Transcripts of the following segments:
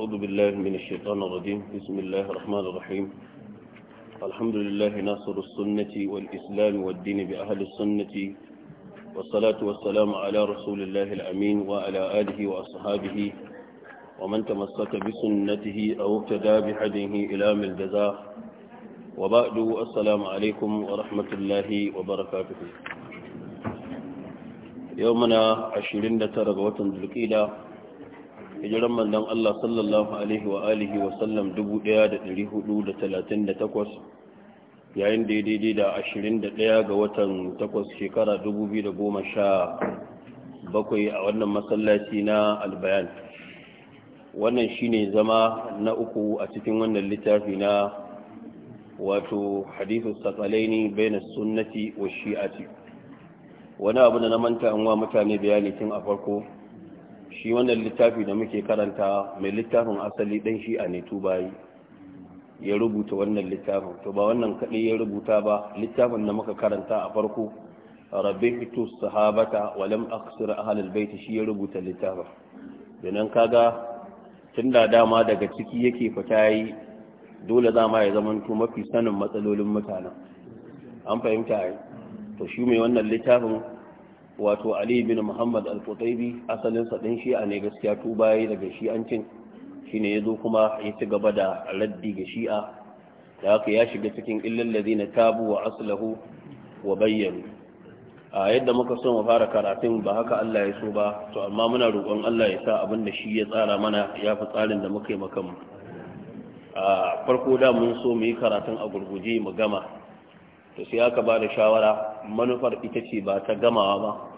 أعوذ بالله من الشيطان الرجيم بسم الله الرحمن الرحيم الحمد لله ناصر السنة والإسلام والدين بأهل السنة والصلاة والسلام على رسول الله الأمين وعلى آله وأصحابه ومن تمسك بسنته أو اقتدى بحده إلى من الجزاء وبعد السلام عليكم ورحمة الله وبركاته يومنا عشرين ترغوة ذو hijiran mandan Allah sallallahu alaihi wa alihi wa sallam 1438 yayin da daidai da 21 ga watan 8 shekara bakwai a wannan masallaci na albayan wannan shine zama na uku a cikin wannan littafi na wato hadithu bai baina sunnati wa shi'ati wani abu da na manta an wa mutane bayani tun a farko shi wannan littafi da muke karanta mai littafin asali ɗan shi a ne ya rubuta wannan littafin to ba wannan kaɗai ya rubuta ba littafin da muka karanta a farko rabitu sahabata walam aksir ahlul bait shi ya rubuta littafin dan kaga tunda dama daga ciki yake fita yi dole zama ya zama to mafi sanin matsalolin mutanen an fahimta ai to shi mai wannan littafin wato ali bin muhammad al-qutaibi asalin sa din shi'a ne gaskiya tuba yayi daga shi'ancin shine yazo kuma ya ci gaba da raddi ga shi'a da haka ya shiga cikin illal ladina tabu wa aslahu wa bayyanu a yadda muka so mu fara karatun ba haka Allah ya so ba to amma muna roƙon Allah ya sa abin da shi ya tsara mana ya fi tsarin da muka yi makan a farko da mun so mu yi karatun a gurguje mu gama to sai aka ba da shawara manufar ita ce ba ta gamawa ba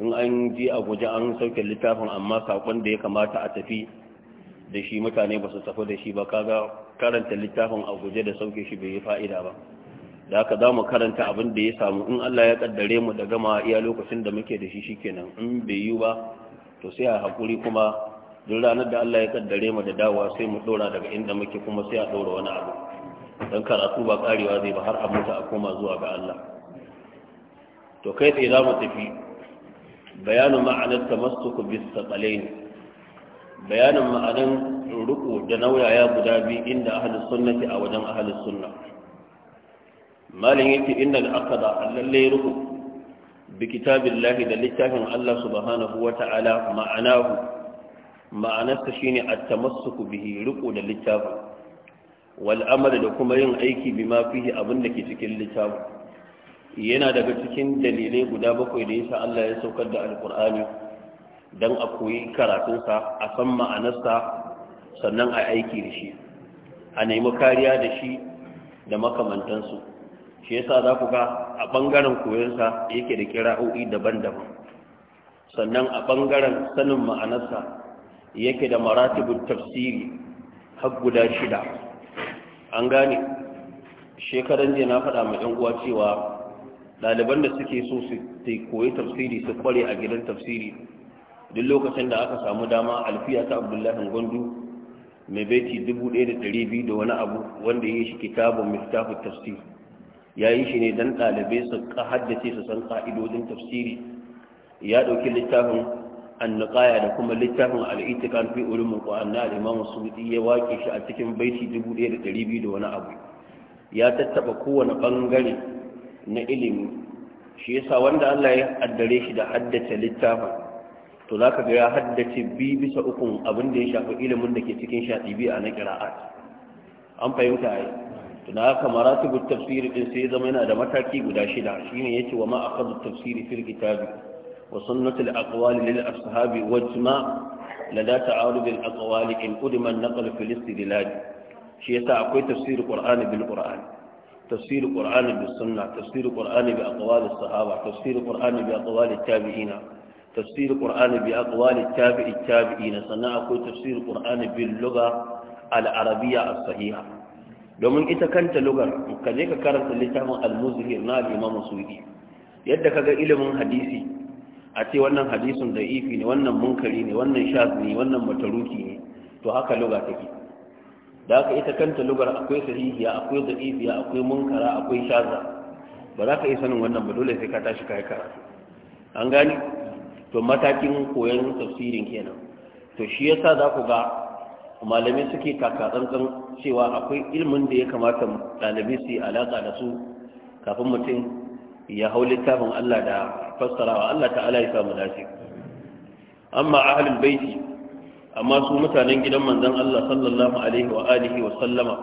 in an je a guje an sauke littafin amma sakon da ya kamata a tafi da shi mutane ba su tafi da shi ba kaga karanta littafin a guje da sauke shi bai yi fa'ida ba da aka za mu karanta abin da ya samu in Allah ya kaddare mu da gama iya lokacin da muke da shi shikenan in bai yi ba to sai a hakuri kuma duk ranar da Allah ya kaddare mu da dawa sai mu dora daga inda muke kuma sai a dora wani abu dan karatu ba karewa zai ba har a mutu a koma zuwa ga Allah to kai tsaye za mu tafi bayanu ma'anar tamassuku bis bayanin ma'anar ruku da nauyaya guda biyu inda ahlus sunnati a wajen ahlus sunna malin yake inda al-aqda allalle ruku bi kitabillahi da littafin Allah subhanahu wata'ala ma'anahu ma'anarsa shine at-tamassuku bihi ruku da littafin wal amr da kuma yin aiki bima fihi abinda ke cikin littafin yana daga cikin dalilai guda bakwai da yasa Allah ya saukar da alkur'ani don a koyi karatunsa a san ma'anarsa sannan a aiki da shi a nemi kariya da shi da makamantansu shi yasa za ku ga a ɓangaren koyonsa yake da kira'o'i daban-daban sannan a ɓangaren sanin ma'anarsa yake da maratibin tafsiri har guda shida an gane shekaran jiya na faɗa ma 'yan uwa cewa ɗaliban da suke so su koyi tafsiri su kware a gidan tafsiri duk lokacin da aka samu dama alfiya ta abdullahi gondu mai baiti biyu da wani abu wanda ya yi shi kitabun miftahu tafsiri, ya yi shi ne don ɗalibai su haddace su san ƙa'idodin tafsiri ya ɗauki littafin annuqaya da kuma littafin al'itikan fi ulumul qur'an na al ya wake shi a cikin baiti biyu da wani abu ya tattaɓa kowane bangare na ilimi shi yasa wanda Allah ya addare shi da haddace littafin to za ga ya haddace bi bisa ukun abin da ya shafi ilimin da ke cikin shaɗibi a na ƙira'at an fahimta yi to na haka maratibu tafsiri din sai zama yana da mataki guda shida shine yace wa ma akhadhu tafsiri fil kitabi wa sunnatul aqwali lil ashabi wa ijma' لدى تعارض الأقوال إن قدم النقل shi الاستدلال شيء أقوي تفسير القرآن بالقرآن تفسير القرآن بالسنة تفسير القرآن بأقوال الصحابة تفسير القرآن بأقوال التابعين تفسير القرآن بأقوال التابع التابعين سنة أقول تفسير القرآن باللغة العربية الصحيحة domin ita kanta lugar ka je ka karanta littafin al-muzhir na al-imam suudi yadda kaga ilimin hadisi a ce wannan hadisin da'ifi ne wannan munkari ne wannan shaz ne wannan mataruki ne to haka luga take da aka ita kanta lugar akwai sahihiya akwai da'ifiya akwai munkara akwai shaza ba za ka iya sanin wannan ba dole sai ka tashi kai ka an gani to matakin koyon tafsirin kenan to shi yasa za ku ga malamai suke tsantsan cewa akwai ilmin da ya kamata ɗalibai su yi alaƙa da su kafin mutum ya hau littafin Allah da fassarawa Allah ta'ala ya samu dace amma ahlul baiti amma su mutanen gidan manzon Allah sallallahu alaihi wa alihi wa sallama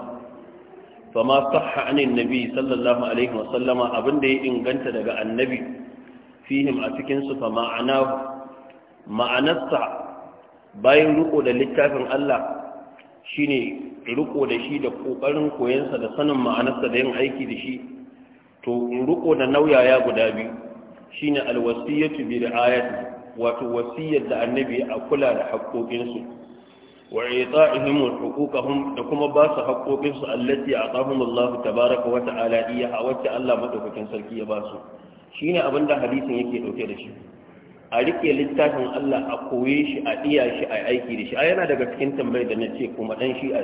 fama sahha anin nabi sallallahu alaihi wa sallama abinda ya inganta daga annabi fihim a cikinsu. fa ma'anahu ma'anarsa bayan riko da littafin Allah ne riko da shi da ƙoƙarin koyansa da sanin ma'anarsa da yin aiki da shi to riko da nauyaya guda biyu shine alwasiyatu bi ri'ayati wato wasiyar da annabi a kula da haƙoƙinsu wa ita'ihim huquqahum da kuma ba su haƙoƙinsu allati atahum Allah tabaaraka wa ta'ala iya a wacce Allah madaukakin sarki ya ba su shine abin da hadisin yake dauke da shi a rike littafin Allah a koye shi a iya shi a aiki da shi a yana daga cikin tambayar da na ce kuma dan shi a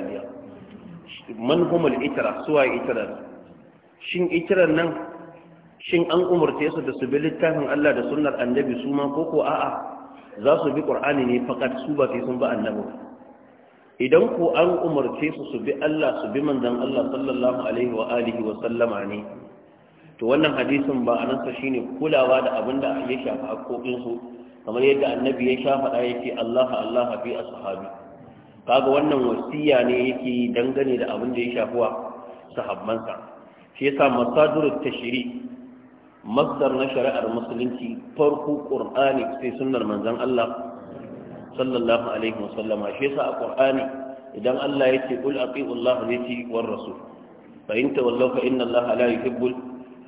man humul itra suwa itra shin itran nan shin an umarce su da su bi littafin Allah da sunnar annabi su ma ko ko a'a za su bi Kur'ani ne fakat su ba sai sun bi annabi idan ko an umarce su su bi Allah su bi manzon Allah sallallahu alaihi wa alihi wa sallama ne to wannan hadisin ba anan sa shine kulawa da abinda ya shafi hakokin su kamar yadda annabi ya shafa da yake Allah Allah fi ashabi kaga wannan wasiya ne yake dangane da abin da ya shafi wa sahabbansa shi yasa masadurut tashri' masdar na shari'ar musulunci farko qur'ani sai sunnar manzon Allah sallallahu alaihi wasallam shi yasa a qur'ani idan Allah yace qul aqiu Allah yace war rasul fa in tawallaw fa inna Allah la yuhibbul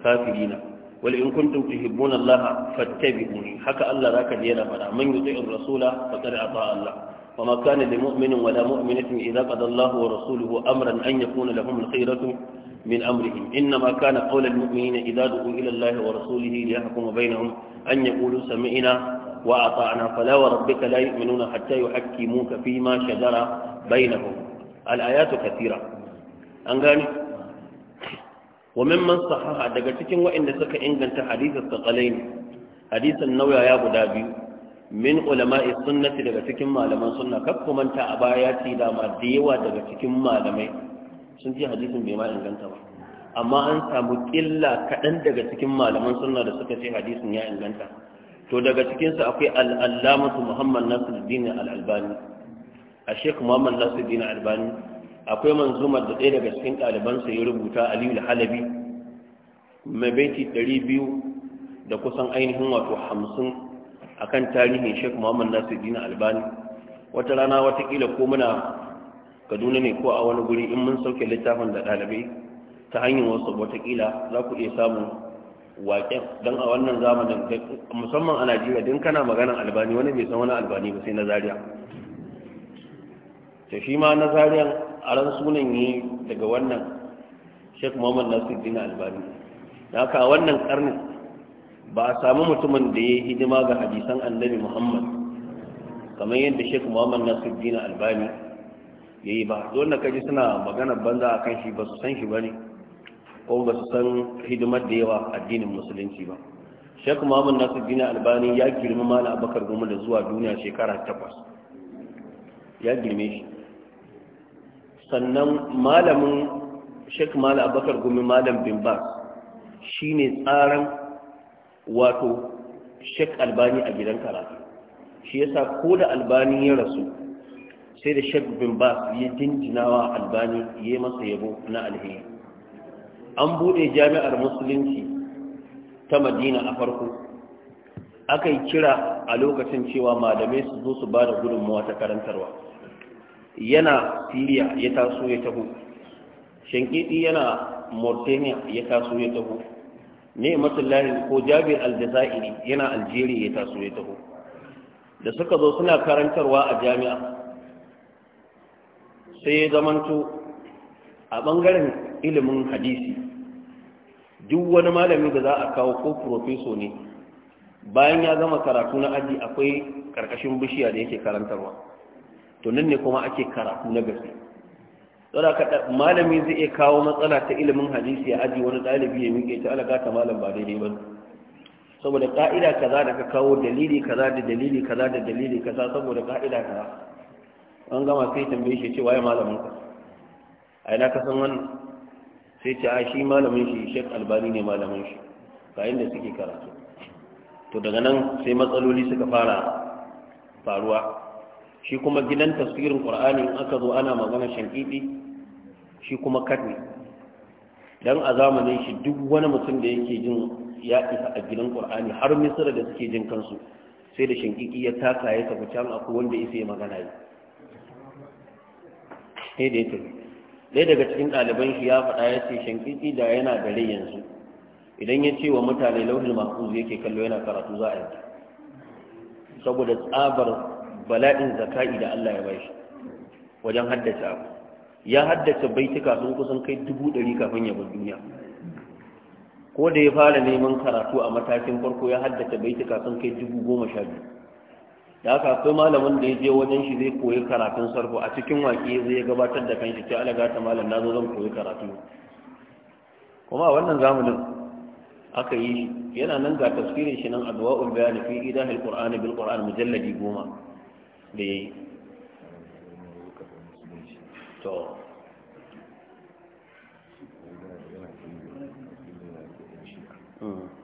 kafirina wal in kuntum tuhibbuna Allah fattabi'uni haka Allah zaka je yana fada man yuti'ir rasula faqad ata Allah وما كان لمؤمن ولا مؤمنة إذا قضى الله ورسوله أمرا أن يكون لهم الخيرة من أمرهم إنما كان قول المؤمنين إذا دعوا إلى الله ورسوله ليحكم بينهم أن يقولوا سمعنا وأطعنا فلا وربك لا يؤمنون حتى يحكموك فيما شجر بينهم الآيات كثيرة أنغاني وممن صححها دقتكم وإن سك إنجنت حديث الثقلين حديث النوى يا أبو دابي min ulama'i sunnati daga cikin malaman sunna kakku manta a baya ce da ma da yawa daga cikin malamai sun ce hadisin bai ma inganta ba amma an samu ƙilla kaɗan daga cikin malaman suna da suka ce hadisin ya inganta to daga cikinsu akwai al'allamatu muhammad nasiruddin al'albani a sheik muhammad nasiruddin al'albani akwai manzumar da ɗaya daga cikin ɗalibansa ya rubuta aliyu halabi mai baiti ɗari biyu da kusan ainihin wato hamsin akan tarihin sheik muhammad nasiruddin albani wata rana watakila ko muna kaduna ne ko a wani guri in mun sauke littafin da ɗalibai ta hanyar wasu watakila za ku iya samun waƙen don a wannan zamanin musamman a najeriya don kana maganar albani wani bai san wani albani ba sai na zaria ta shi ma na zariyan a ran sunan yi daga wannan sheikh muhammad nasir dina albani da haka a wannan karni ba a samu mutumin da ya yi hidima ga hadisan annabi muhammad kamar yadda sheikh muhammad nasir dina albani ya yi ba da kaji suna magana banza a kan shi ba su san shi ba ne ko ba su san hidimar da yawa addinin musulunci ba shek muhammad nasu dina albani ya girma mala abakar goma da zuwa duniya shekara takwas ya girme shi sannan malamin shek mala abakar goma malam bin ba shi ne tsarin wato shek albani a gidan karatu shi yasa ko da albani ya rasu sai da shek bin bas ya jinjinawa albani ya yi masa yabo na alheri an buɗe jami'ar musulunci ta madina a farko aka yi kira a lokacin cewa malamai su zo su ba da gudunmawa ta karantarwa yana siriya ya taso ya taho shankidi yana mortenia ya taso ya taho ne matsalari ko jabir aljazairi yana algeria ya taso ya taho da suka zo suna karantarwa a jami'a sai ya zamanto a ɓangaren ilimin hadisi duk wani malami da za a kawo ko profeso ne bayan ya gama karatu na aji akwai ƙarƙashin bishiya da yake karantarwa to nan ne kuma ake karatu na gaske tsara malami zai kawo matsala ta ilimin hadisi a aji wani ɗalibi ya miƙe ta alaƙa ta malam ba daidai ba saboda ƙa'ida kaza da ka kawo dalili kaza da dalili kaza da dalili kaza saboda ƙa'ida kaza an gama sai tambaye shi cewa ya malamin ka ina ka kasan wannan sai ce a shi malamin shi Sheikh Albani ne malamin shi ga inda suke karatu to daga nan sai matsaloli suka fara faruwa shi kuma gidan tafsirin Qur'ani in aka zo ana magana shankidi shi kuma kadni dan a zamanin shi duk wani mutum da yake jin ya isa a gidan Qur'ani har misira da suke jin kansu sai da shankiki ya taka ya tafi can akwai wanda isa ya magana yi sai da ya tafi ɗaya daga cikin ɗaliban shi ya faɗa ya ce shankiki da yana da rai yanzu idan ya ce wa mutane lauhin mahfuz yake kallo yana karatu za a yi saboda tsabar bala'in zaka'i da Allah ya shi, wajen haddace abu ya haddace baituka sun kusan kai dubu ɗari kafin ya bar duniya ko da ya fara neman karatu a matakin farko ya haddace baituka sun kai dubu goma sha biyu da haka akwai malamin da ya je wajen shi zai koyi karatun sarko a cikin waƙi zai gabatar da kanshi ce alaga ta malam na zo zan koyi karatu kuma wannan zamanin aka yi yana nan ga tasirin shi nan adwa'ul bayani fi idahil qur'ani bil qur'an mujalladi goma da yayi to Mm-hmm.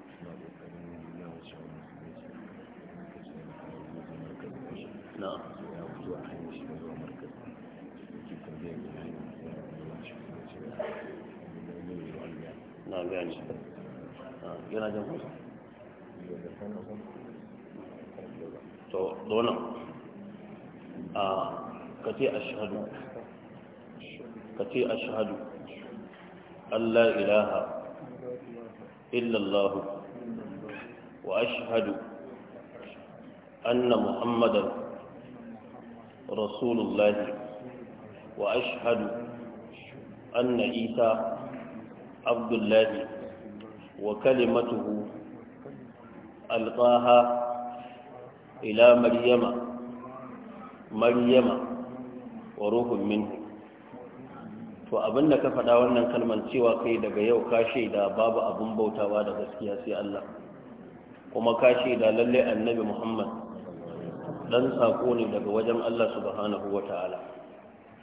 ya a hanyar shi zuwa markas na a kace ashhadu kace ashhadu wa ashhadu رسول الله وأشهد أن عيسى عبد الله وكلمته ألقاها إلى مريم مريم وروح منه to abin da ka faɗa wannan kalmar cewa kai daga yau ka shaida babu abin bautawa da gaskiya sai Allah kuma ka shaida lalle annabi Muhammad dan sako ne daga wajen Allah subhanahu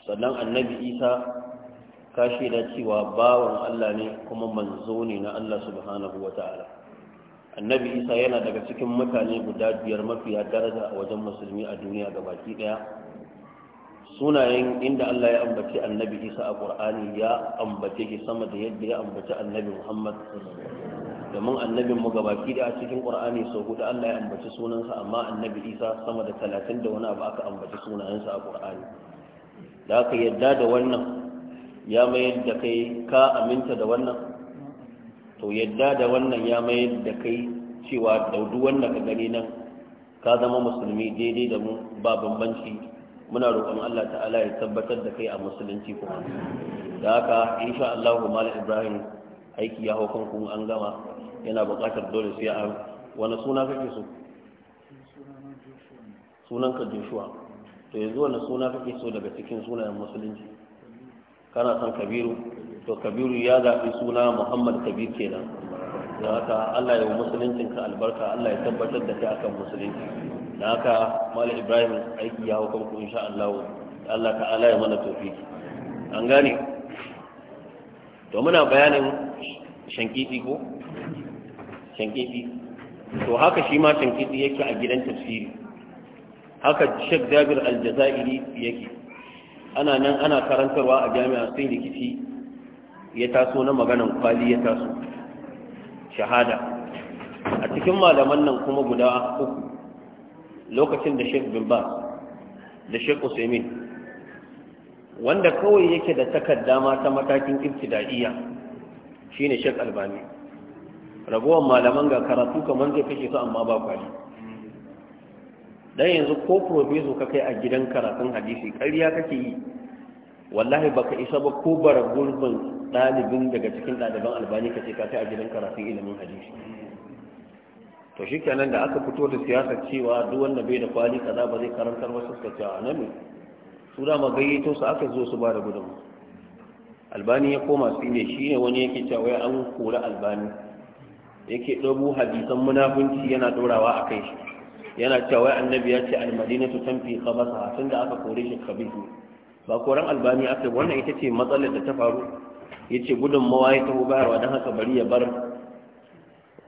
sannan annabi Isa kashi da cewa bawan Allah ne kuma manzo ne na Allah subhanahu annabi Isa yana daga cikin mutane guda biyar mafiya daraja a wajen musulmi a duniya gabaki daya sunayen inda Allah ya ambaci annabi Isa a ƙur'ani ya ambace shi sama da yadda ya ambaci annabi Muhammad domin annabin mu gabaki da a cikin qur'ani sau hudu Allah ya ambaci sunansa amma annabi Isa sama da talatin da wani abu aka ambaci sunayensa a qur'ani da aka yadda da wannan ya mayar da kai ka aminta da wannan to yadda da wannan ya mayar da kai cewa daudu wannan ka gani nan ka zama musulmi daidai da mu ba bambanci muna roƙon Allah ta'ala ya tabbatar da kai a musulunci kuma da haka insha Allah Malam Ibrahim aiki ya hau kanku an gama yana buƙatar dole sai a wani suna kake so sunan ka joshua to yanzu wani suna kake so daga cikin sunayen musulunci kana son kabiru to kabiru ya zaɓi suna muhammad kabir kenan da haka allah ya yi musulunci ka albarka allah ya tabbatar da kai akan musulunci da haka malam ibrahim aiki ya ku insha allah allah ka ya mana tofi an gane to muna bayanin shankiti ko shankiti to haka shi ma shankiti yake a gidan tafsiri haka shek jabir aljazairi yake ana nan ana karantarwa a jami'a sai rikici ya taso na maganan kwali ya taso shahada a cikin malaman nan kuma guda uku lokacin da shek bin da shek usaimin wanda kawai yake da takarda ma ta matakin ibtida'iyya shine shek albani ragowar malaman ga karatu kamar zai kashe su amma ba kwari dan yanzu ko profesor ka kai a gidan karatun hadisi ƙarya kake yi wallahi baka isa ba ko bara gurbin ɗalibin daga cikin ɗaliban albani ka ce ka kai a gidan karatun ilimin hadisi to shi kenan da aka fito da siyasar cewa duk wanda bai da kwali kaza ba zai karantar wasu suka ce a nan su da magayyato su aka zo su ba da gudunmu albani ya koma su ne shi ne wani yake cewa an kori albani yake ɗobo hadisan munafunci yana ɗorawa a kai shi yana cewa annabi ya ce almadinatu tanfi khabasa tun da aka kore shi kabihu ba koran albani aka wannan ita ce matsalar da ta faru yace gudun mawaye ta bayarwa don haka bari ya bar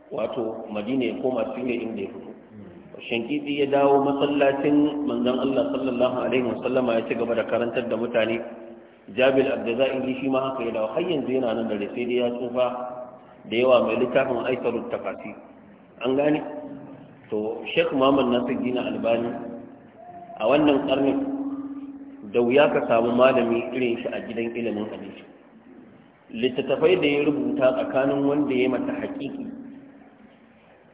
wato madina ya koma sune inda ya fito shankidi ya dawo masallacin manzon Allah sallallahu alaihi wasallama ya ci gaba da karantar da mutane jabil abdaza'i shi ma haka ya dawo har yanzu yana nan da sai dai ya tsufa da yawa mai littafin aisarut takasi an gane to sheikh muhammad nasir dina albani a wannan karnin da wuya ka samu malami irin shi a gidan ilimin hadisi littattafai da ya rubuta tsakanin wanda ya mata haƙiƙi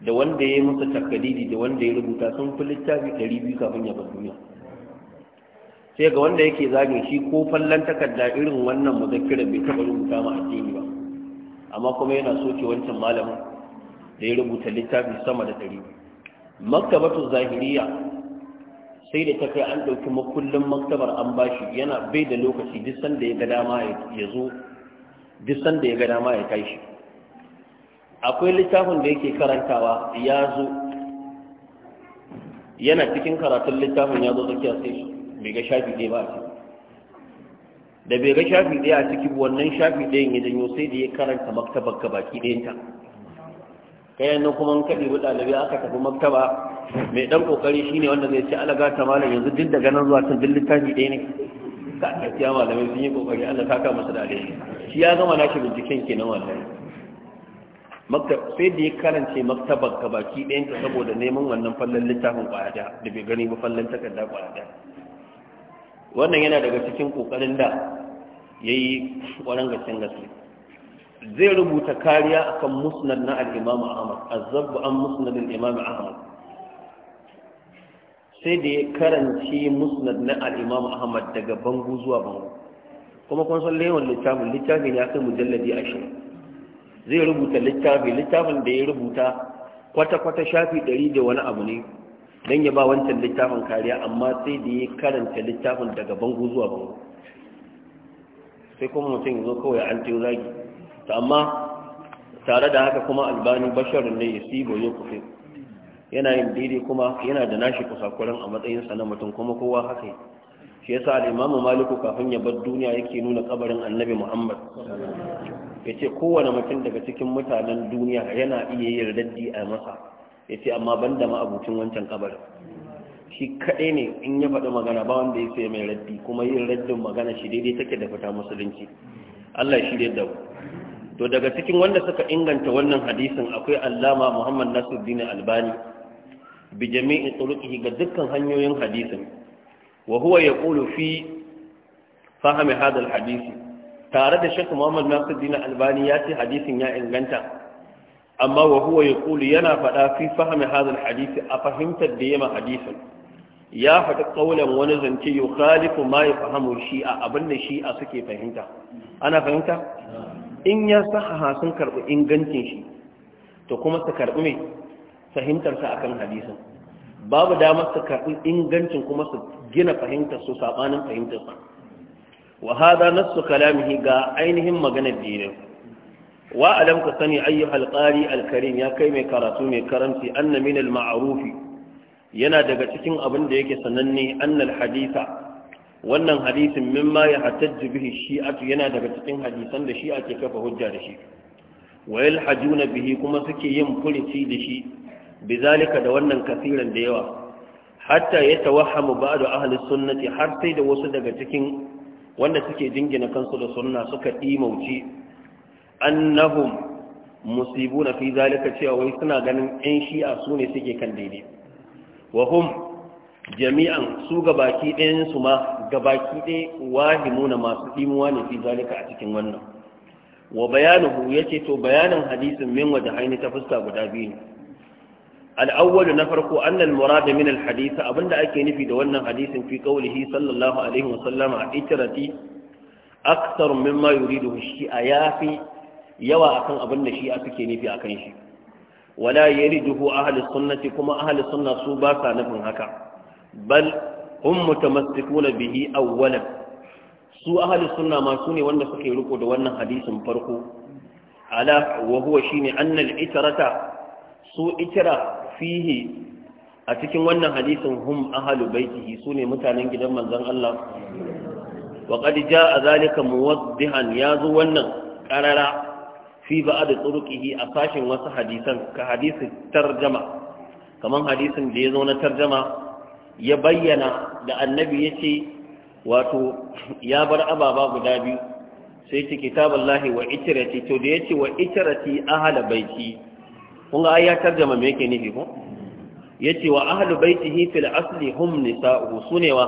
da wanda ya masa takadidi da wanda ya rubuta sun fi littafi ɗari biyu kafin ya bar duniya sai ga wanda yake zagin shi ko fallon takarda irin wannan zakira bai taɓa rubuta ma addini ba amma kuma yana soke wancan malamin da ya rubuta littafi sama da ɗari maktabatu zahiriya sai da ta kai an ɗauki makullin maktabar an bashi yana bai da lokaci duk sanda ya ga dama ya zo duk sanda ya ga dama ya kai shi akwai littafin da yake karantawa ya zo yana cikin karatun littafin ya zo tsakiya sai bai ga shafi ɗaya ba da bai ga shafi ɗaya a cikin wannan shafi ɗayan ya janyo sai da ya karanta maktaba ga baki ɗayanta kayan nan kuma kaɗi wa ɗalibai aka tafi maktaba mai ɗan ƙoƙari shi ne wanda zai ce alaga ta malam yanzu duk daga nan zuwa can duk littafi ɗaya ne ka tafiya malamai sun yi ƙoƙari Allah ta kama su da alheri shi ya gama nashi binciken kenan wannan. sai da ya karance maktabar ga baki ɗayanta saboda neman wannan fallon littafin ƙwaya da bai gani ba fallon takarda ƙwaya wannan yana daga cikin ƙoƙarin da ya yi ƙwaron gasken gaske zai rubuta kariya akan musnad na al'imamu ahmad azabba an musnadin imamu ahmad sai da ya karanci musnad na al'imamu ahmad daga bangu zuwa bangu kuma kun san lewan littafin littafin ya kai mujalladi ashirin zai rubuta littafi littafin da ya rubuta kwata-kwata shafi ɗari da wani abu ne don ya ba wancan littafin kariya amma sai da ya karanta littafin daga bango zuwa bango sai kuma mutum ya zo kawai an tiyo zagi ta amma tare da haka kuma albani basharun ne ya sibo ya kufe yana yin daidai kuma yana da nashi kusakuran a matsayinsa na mutum kuma kowa haka shi yasa al'imamu maliku kafin ya bar duniya yake nuna kabarin annabi muhammad ya ce kowane mutum daga cikin mutanen duniya yana iya yin raddi a masa Ya ce, amma banda ma ma'abucin wancan kabar shi kaɗai ne in ya faɗi magana ba wanda ya sai mai raddi kuma yin raddin magana shi daidai take da fita musulunci Allah shi da mu to daga cikin wanda suka inganta wannan hadisin akwai Allama Muhammad Nasiruddin Albani bi jami'i tsuruƙi ga dukkan hanyoyin hadisin wa huwa ƙulu fi fahimi hadal hadisi? tare da Sheikh Muhammad Nasiruddin Albani ya ce hadisin ya inganta amma wa huwa yana faɗa fi fahmi hadin hadisi a fahimtar da yama hadisin ya faɗi ƙaunar wani zance yau khalifu ma ya fahimu shi'a abin da shi'a suke fahimta ana fahimta in ya sahaha sun karɓi ingancin shi to kuma su karɓi mai fahimtarsa akan hadisin babu damar su karɓi ingancin kuma su gina fahimtar su saɓanin fahimtarsa wa hada nassu kalamihi ga ainihin maganar dinin wa alam ka sani ayyuhal qari alkarim ya kai mai karatu mai karanci anna min al-ma'ruf yana daga cikin abin da yake sananne annal haditha wannan hadisin mimma ya hatajju bihi shi'atu yana daga cikin hadisan da shi'a ke kafa hujja da shi wa hajuna bihi kuma suke yin furuci da shi bizalika da wannan kasiran da yawa hatta ya tawahhamu ba'du ahli sunnati har sai da wasu daga cikin wanda suke jingina kansu da sunna suka dimauci annahum musibuna fi zalika cewa wai suna ganin ɗan shi'a su ne suke kan daidai wahum jami'an su gabaki ɗayan su ma gabaki ɗaya wahimuna masu ɗimuwa ne fi zalika a cikin wannan wa bayanuhu yace to bayanin hadisin min waje haini ta fuska guda biyu ne al'awwalu na farko annal murada min al abinda ake nufi da wannan hadisin fi qawlihi sallallahu alaihi wa sallama itrati akthar mimma yuridu shi'a yafi yawa akan abin da shi'a suke nufi akan shi wala yariduhu ahli sunnati kuma ahli sunna su ba sa nufin haka bal hum mutamassikuna bihi awwalan su ahli sunna ma su ne wanda suke riko da wannan hadisin farko ala wa huwa shine anna al-itrata su itra fihi a cikin wannan hadisin hum ahli baitihi su ne mutanen gidan manzon Allah wa qad jaa zalika muwaddihan yazo wannan qarara fi ba'ad turuqihi a sashin wasu hadisan ka hadisin tarjama Kamar hadisin da ya zo na tarjama ya bayyana da annabi ya ce, wato ya bar ababa guda biyu sai ce kitabullahi wa itrati to da ya ce wa itrati ahla baiti kun ga ya tarjama me yake nufi ko ya ce wa ahlu baitihi fil asli hum ne wa?"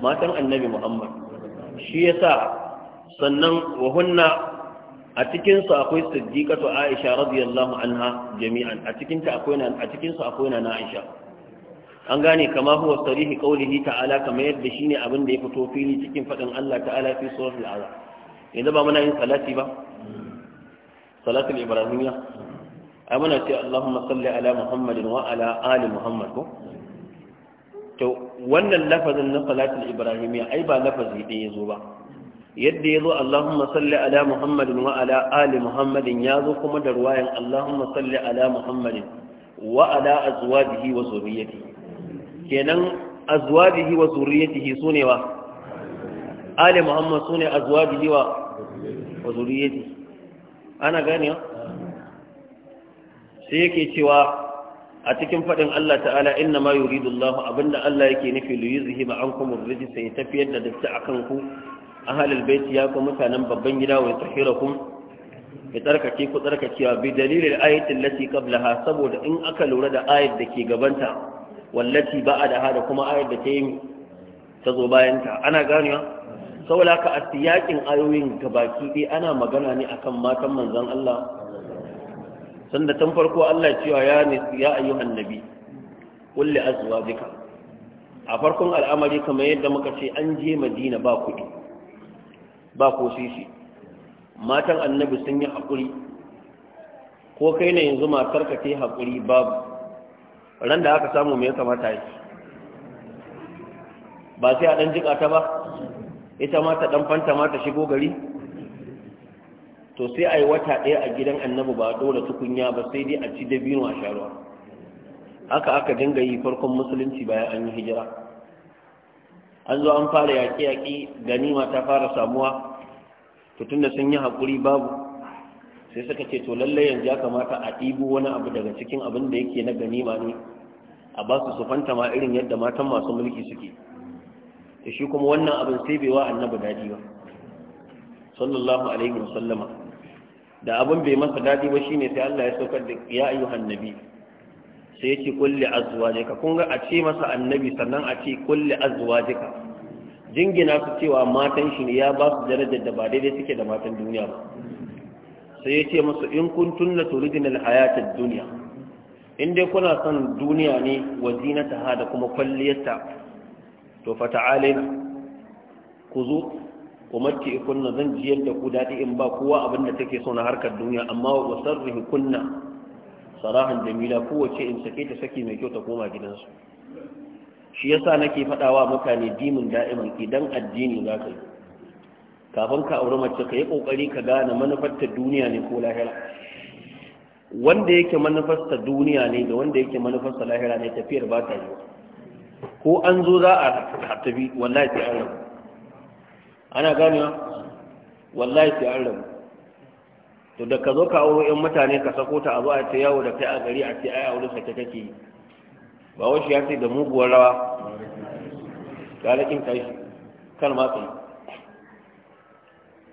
matan annabi muhammad shi ya sa sannan wa hunna a cikin su akwai siddiqatu aisha radiyallahu anha jami'an a cikin akwai na a cikin akwai nan aisha an gane kama huwa sarihi qawlihi ta'ala kamar yadda shine abin da ya fito fili cikin fadin Allah ta'ala fi suratul azab yanzu ba muna yin salati ba salatul ibrahimiyya ai muna ce Allahumma salli ala Muhammadin wa ala ali Muhammad ko to wannan lafazin na salatul ibrahimiyya ai ba lafazi ɗaya zo ba yadda ya zo Allahumma salli ala Muhammadin wa ala ali Muhammadin ya zo kuma da ruwayan Allahumma salli ala Muhammadin wa ala azwajihi wa zurriyyatihi kenan azwajihi wa zurriyyatihi sune wa ali Muhammad sune azwajihi wa wa zurriyyatihi ana gane wa sai yake cewa a cikin faɗin Allah ta'ala inna ma yuridu Allah abinda Allah yake nufi li yuzhiba ankum ar-rijsa ya tafiyar da datti akan ku ahalul baiti ya kuma mutanen babban gida wa tahirakum ya tsarkake ku tsarkakewa bi dalilin ayatin lati qablaha saboda in aka lura da ayat da ke gabanta wallati ba'adaha da kuma ayat da ta yi ta zo bayanta ana ganewa saboda ka a siyakin ayoyin gabaki ɗaya ana magana ne akan matan manzon Allah sanda tun farko Allah cewa ya ne ya ayyuhan nabi qul azwajika a farkon al'amari kamar yadda muka ce an je Madina ba kuɗi ba ko shi matan annabi sun yi haƙuri ko kai ne yanzu matar ka hakuri haƙuri babu ran da aka samu mai kamata yi ba sai a ɗan jiƙa ta ba ita mata ta ɗan fanta ma ta shigo gari to sai a yi wata ɗaya a gidan annabi ba dole tukunya ba sai dai a ci dabino a sharuwa haka aka dinga yi farkon musulunci bayan an yi hijira an zo an fara yaƙi-yaƙi ganima ta fara samuwa to tunda sun yi haƙuri babu sai suka ce to lallai yanzu ya kamata a ɗibu wani abu daga cikin abin da yake na ganima ne a ba su su fanta ma irin yadda matan masu mulki suke da shi kuma wannan abin sai bai wa annabi daɗi ba sallallahu alaihi wa sallama da abin bai masa dadi ba shine sai Allah ya saukar da ya ayyuhan nabi sai ya ce kulli azwajika kun ga a ce masa annabi sannan a ce kulli azwajika jingina su cewa matan shi ne ya ba su darajar da ba daidai suke da matan duniya ba sai ya ce masu in kun tunna turidin alhayatar duniya in dai kuna son duniya ne wa ha da kuma kwalliyarta to fa ta'alaina ku zo ku mace kunna zan jiyar da ku daɗi in ba kowa abin da take so na harkar duniya amma wa sarrihi kunna sarahan jamila kowace in sake ta saki mai kyau ta koma gidansu shi yasa nake faɗawa mutane dimin da'iman idan addini za ka yi kafin ka auri mace ka yi ƙoƙari ka gane manufarta duniya ne ko lahira wanda yake manufarta duniya ne da wanda yake manufarta lahira ne tafiyar ba ta yi ko an zo za a tafi wallahi sai an rabu ana ganewa wallahi sai an rabu to da ka zo ka auro yan mutane ka sako ta a zuwa ta yawo da kai a gari a ce ai aure sake take yi ba wai shi ya ce da muguwar rawa galakin kai kan ma kai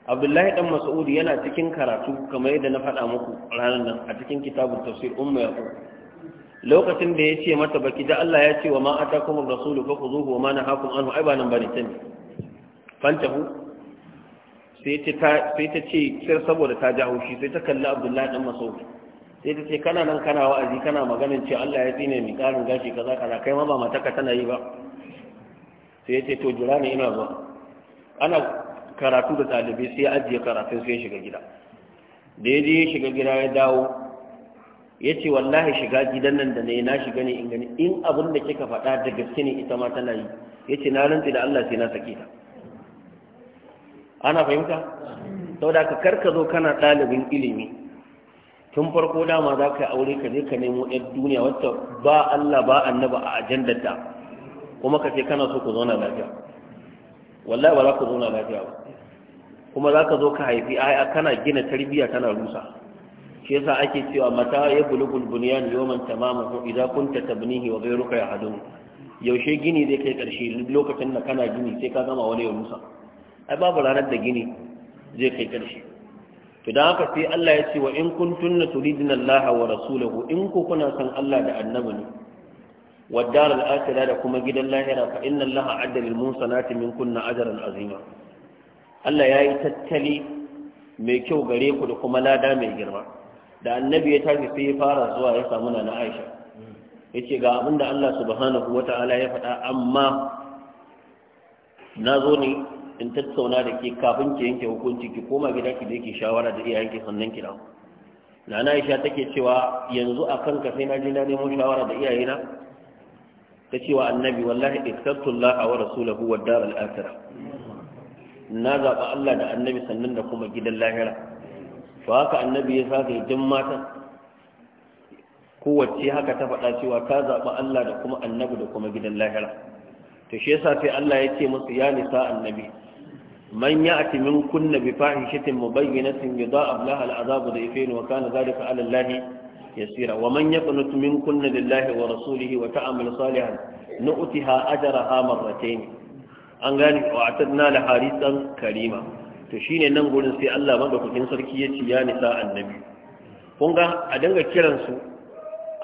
Abdullahi dan Mas'ud yana cikin karatu kamar yadda na faɗa muku ranar nan a cikin kitabun tafsir umma yaqub lokacin da ya ce mata baki da Allah ya ce wa ma atakum ar-rasul fa khuzuhu wa ma nahakum anhu ai ba nan bane tani fantahu sai ta ce sai saboda ta ja haushi sai ta kalli abdullahi dan masaud sai ta ce kana nan kana wa'azi kana maganin ce Allah ya tsine mai karin gashi kaza kaza kai ma ba mataka tana yi ba sai ya ce to jira ne ina zuwa ana karatu da ɗalibai sai ya ajiye karatun sai ya shiga gida da ya je ya shiga gida ya dawo ya ce wallahi shiga gidan nan da na na shiga ne in in abin da kika faɗa da gaske ne ita ma tana yi ya ce na rantsi da Allah sai na sake ta ana fahimta Sau da ka karka zo kana ɗalibin ilimi tun farko dama za ka yi aure ka je ka nemo yar duniya wacce ba Allah ba annaba a ajandarta kuma ka ce kana so ku zauna lafiya wallahi ba za ku zauna lafiya ba kuma za ka zo ka haifi aya kana gina tarbiyya kana rusa shi yasa ake cewa mata ya bulugul bunyan yawman tamamahu idan kunta tabnihi wa ghayruka hadu yaushe gini zai kai karshe lokacin da kana gini sai ka gama wani ya rusa ai babu ranar da gini zai kai ƙarshe to don haka sai Allah ya ce wa in kuntunna turidina Allah wa rasulahu in ku kuna san Allah da annabi ne wa daral akhirah da kuma gidan lahira fa inna Allah adda lil musanati minkunna ajran azima Allah ya yi tattali mai kyau gare ku da kuma lada mai girma da annabi ya tafi sai ya fara zuwa ya samu na Aisha yace ga abin da Allah subhanahu wata'ala ya faɗa amma na zo ne in tattauna da ke kafin ki yanke hukunci ki koma gida ki je ki shawara da iyayenki sannan ki dawo nana aisha take cewa yanzu a kanka sai na je na nemo shawara da iyayena ta cewa annabi wallahi iskatullah wa rasulahu wa dar al akhirah na zaba Allah da annabi sannan da kuma gidan lahira to haka annabi ya saka jin mata kowace haka ta faɗa cewa ta zaba Allah da kuma annabi da kuma gidan lahira to shi yasa sai Allah ya ce musu ya nisa annabi Manya a min kunna bi fahishatin mubayyinatin yudha'ab laha al'azabu dhaifayn wa kana dhalika 'ala allahi yasira wa man yaqnutu min kunna lillahi wa rasulihi wa an gani wa la harisan karima to shine nan gurin sai Allah madaukakin sarki ya ci ya nisa annabi kun ga a dinga kiransu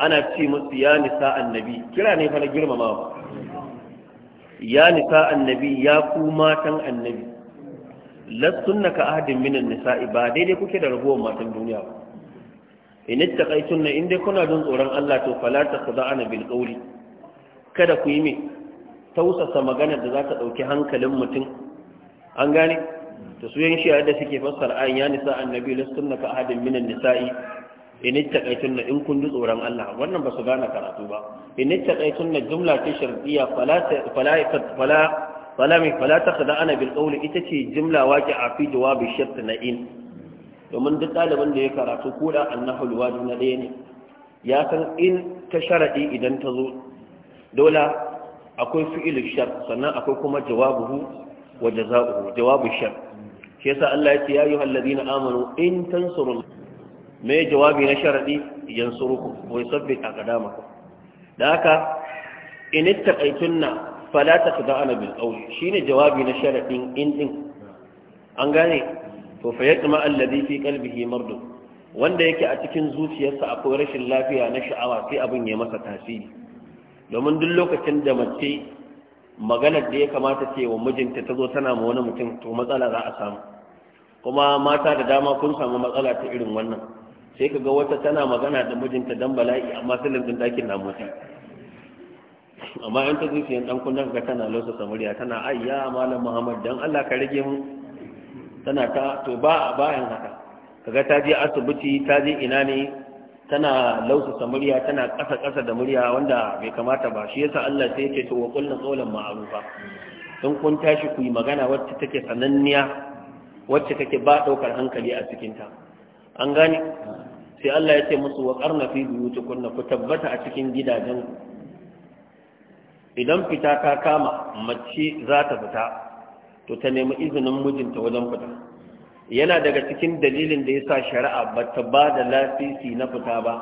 ana ci musu ya nisa annabi kira ne fa na girmamawa ya nisa annabi ya ku matan annabi lastunna ka ahadin minan nisa'i ba daidai kuke da ragowar matan duniya ba in ittaqaytunna in dai kuna jin tsoron Allah to fala takhda'ana bil qawli kada ku yi mi tausasa magana da za ta dauki hankalin mutum an gane to su yan shi'a da suke fassara ayan ya nisa annabi lastunna ka ahadin minan nisa'i in ittaqaytunna in kun ji tsoron Allah wannan ba su gane karatu ba in ittaqaytunna jumla ta shartiyya fala fala fala falami fala ta kada ana bil qawli ita ce jimla waqi a fi jawabi shart na in domin duk ɗaliban da ya karatu ko da annahul wadi na ɗaya ne ya san in ta sharadi idan ta zo dole akwai fi'il shart sannan akwai kuma jawabuhu wa jazaohu jawabu shart shi yasa Allah ya ce ya ayyuhal ladina amanu in tansurun mai jawabi na sharadi yansurukum wa yusabbit aqdamakum da haka in ittaqaytunna fala ta kada ana bil qawl shine jawabi na sharadin in din an gane to fa yatma alladhi fi qalbihi mardu wanda yake a cikin zuciyarsa akwai rashin lafiya na sha'awa sai abin ya masa tasiri domin duk lokacin da mace maganar da ya kamata ce wa mijinta ta zo tana ma wani mutum to matsala za a samu kuma mata da dama kun samu matsala ta irin wannan sai ka ga wata tana magana da mijinta dan bala'i amma silin din dakin na motsi amma in ta zuciyan dan kunna ga tana lausa samariya tana ayya malam muhammad dan Allah ka rage mu tana ta to ba bayan haka kaga ta je asibiti ta je ina ne tana lausa samariya tana kasa kasa da murya wanda bai kamata ba shi yasa Allah sai yake to wa qulna qawlan ma'rufa in kun tashi ku yi magana wacce take sananniya wacce take ba daukar hankali a cikin ta an gane sai Allah ya ce musu wa qarna fi buyutikunna ku tabbata a cikin gidajen idan fita ta kama mace za ta fita to ta nemi izinin mijinta wajen fita yana daga cikin dalilin da ya sa shari'a ba ta ba da lafisi na fita ba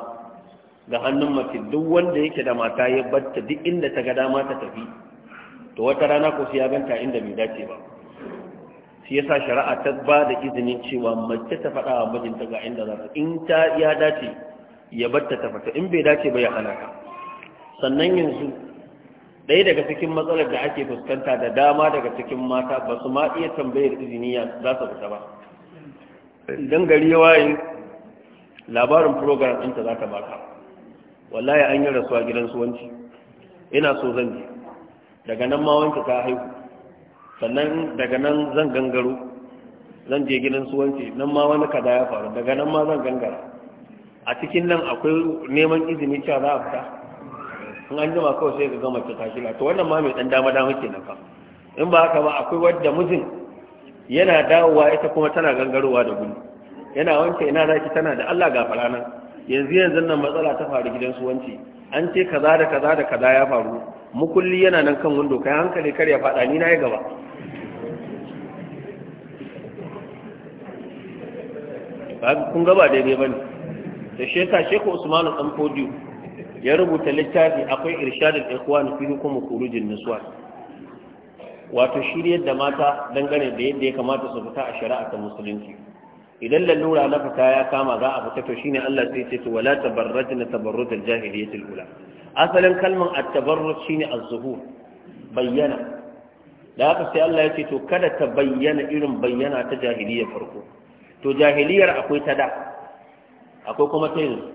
ga hannun mace duk wanda yake da mata ya batta duk inda ta ga dama ta tafi to wata rana ko sai ya ganta inda bai dace ba shi yasa shari'a ta ba da izinin cewa mace ta faɗa wa mijinta ga inda za ta in ta ya dace ya batta ta fita in bai dace ba ya hana ka sannan yanzu ɗaya daga cikin matsalar da ake fuskanta da dama daga cikin mata ba su ma iya tambayar izini za su fita ba idan gari ya waye labarin program ɗinta za ta baka wallahi an yi rasuwa gidan suwanci ina so zan je daga nan ma wanke ta haihu sannan daga nan zan gangaro zan je gidan suwanci nan ma wani kaza ya faru daga nan ma zan gangara a cikin nan akwai neman izini cewa za a fita in an jima kawai sai ka gama ta tashi to wannan ma mai dan dama dama kenan fa in ba haka ba akwai wadda mijin yana dawowa ita kuma tana gangarowa da gudu yana wanke ina zaki tana da Allah ga farana yanzu yanzu nan matsala ta faru gidan su wanci an ce kaza da kaza da kaza ya faru mu kulli yana nan kan wando kai hankali kar ya fada ni na yi gaba kun gaba daidai bane da sheka sheku usmanu dan fodiyo ya rubuta littafi akwai irshadul ikhwan fi hukum khurujin niswa wato shiryar da mata dangane da yadda ya kamata su fita a shari'a ta musulunci idan lalura na fita ya kama za a fita to shine Allah sai ce to wala tabarrajna tabarrujal jahiliyatil ula asalin kalman at-tabarruj shine az-zuhur bayyana da haka sai Allah ya ce to kada ta bayyana irin bayyana ta jahiliyar farko to jahiliyar akwai ta da akwai kuma ta yanzu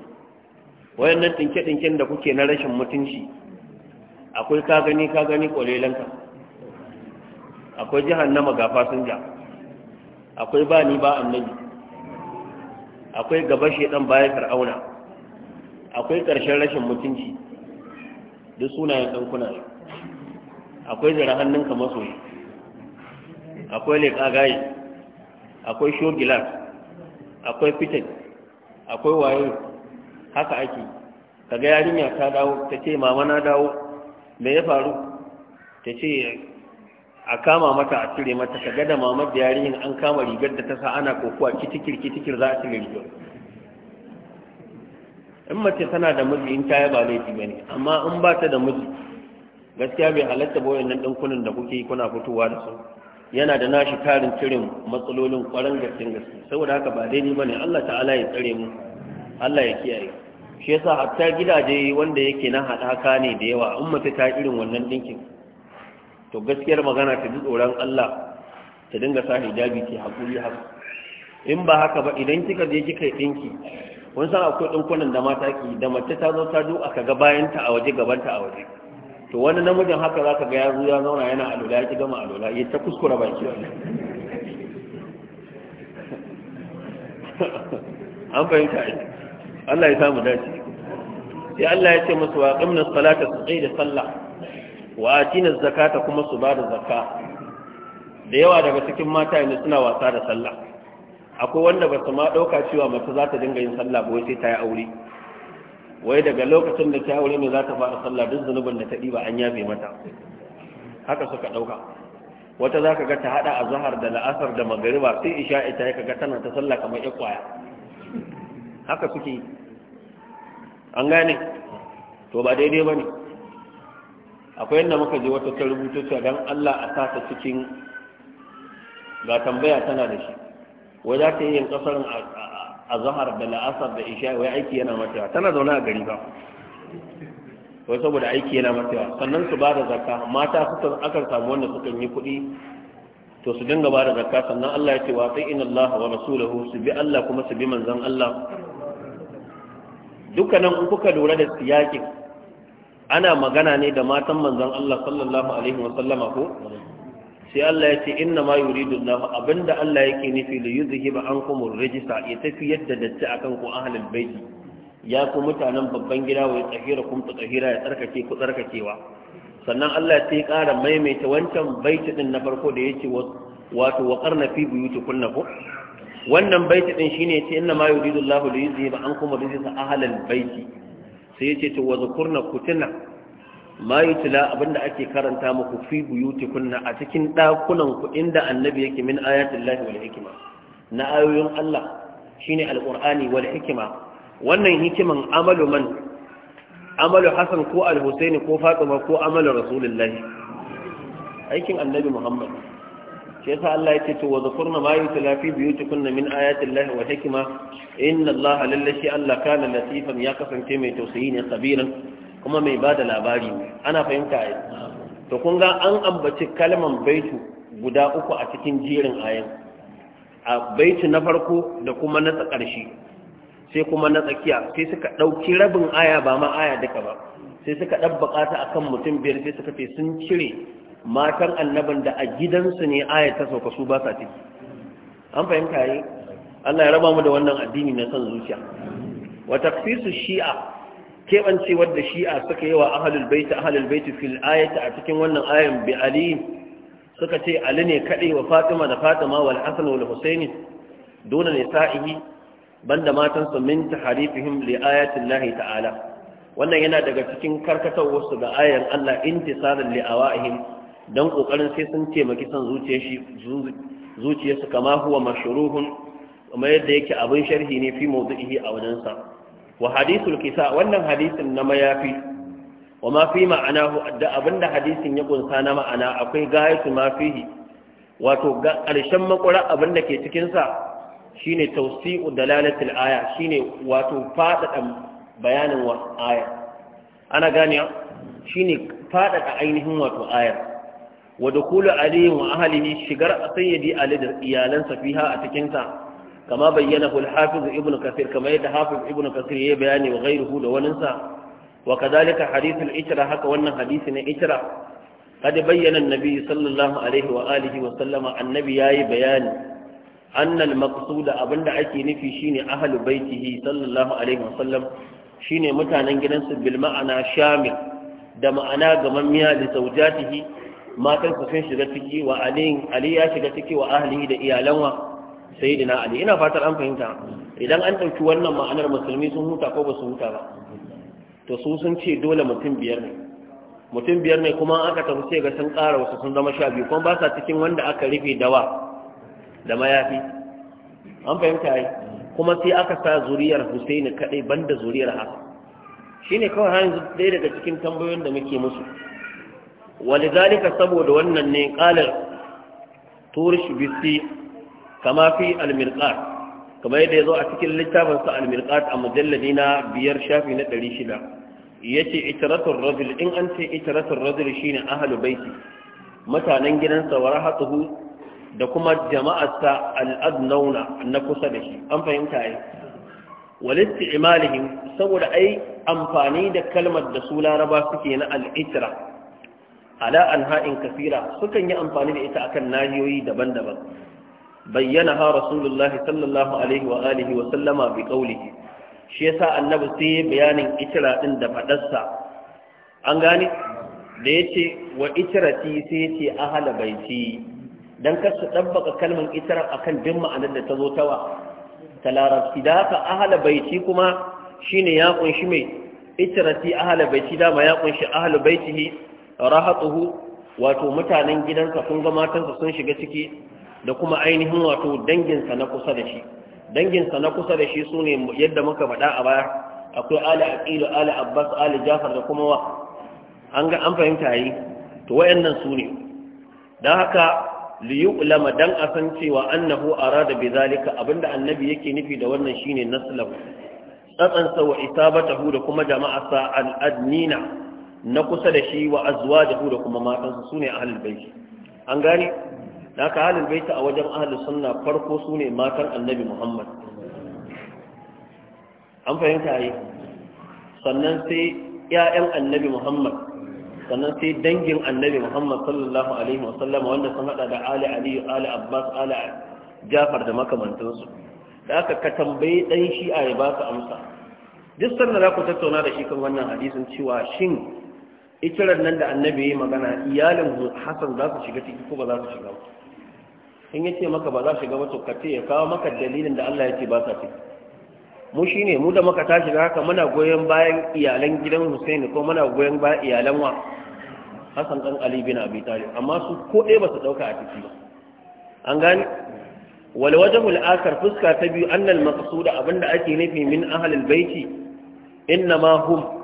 wayannan ɗinke-ɗinken da kuke na rashin mutunci akwai ka gani ka gani ƙwalelanka akwai magafa ga fasinja akwai ba ni ba annabi akwai gaba dan baya fir'auna akwai ƙarshen rashin mutunci duk sunayen ɗankuna ne akwai zira hannunka masoyi akwai leƙa gaye akwai shogilar akwai fitin akwai wayo haka ake kaga yarinya ta dawo ta ce mama na dawo me ya faru ta ce a kama mata a cire mata ga da mama da yarinyar an kama rigar da ta sa ana kokowa kitikir kitikir za a cire rigar in mace tana da miji in ta yi ba laifi bane amma in ba ta da miji gaskiya bai halatta ba wayannan dinkunan da kuke kuna fitowa da su yana da nashi tarin cirin matsalolin kwarin gaskiya saboda haka ba daidai bane Allah ta'ala ya tsare mu Allah ya kiyaye shi yasa hatta gidaje wanda yake na haɗaka ne da yawa in ta ta irin wannan dinkin to gaskiyar magana ta ji tsoron Allah ta dinga sa hijabi ke hakuri har in ba haka ba idan kika je kika yi ɗinki kun san akwai ɗinkunan da mata ki da mace ta zo ta duka kaga ga bayanta a waje gabanta a waje to wani namijin haka za ka ga ya zo ya zauna yana alola ya ki gama alola ya ta kuskura baki wannan an fahimta ita Allah ya samu dace sai Allah ya ce musu wa qimna salata su tsaye da sallah wa atina zakata kuma su ba da zakka da yawa daga cikin mata ne suna wasa da sallah akwai wanda ba su ma dauka cewa mace za ta dinga yin sallah ba wai sai ta yi aure wai daga lokacin da ta aure ne za ta fara sallah duk zunubin da ta ba an yabe mata haka suka dauka wata za ka ga ta hada azhar da la'asar da magariba sai isha ita ya kaga tana ta sallah kamar ya kwaya haka suke yi. an gane to ba daidai ba ne akwai yadda muka ji wata ta rubuta ta don allah a sata cikin ga tambaya tana da shi wai za ta yi yin kasar a zahar da la'asar da isha wai aiki yana matawa tana zaune a gari ba wai saboda aiki yana matawa sannan su ba da zakka mata suka akan samu wanda suka yi kuɗi to su dinga ba da zakka sannan Allah ya ce wa ta inna Allah wa rasulahu su bi Allah kuma su bi manzan Allah dukkanin kuka lura da siyakin ana magana ne da matan manzon Allah sallallahu alaihi wa ko sai Allah ya ce inna ma yuridu Allah abinda Allah yake nufi yuzhi ba ankum ar ya tafi yadda da datti akan ku ahlul baiti ya ku mutanen babban gida wa tsahira kum ta tsahira ya tsarkake ku tsarkakewa sannan Allah ya sai ya ƙara maimaita wancan baiti din na farko da yake wato wa qarna fi buyutikum ko wannan baiti din shine yace inna ma yuridu Allahu li yuzhiba ankum rijsa ahlal baiti sai yace to wazkurna kutuna ma yutla abinda ake karanta muku fi buyutikunna a cikin dakunan ku inda annabi yake min ayatillahi wal hikma na ayoyin Allah shine alqur'ani wal hikma wannan hikiman amalu man amalu hasan ko al-husaini ko fatima ko amalu rasulullahi aikin annabi muhammad shi yasa Allah ya ce to wazkurna ma yutla fi biyutikum min ayati Allah wa hikma inna Allah lallashi Allah kana latifan ya kasance mai tausayi ne kabiran kuma mai bada labari ana fahimta ai to kun ga an ambaci kalman baitu guda uku a cikin jerin ayan a baitu na farko da kuma na ƙarshe sai kuma na tsakiya sai suka ɗauki rabin aya ba ma aya duka ba sai suka dabbaka ta akan mutum biyar sai suka ce sun cire matan annaban da a gidansu ne aya ta sauka su ba sa ciki an fahimta yi Allah ya raba mu da wannan addini na san zuciya wa tafsisu shi'a kebance wadda shi'a suka yi wa ahlul bait ahlul bait fil ayati a cikin wannan ayan bi ali suka ce ali ne kade wa fatima da fatima wal hasan wal husaini dole ne sa'ihi banda matan su min taharifihim li ayati Allah ta'ala wannan yana daga cikin karkatar su ga ayan Allah intisalan li awaihim don ƙoƙarin sai sun taimaki son zuciyarsu kama huwa mashruhun kuma yadda yake abin sharhi ne fi mawdu'ihi a wajensa wa hadithul kisa wannan hadisin na mayafi wa ma fi ma'anahu da abinda hadisin ya kunsa na ma'ana akwai gayatu ma fihi wato ga ƙarshen makura abin da ke cikin sa shine tawsi'u dalalatil aya shine wato fadada bayanin wa aya ana gane shine fadada ainihin wato ayar wa dukulu aliyin wa ahalihi shigar sayyidi ali da iyalansa fiha a cikinsa kama bayyana hul hafiz ibnu kasir kama yadda hafiz ibnu kasir ya bayani wa ghayruhu da wani wa kazalika hadithul ijra haka wannan hadisi na ijra kad bayyana nabi sallallahu alaihi wa alihi wa sallama annabi yayi bayani annal al maqsuda abinda ake nufi shine ahlu baitihi sallallahu alaihi wa sallam shine mutanen gidansu bil ma'ana shamil da ma'ana gamammiya da zaujatihi matan su sun shiga ciki wa ali ali ya shiga ciki wa ahlihi da iyalanwa sayyidina ali ina fatar an fahimta idan an ɗauki wannan ma'anar musulmi sun huta ko ba su huta ba to su sun ce dole mutum biyar ne mutum biyar ne kuma aka tafi sai ga sun ƙara wasu sun zama sha biyu kuma ba sa cikin wanda aka rufe dawa da mayafi an fahimta yi kuma sai aka sa zuriyar husaini kaɗai banda zuriyar haka shine kawai hanyar yanzu ɗaya daga cikin tambayoyin da muke musu Wali ولذلك saboda wannan ne qalar turish bisi kama fi al-mirqat kama yadda yazo a cikin littafinsa sa al-mirqat a mujalladi biyar shafi na 600 yace itratul rajul in an ce itratul rajul shine ahlu baiti mutanen gidansa wa rahatuhu da kuma jama'arsa al na kusa da shi an fahimta ai walisti imalihim saboda ai amfani da kalmar da su laraba suke na al ala anha'in kasira sukan yi amfani da ita akan nahiyoyi daban-daban bayyana ha rasulullahi sallallahu alaihi wa alihi wa sallama bi qawlihi shi yasa annabi sai bayanin itira din da fadarsa an gane da yace wa itirati sai yace ahla baiti dan kar su dabbaka kalmar itira akan din ma'anar da ta zo tawa ta larabci da haka ahla baiti kuma shine ya kunshi mai itirati ahla baiti dama ya kunshi ahla baitihi rahatuhu wato mutanen gidansa sun ga matansa sun shiga ciki da kuma ainihin wato danginsa na kusa da shi danginsa na kusa da shi sune yadda muka faɗa a baya akwai ali aqilu ali abbas ali jafar da kuma wa an ga an fahimta yi to wayannan su ne dan haka yu'lama dan a san cewa annahu arada zalika abinda annabi yake nufi da wannan shine naslahu tsatsansa wa isabatahu da kuma jama'arsa al-adnina na kusa da shi wa azwajahu da kuma matansa sune ahlul baiti an gane haka ahlul baiti a wajen ahlus sunna farko su ne matan annabi Muhammad an fahimta yi sannan sai 'ya'yan annabi Muhammad sannan sai dangin annabi Muhammad sallallahu alaihi wa sallam wanda sun hada da Ali Ali Ali Abbas Ali Jafar da makamantansu da aka ka tambayi dan shi a ya baka amsa duk sannan za ku tattauna da shi kan wannan hadisin cewa shin ikirar nan da annabi ya magana iyalin Hassan za su shiga ciki ko ba za su shiga ba in yace maka ba za su shiga ba to ka ce ya kawo maka dalilin da Allah ya ce ba sa ciki mu shi ne mu da muka ta shiga haka muna goyon bayan iyalan gidan Husaini ko muna goyon bayan iyalan wa Hassan dan Ali bin Abi Talib amma su ko ɗaya ba su ɗauka a ciki ba an gane? wal wajhul akhar fuska ta biyu annal maqsuda abinda ake nufi min ahlil baiti innama hum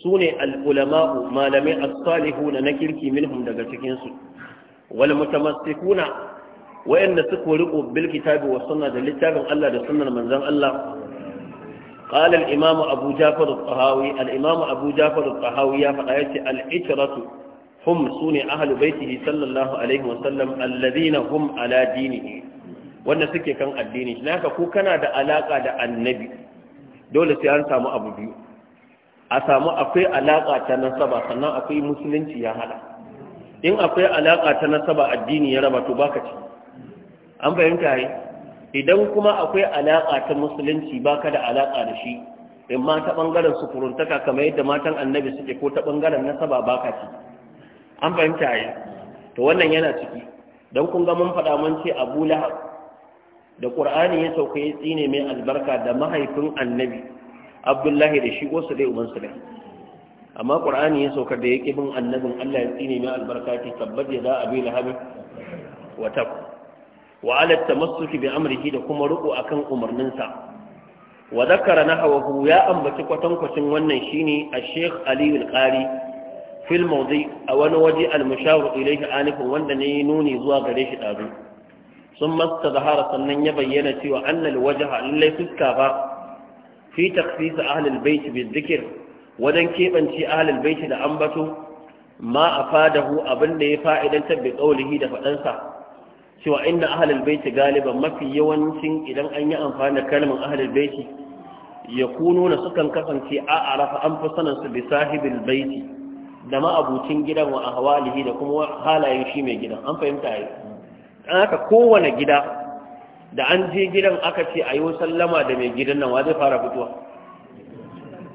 sune ne ulamau malamai as-salihuna na kirki minhum daga cikinsu. su wal mutamassikuna wayanda suka riko bil kitabi was da littafin Allah da sunnar manzan Allah قال الإمام أبو جعفر الطهاوي الإمام أبو جعفر الطهاوي فقالت العشرة هم سون أهل بيته صلى الله عليه وسلم الذين hum ala دينه wanda suke kan addini naka ko kana da alaka da annabi dole sai an samu abu biyu a samu akwai alaƙa ta nasaba sannan akwai musulunci ya hada in akwai alaƙa ta nasaba addini ya raba to baka ci an fahimta yi idan kuma akwai alaƙa ta musulunci baka da alaƙa da shi in ma ta ɓangaren sukuruntaka kamar yadda matan annabi suke ko ta ɓangaren nasaba baka ci an fahimta yi to wannan yana ciki don kun ga mun faɗa mun ce abu lahab da ƙur'ani ya sauka ya tsine mai albarka da mahaifin annabi abdullahi da shi wasu dai ubansu dai amma qur'ani ya saukar da yake bin annabin Allah ya tsine mai albarka ki tabbat ya za a lahab wa tab wa ala tamassuki bi da kuma ruku akan umarninsa wa zakara nahawahu ya ambaci kwatankwacin wannan shine al-sheikh ali al fil mawdi a wani waje al-mushawir ilayhi anifin wanda ne nuni zuwa gare shi dazu sun masta zahara sannan ya bayyana cewa annal wajaha lallai fuska ba fi takhsis ahlul bait bil dhikr wajen keɓance ahlul bait da ambato ma afadahu abinda da ya fa'idantar bi qawlihi da faɗansa cewa inna ahlul bait galiban mafi yawancin idan an yi amfani da kalmar ahlul bait yakununa sukan kasance a arafa an fi sanin su bi sahibil baiti da ma'abucin gidan wa ahwalihi da kuma halayen shi mai gidan an fahimta yi haka kowane gida da an je gidan aka ce a yi sallama da mai gidan nan wa zai fara fitowa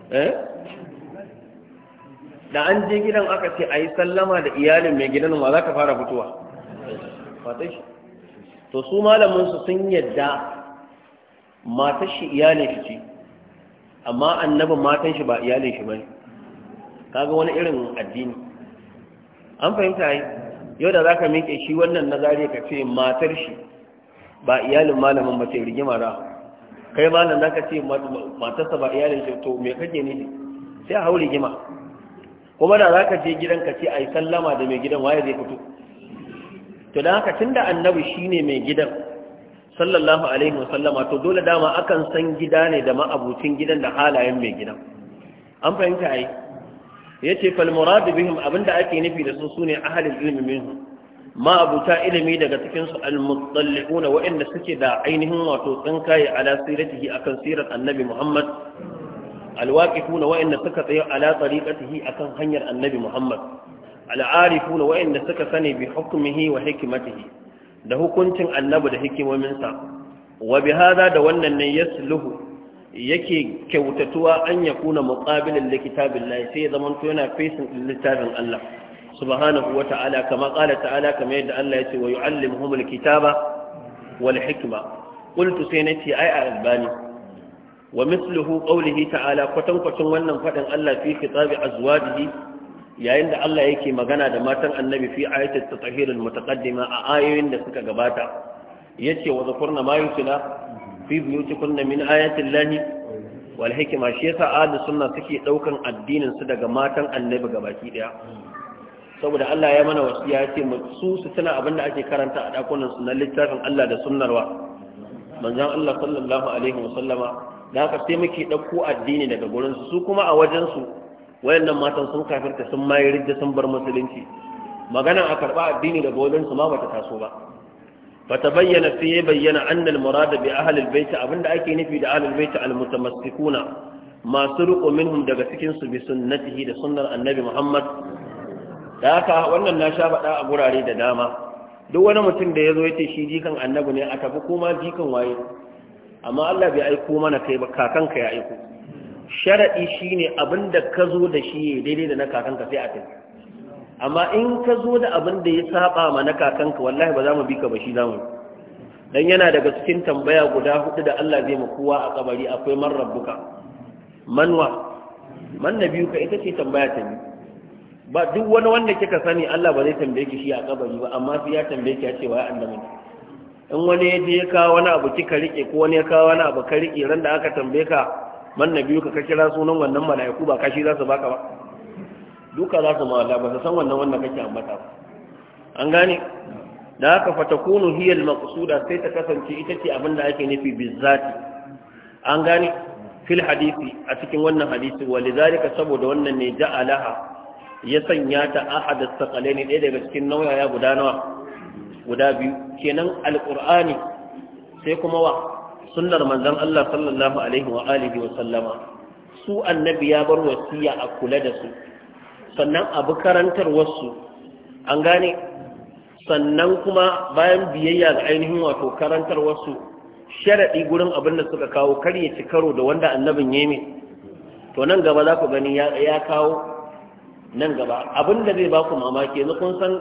eh? da an je gidan aka ce a yi sallama da iyalin mai gidan nan wa za ka fara fitowa to su malaminsu sun yadda matar shi iyalin shi ce amma annabin matan shi ba iyalin shi ba ne kaga wani irin addini an fahimta yi yau da za ka miƙe shi wannan na ka ce matar shi ba iyalin malamin ba sai rigima ra kai malam zaka ce matarsa ba iyalin shi to me kake ne sai a hau rigima kuma da zaka je gidan ka ce ai sallama da mai gidan waye zai fito to dan haka tunda annabi shine mai gidan sallallahu alaihi wasallama to dole dama akan san gida ne da ma'abucin gidan da halayen mai gidan an fahimta ai yace fal murad bihim abinda ake nufi da su sune ahlul ilmi minhum ma abuta ilimi daga cikin su al-mutalliquna wa'anda suke da ainihin wato tsinkaye ala siratihi akan sirar annabi Muhammad al-waqifuna wa'anda suka tsaya ala tariqatihi akan hanyar annabi Muhammad al-arifuna wa'anda suka sani bi hukmihi wa hikmatihi da hukuncin annabi da hikimominsa wa bi da wannan ne yasluhu yake kyautatuwa an yakuna muqabilan likitabillahi sai ya zamanto yana fesin littafin Allah subhanahu ta'ala kama qala ta'ala kama yadda Allah yace wa yu'allimuhumul kitaba wal hikma qultu sai nace ai a albani wa mithluhu qawlihi ta'ala kwatan kwatan wannan fadin Allah fi kitabi azwajihi yayin da Allah yake magana da matan annabi fi ayatul tatahir al mutaqaddima a ayoyin da suka gabata yace wa zakurna ma yusila fi buyutikunna min ayatil lahi wal hikma shi yasa ahli sunna suke daukan addinin su daga matan annabi gabaki daya saboda Allah ya mana wasiya ya ce su su tana abin da ake karanta a dakunan su na littafin Allah da sunnarwa manzon Allah sallallahu alaihi wasallama da haka sai muke dauko addini daga gurin su kuma a wajen su wayannan matan sun kafirta sun mai rijja sun bar musulunci magana a karba addini daga wajen su ma bata taso ba bata bayyana sai ya bayyana annal murad bi ahli albayt abinda ake nufi da ahli albayt almutamassikuna masu riko minhum daga cikin su bi sunnatihi da sunnar annabi Muhammad da haka wannan na sha faɗa a gurare da dama duk wani mutum da ya zo ya ce shi jikan annabi ne a tafi koma jikan waye amma Allah bai aiko mana kai ba kakanka ya aiko sharaɗi shine abin da ka zo da shi daidai da na kakanka sai a tafi amma in ka zo da abin da ya saba ma na kakanka wallahi ba za mu bi ka ba shi za mu dan yana daga cikin tambaya guda hudu da Allah zai mu kowa a kabari akwai man rabbuka man wa man nabiyuka ita ce tambaya ta biyu ba duk wani wanda kika sani Allah ba zai tambaye ki shi a kabari ba amma sai ya tambaye ki ya ce wai annabi in wani ya je ya kawo wani abu kika rike ko wani ya kawo wani abu ka rike ran da aka tambaye ka man na biyu ka ka kira sunan wannan mala'iku ba kashi za su baka ba duka za su ma Allah ba su san wannan wanda kake ambata ba an gane da aka fatakunu hiya al-maqsuda sai ta kasance ita ce abin da ake nufi bizzati an gane fil hadisi a cikin wannan hadisi walizalika saboda wannan ne ja'alaha ya sanya ta ahad as-saqalaini ɗaya daga cikin nauyaya guda nawa guda biyu kenan Alƙur'ani. sai kuma wa sunnar manzon Allah sallallahu alaihi wa alihi wa sallama su annabi ya bar wasiya a kula da su sannan abu karantar wasu an gane sannan kuma bayan biyayya ga ainihin wato karantar wasu sharaɗi gurin abin da suka kawo kar ya ci karo da wanda annabin yemi to nan gaba za ku gani ya kawo nan gaba abin da zai baku mamaki yanzu kun san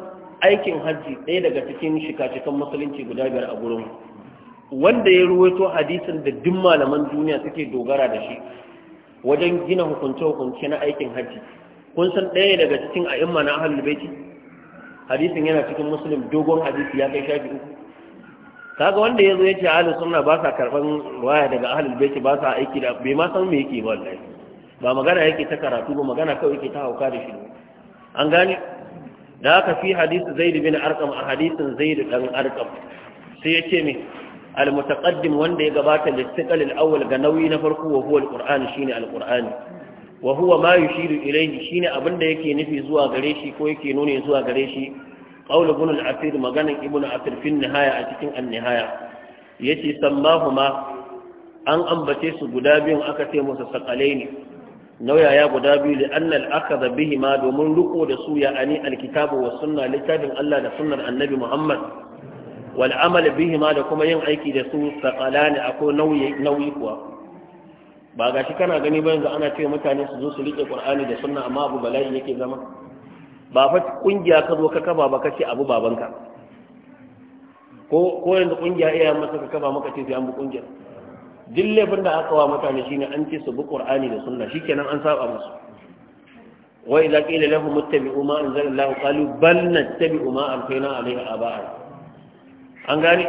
aikin hajji ɗaya daga cikin shika cikin musulunci guda biyar a gurin wanda ya ruwaito hadisin da duk malaman duniya suke dogara da shi wajen gina hukunce-hukunce na aikin hajji kun san ɗaya daga cikin imma na ahlul baiti hadisin yana cikin musulun dogon hadisi ya kai shafi uku kaga wanda ya zo ya ce ahlus suna ba sa karɓan waya daga ahlul baiti ba sa aiki da bai ma san me yake ba wallahi ba magana yake ta karatu ba magana kawai yake ta hauka da shi an gane da haka fi hadisi zaid bin arqam a hadisin zaid dan arqam sai ya ce me al wanda ya gabata listiqal al awwal ga nauyi na farko wa huwa al qur'an shine al qur'ani wa huwa ma yushiru ilayhi shine abinda yake nufi zuwa gare shi ko yake nuni zuwa gare shi ƙaunar ibn al asir maganan ibn asir fi nihaya a cikin an nihaya yace sammahuma an ambace su guda biyun aka ce musu sakalai ne nauyaya guda biyu da annal zabi hima domin riko da su ya ani alkitabu wa sunna littafin Allah da sunnar annabi Muhammad wal amal ma da kuma yin aiki da su saqalani akwai nauyi nauyi kuwa ba ga shi kana gani ba yanzu ana cewa mutane su zo su rike Qur'ani da sunna amma abu bala'i yake zama ba fa kungiya ka zo ka kaba ba ce abu babanka ko ko yanzu kungiya iya masa ka kaba maka ce sai an bu kungiya duk laifin da aka wa mutane shine an ce su bi ƙur'ani da sunna shikenan an saba musu wa idza qila lahum ittabi'u ma anzala qalu bal nattabi'u ma alqina alayhi aba'ana an gane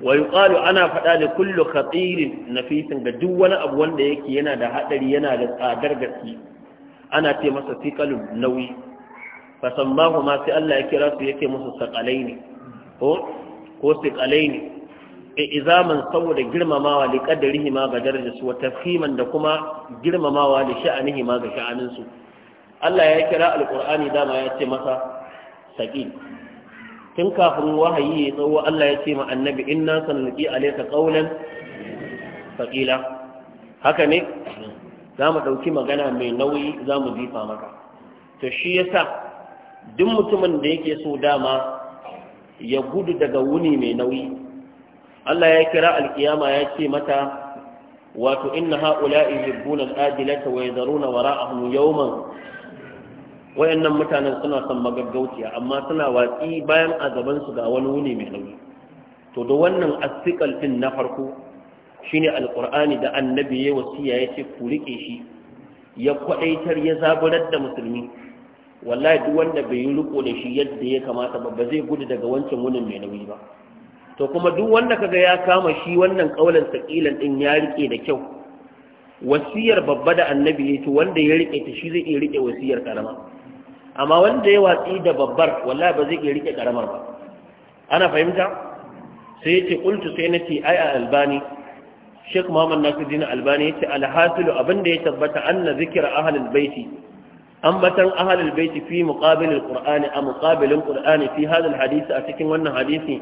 wa yuqalu ana fada da kullu khatirin nafisin ga duk wani abu wanda yake yana da hadari yana da tsadar gaske ana ce masa fiqalun nauyi fa sammahu ma sai Allah ya kira su yake musu saqalaini ko ko saqalaini izaman saboda girmamawa da kaddarihi ma ga darajarsu Wata fiman da kuma girmamawa da sha'anihi ma ga sha'aninsu Allah ya kira alqur'ani dama ya ce masa saqil tun kafin wahayi ya tsawo Allah ya ce ma annabi inna a alayka qawlan saqila haka ne za mu dauki magana mai nauyi za mu jifa maka to shi yasa duk mutumin da yake so dama ya gudu daga wuni mai nauyi Allah ya kira alkiyama ya ce mata wato inna ha'ula'i yuhibbuna al wa yadharuna wara'ahum yawman wayannan mutanen suna son magaggauciya amma suna watsi bayan a su ga wani wuni mai nauyi to da wannan asikal din na farko shine alqur'ani da annabi ya wasiya yace ku rike shi ya kwadaitar ya zaburar da musulmi wallahi duk wanda bai yi riko da shi yadda ya kamata ba ba zai gudu daga wancan wunin mai nauyi ba to kuma duk wanda kaga ya kama shi wannan kaulan sakilan din ya rike da kyau wasiyar babba da annabi ya ce wanda ya rike ta shi zai iya rike wasiyar karama amma wanda ya watsi da babbar wallahi ba zai iya rike karamar ba ana fahimta sai yace qultu sai nace ai albani Sheikh Muhammad Nasiruddin Albani yace alhasilu abinda ya tabbata anna zikra ahlul baiti ambatan ahlul baiti fi muqabil alqur'ani a muqabilin qur'ani fi hadha alhadith a cikin wannan hadisi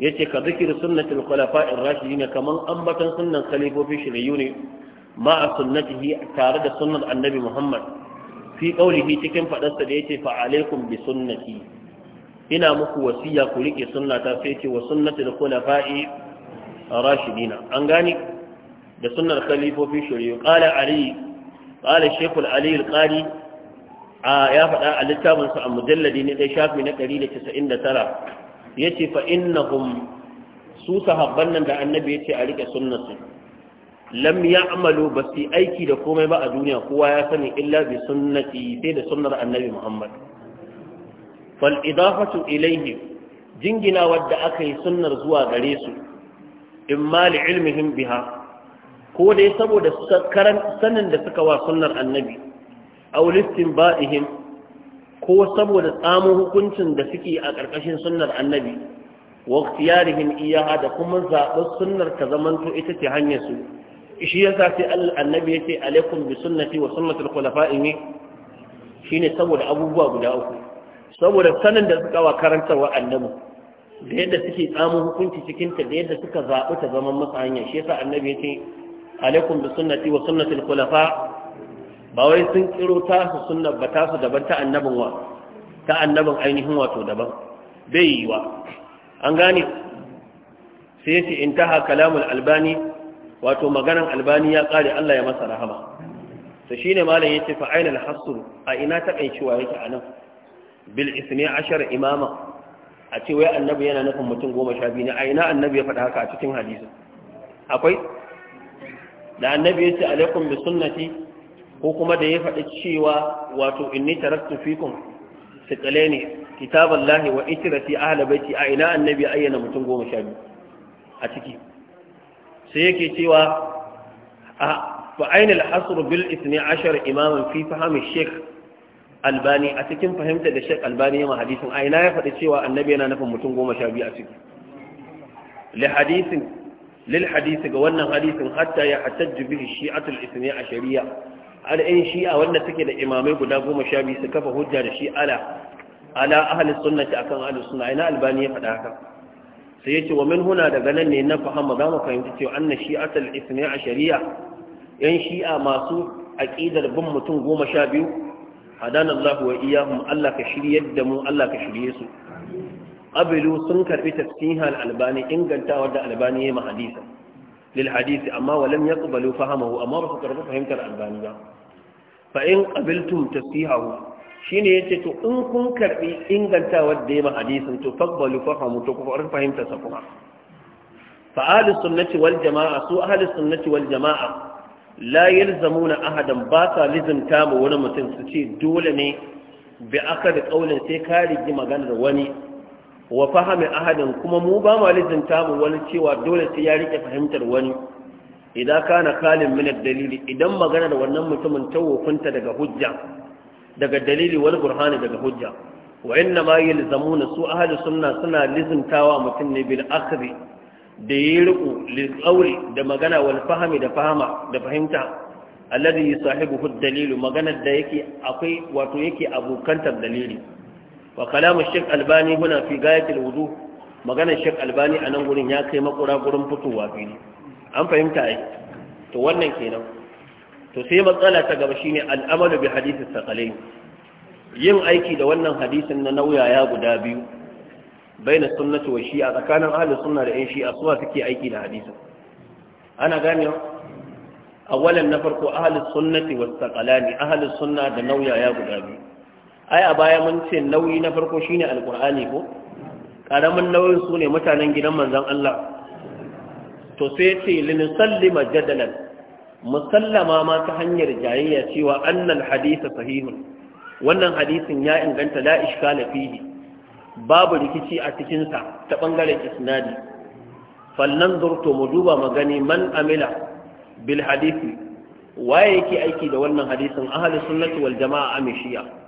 yace ka zikir sunnatul khulafa'ir rashidin kaman ambatan sunan khalifofi shiriyu ne ma a sunnatihi tare da sunan annabi Muhammad fi qaulihi cikin faɗarsa da ya ce alaikum bi sunnati ina muku wasiya ku riƙe sunnata sai ce wa sunnatul khulafa'i rashidin an gani da sunan khalifofi shiriyu qala ali qala shaykhul ali al-qadi ya faɗa a littafinsa a mujalladi ne dai shafi na da tara. yace fa innahum su sahabban nan da annabi ya ce a rike sunnatu lam amalo ba su aiki da komai ba a duniya kowa ya sani illa bi sunnati sai da sunnar annabi Muhammad fal idafatu ilayhi jingina wadda aka yi sunnar zuwa gare su in ma li ilmihim biha ko dai saboda sanin da suka wa sunnar annabi aw listin ba'ihim ko saboda tsamin hukuncin da suke a ƙarƙashin sunnar annabi wa ikhtiyarihim iyaha da kuma zaɓar sunnar ta zamanto ita ce hanyar su shi sa sai annabi ya ce alaikum bi sunnati wa sunnatul khulafa'i shine saboda abubuwa guda uku saboda sanin da suka wa karanta wa annabi da yadda suke tsamin hukunci cikin ta da yadda suka zaɓi ta zaman masa hanya shi ya sa annabi ya ce alaikum bi sunnati wa sunnatul khulafa' ba wai sun kiro ta su sunna ba ta su daban ta annabin wa ta annabin ainihin wato daban bai yi wa an gane sai yace intaha kalamul albani wato maganan albani ya kare Allah ya masa rahama to shine malam yace fa ainal hasr a ina ta kaicewa yake anan bil ismi ashar imama a ce wai annabi yana nufin mutum goma sha biyu ne a ina annabi ya faɗa haka a cikin hadisi akwai da annabi ya ce alaikum bi sunnati ko kuma da ya faɗi cewa wato inni taraktu fikum kitabar lahi wa itrati ahli baiti a ina annabi ayyana mutum goma sha biyu a ciki sai yake cewa a fa aina al-hasr bil 12 imaman fi fahm shek sheikh albani a cikin fahimta da shek albani ma hadisin a ina ya faɗi cewa annabi yana nufin mutum goma sha biyu a ciki lil hadisi ga wannan hadisin hatta ya hatajju bihi shi'atul 12 shari'a al'in shi'a wanda suke da imamai guda goma sha biyu su kafa hujja da shi ala ala ahalin sunnati akan ahalin sunna ina albani ya faɗa haka sai yace wa min huna daga nan ne na fahimta za mu fahimci cewa anna shi'atul ithni ashariya yan shi'a masu aqidar bin mutum goma sha biyu hadana Allah wa iyyahum Allah ka shiryar da mu Allah ka shirye su abilu sun karbi tafsihal albani ingantawa da albani ya mahadisa lil hadisi amma walam yaqbalu fahamahu amma ba karbi fahimtar albani ba fa in qabiltum tasihahu shine yace to in kun karbi ingantawar da yayin hadisin to faqbalu fahamu to ku farin fahimta sa kuma fa ahlus sunnati wal jamaa su ahlus sunnati wal jamaa la yalzamuna ahadan ba sa lizimta ma wani mutum su ce dole ne bi aka da sai ka rigi maganar wani wa fahami ahadin kuma mu ba ma lizinta mu wani cewa dole sai ya rike fahimtar wani idan kana kalin min dalili idan magana da wannan mutumin tawofinta daga hujja daga dalili wal burhani daga hujja wa inna ma yalzamuna su ahli sunna suna lizintawa mutum ne bil akhri da yi riko lil da magana wal fahmi da fahama da fahimta alladhi sahibu dalilu magana da yake akwai wato yake abokantar dalili wa kalamu shek albani huna fi gayatul wudu maganar shek albani a nan gurin ya kai makura gurin fitowa fili an fahimta ai to wannan kenan to sai matsala ta gaba shine al'amalu yin aiki da wannan hadisin na nauyaya guda biyu na sunnati wa shi'a tsakanin ahlus sunna da yan shi'a suwa suke aiki da hadisin ana ganewa awalan na farko ahalus sunnati was taqalani ahalus sunna da nauya ya guda biyu ai a baya mun ce nauyi na farko shine alkur'ani ko karamin nauyin su ne mutanen gidan manzon Allah to sai ce linsallima jadalan musallama ma ta hanyar jayayya cewa annal hadisi sahihun wannan hadisin ya inganta la ishkala fihi babu rikici a cikin sa ta bangaren isnadi fallan zurto mu duba magani man amila bil hadisi waye yake aiki da wannan hadisin ahli sunnati wal jama'a amishiya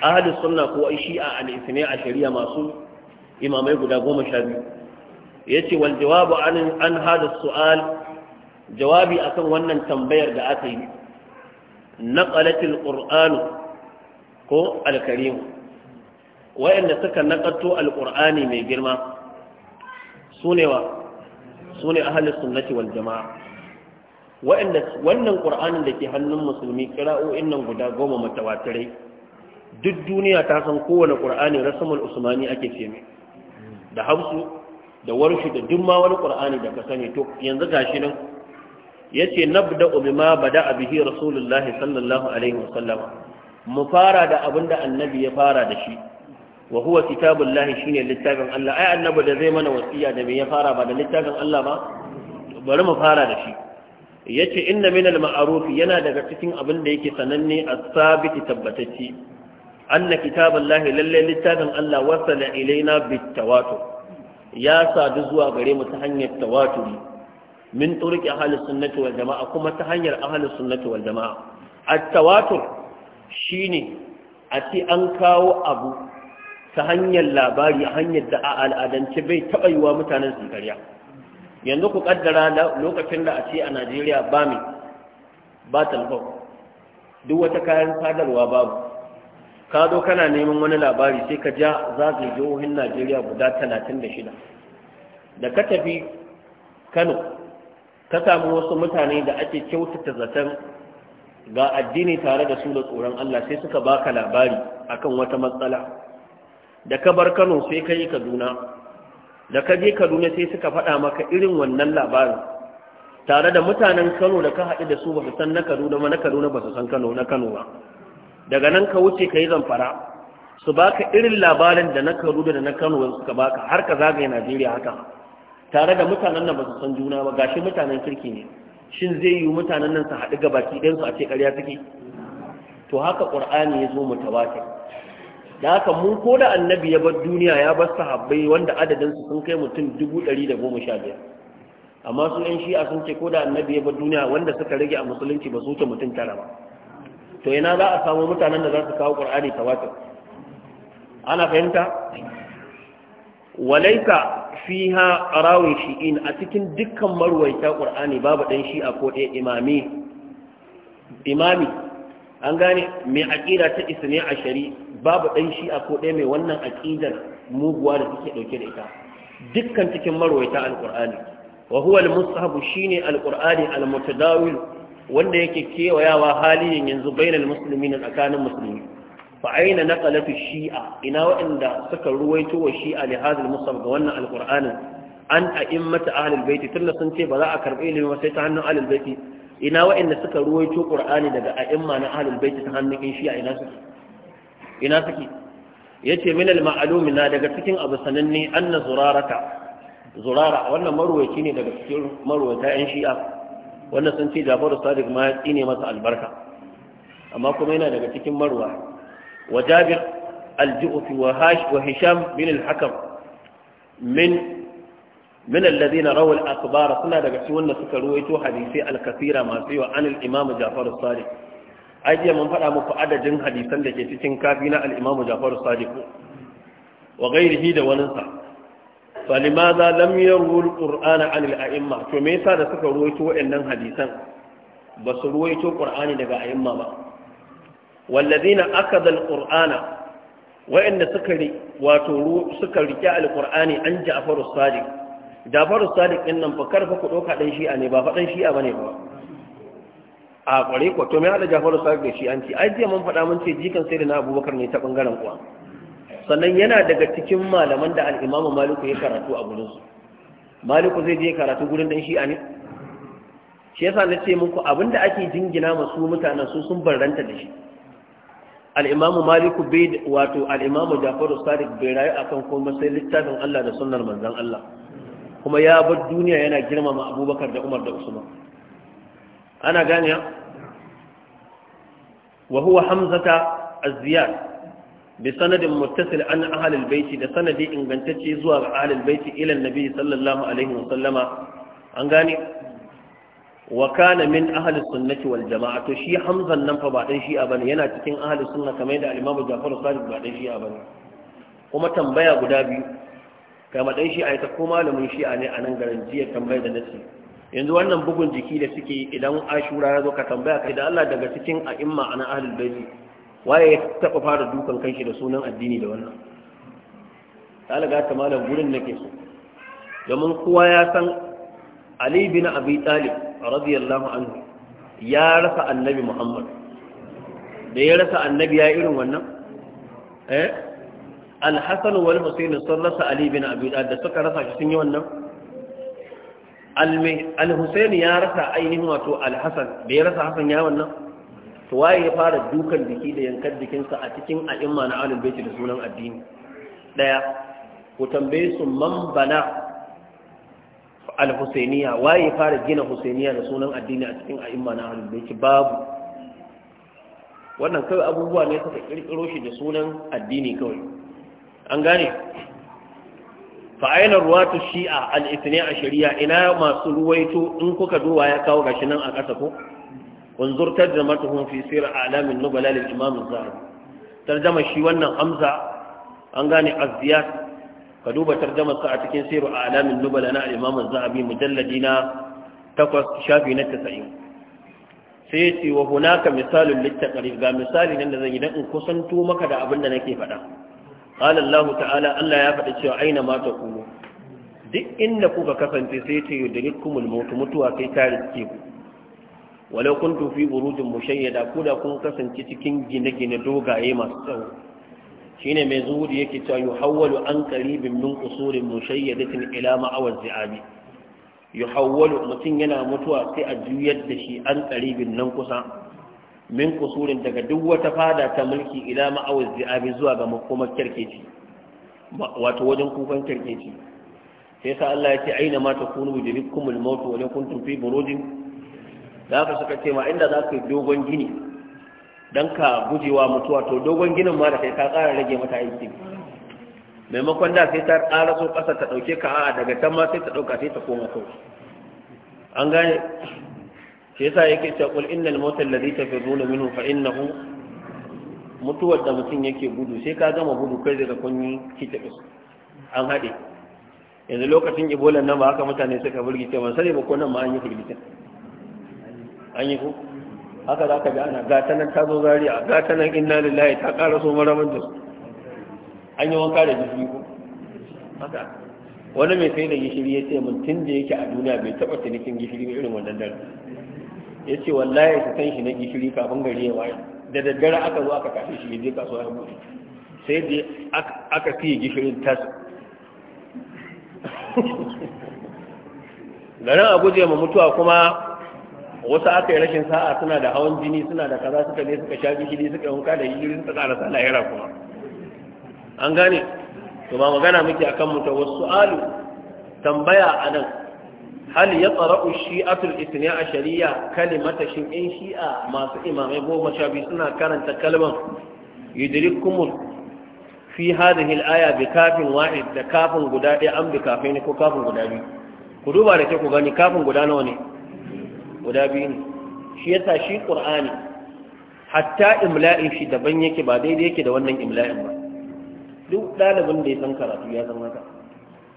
ahalin sunna ko ai shi'a al-ithnai a shari'a masu imamai guda goma sha biyu yace wal jawabu an an hada su'al jawabi akan wannan tambayar da aka yi naqalatil qur'an ko al-karim wayanda suka naqato al-qur'ani mai girma sune wa sune ahalin sunnati wal jama'a wa'anda wannan qur'anin da ke hannun musulmi qira'o'in nan guda goma mutawatirai duk duniya ta san kowane ƙur'ani rasamul usmani ake fiye mai da hausu da warshi da duk ma wani ƙur'ani da ka sani to yanzu gashi nan Ya yace nabda bima bada bihi rasulullahi sallallahu alaihi wasallam mu fara da abinda annabi ya fara da shi wa huwa kitabullahi shine littafin Allah ai annabi da zai mana wasiya da me ya fara ba da littafin Allah ba bari mu fara da shi Ya yace inna minal ma'ruf yana daga cikin abin da yake sananne as-sabiti tabbatacci anna lahi Lallai littafin Allah wasala ilaina bitawatur ya sadu zuwa gare mu ta hanyar tawaturi min turki ahli sunnati wal jamaa kuma ta hanyar ahli sunnati wal jamaa at-tawatur shine a ce an kawo abu ta hanyar labari hanyar da a al'adance bai taɓa yiwa mutanen su karya yanzu ku kaddara lokacin da a ce a Najeriya ba mai ba talfau duk wata kayan sadarwa babu ka zo kana neman wani labari sai ka ja zagaye jihohin najeriya guda talatin da shida da ka tafi kano ka samu wasu mutane da ake kyautata zaton ga addini tare da su da tsoron allah sai suka baka labari akan wata matsala da ka bar kano sai ka yi kaduna da ka je kaduna sai suka faɗa maka irin wannan labarin tare da mutanen kano da ka haɗu da su ba su san na kaduna ba na kaduna ba su san kano na kano ba daga nan ka wuce ka yi zamfara su baka irin labarin da na karu da na kano suka baka har ka zagaye najeriya haka tare da mutanen nan ba su san juna ba gashi mutanen kirki ne shin zai yi mutanen nan su haɗu ga baki ɗansu a ce ƙarya take to haka ƙur'ani ya zo mutawatir da haka mun ko da annabi ya bar duniya ya bar sahabbai wanda adadin su sun kai mutum dubu ɗari da goma sha biyar amma su 'yan shi'a sun ce ko da annabi ya bar duniya wanda suka rage a musulunci ba su wuce mutum tara ba to ina za a samu mutanen da za su kawo ta tawatur ana fahimta fi fiha rawi shi'in a cikin dukkan marwaita qur'ani babu dan shi'a ko ɗaya imami imami an gane mai aƙida ta ne a shari babu ɗan shi'a ko ɗaya mai wannan aƙidar muguwa da take ɗauke da ita dukkan cikin marwaita alƙur'ani wa huwa al-mustahabu shine alƙur'ani al-mutadawil wanda yake kewayawa halin yanzu bainal musulmi na tsakanin musulmi fa aina naqalatu shi'a ina waɗanda suka ruwaito wa shi'a li hadal musab ga wannan alqur'anin an a'immatu ahlul baiti tunda sun ce ba za a karbe ilimi ba sai ta hannun ahlul baiti ina waɗanda suka ruwaito qur'ani daga a'imma na ahlul baiti ta hannun in shi'a ina suke ina suke yace min al ma'lum na daga cikin abu sananne anna zurarata zurara wannan marwaci ne daga cikin marwata yan shi'a wannan sun ce jafaru sadiq ma ya tsine masa albarka amma kuma yana daga cikin marwa wa jabir aljufi wa hisham bin alhakam min min alladhina rawu suna daga ciwon da suka ruwaito hadisi alkathira masu yawa an alimamu jafaru sadiq ajiya mun faɗa muku adadin hadisan da ke cikin kafi na jafaru sadiq wa ghairihi da waninsa za فلماذا لم يروي القرآن عن الأئمة فما يسا da suka ruwaito waɗannan hadisan ba su ruwaito ƙurani daga a'imma ba walladina akada alqur'ana waɗanda suka ri wato suka rike alqur'ani an Ja'far as-Sadiq Da as-Sadiq ɗin nan fa karfa ku ɗauka dan shi'a ne ba fa shi'a ba ne ba a kware ko to me hada Ja'far as-Sadiq da shi'anci ai je mun faɗa mun ce jikan sai da na Abubakar ne ta ɓangaren kuwa sannan yana daga cikin malaman da al'imamu maliku ya karatu a gurinsu maliku zai je karatu dan ɗan a ne shi yasa na ce muku abinda ake jingina masu mutanen su sun barranta da shi al'imamu maliku bai wato al'imamu jafaru sadik bai rayu a kan kuma sai littafin allah da sunnar manzan allah kuma ya bar duniya yana girmama abubakar da umar da usman ana gane wa huwa hamzata az-ziyad bi sanadin muttasil an ahlul baiti da sanadi ingantacce zuwa ga ahlul baiti ila annabi sallallahu alaihi wa sallama an gane wa kana min ahli sunnati wal jama'a to shi hamzan nan fa ba dan shi'a bane yana cikin ahli sunna kamar yadda al-imamu Ja'far Sadiq ba dan shi'a bane kuma tambaya guda biyu kamar dan shi'a ita ko malamin shi'a ne a nan garin jiya tambaya da nasi yanzu wannan bugun jiki da suke idan ashura ya zo ka tambaya kai da Allah daga cikin a'imma ana ahlul baiti waye ya taɓa fara dukan kanshi da sunan addini da wannan talaga ta malam gurin nake so domin kowa ya san ali bin abi talib radiyallahu anhu ya rasa annabi muhammad da ya rasa annabi ya irin wannan eh al-hasan wal husayn sun rasa ali bin abi talib da suka rasa shi sun yi wannan al-husayn ya rasa ainihin wato al-hasan da ya rasa hasan ya wannan to waye ya fara dukan jiki da yankan jikinsa a cikin a'imma na alul baiti da sunan addini daya ku tambaye su man bana al-husainiya waye ya fara gina husainiya da sunan addini a cikin a'imma na alul baiti babu wannan kawai abubuwa ne suka kirkiro shi da sunan addini kawai an gane Fa aina ruwatu shi'a al-ithni a shari'a ina masu ruwaito in kuka duwa ya kawo gashi nan a ƙasa ko unzur tarjamatuhum fi sir alamin nubala lil imam az-zahabi tarjama shi wannan hamza an gane az-ziyad ka duba tarjamar sa a cikin sir alamin nubala na imam az-zahabi mujalladi na 8 shafi na 90 sai ya ce wa hunaka misalun littaqrib ga misali nan da zan yi dan in kusanto maka da abin da nake faɗa qala Allah ta'ala Allah ya faɗi cewa aina ma takunu duk inda kuka kasance sai ce yudrikumul maut mutuwa sai tare riske ku Wale kun tufi burujin mushayyada ko da kun kasance cikin gine-gine dogaye masu tsawo ne mai zuhudi yake cewa yuhawwalu an qaribin min qusurin mushayyadatin ila maawar zi'abi yuhawwalu mutum yana mutuwa sai a juyar da shi an qaribin nan kusa min kusurin daga duk wata fada ta mulki ila ma'awaz zi'abi zuwa ga makomar kirkeci wato wajen kufan kirkeci sai sa Allah ya ce aina ma takunu bi bikumul maut wa law kuntum fi burujin da haka suka ce ma inda za ka yi dogon gini don ka gujewa mutuwa to dogon ginin ma da kai ka kara rage mata aiki maimakon da sai ta kara so ƙasa ta ɗauke ka a daga can ma sai ta ɗauka sai ta koma kawai an gane shi yasa yake cewa qul innal mawt alladhi tafirruna minhu fa innahu mutuwar da mutum yake gudu sai ka gama gudu kai daga ta kitabis an haɗe yanzu lokacin ibolan nan ba haka mutane suka burgice ban sani ba ko nan ma an yi burgicen an yi ku haka za ka bi ana gata ta zo zariya gata nan inna lillahi ta ƙara so maramin da su an yi wanka da gishiri ku haka wani mai sai da gishiri ya ce mun tun da yake a duniya bai taɓa cinikin gishiri irin wannan dare ya ce wallahi su san shi na gishiri kafin gari ya waye da daddare aka zo aka kashe shi ya je kasuwa ya buɗe sai dai aka fiye gishirin tas garin abuja ma mutuwa kuma wasu aka yi rashin sa'a suna da hawan jini suna da kaza suka je suka sha gishiri suka wanka da hijiri suka tsara sa lahira kuma an gane to ba magana muke akan mu ta wasu alu tambaya a nan hal ya tsara'u shi'atul isniya a shari'a kalimata shin in shi'a masu imamai goma sha biyu suna karanta kalman yudrikumul fi hadhihi al-aya bi kafin wahid da kafin guda ɗaya an bi kafin ko kafin guda biyu ku duba da ke ku gani kafin guda nawa ne guda biyu ne shi yasa shi qur'ani hatta imla'in shi daban yake ba daidai yake da wannan imla'in ba duk ɗalibin da ya san karatu ya san haka